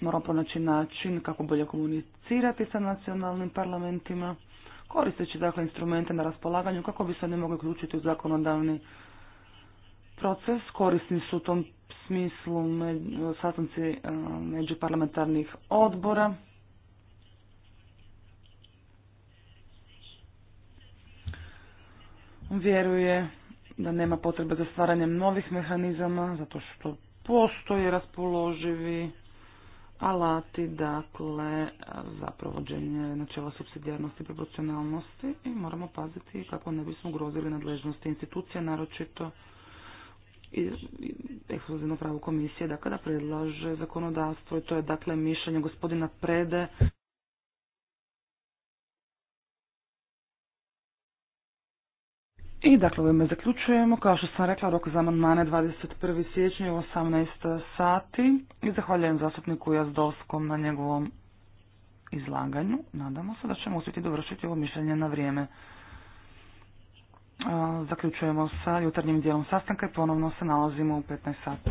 Moramo pronaći način kako bolje komunicirati sa nacionalnim parlamentima, koristeći dakle instrumente na raspolaganju kako bi se ne mogli uključiti u zakonodavni proces. Korisni su u tom smislu sastanci eh, međuparlamentarnih odbora. vjeruje da nema potrebe za stvaranjem novih mehanizama, zato što postoje raspoloživi alati, dakle, za provođenje načela subsidijarnosti i proporcionalnosti i moramo paziti kako ne bismo ugrozili nadležnosti institucija, naročito i ekskluzivno pravo komisije da kada predlaže zakonodavstvo i to je dakle mišljenje gospodina Prede I dakle, ovime zaključujemo. Kao što sam rekla, rok za amandmane 21. siječnja u 18 sati. I zahvaljujem zastupniku Jazdovskom na njegovom izlaganju. Nadamo se da ćemo uspjeti dovršiti ovo mišljenje na vrijeme. Zaključujemo sa jutarnjim dijelom sastanka i ponovno se nalazimo u 15 sati.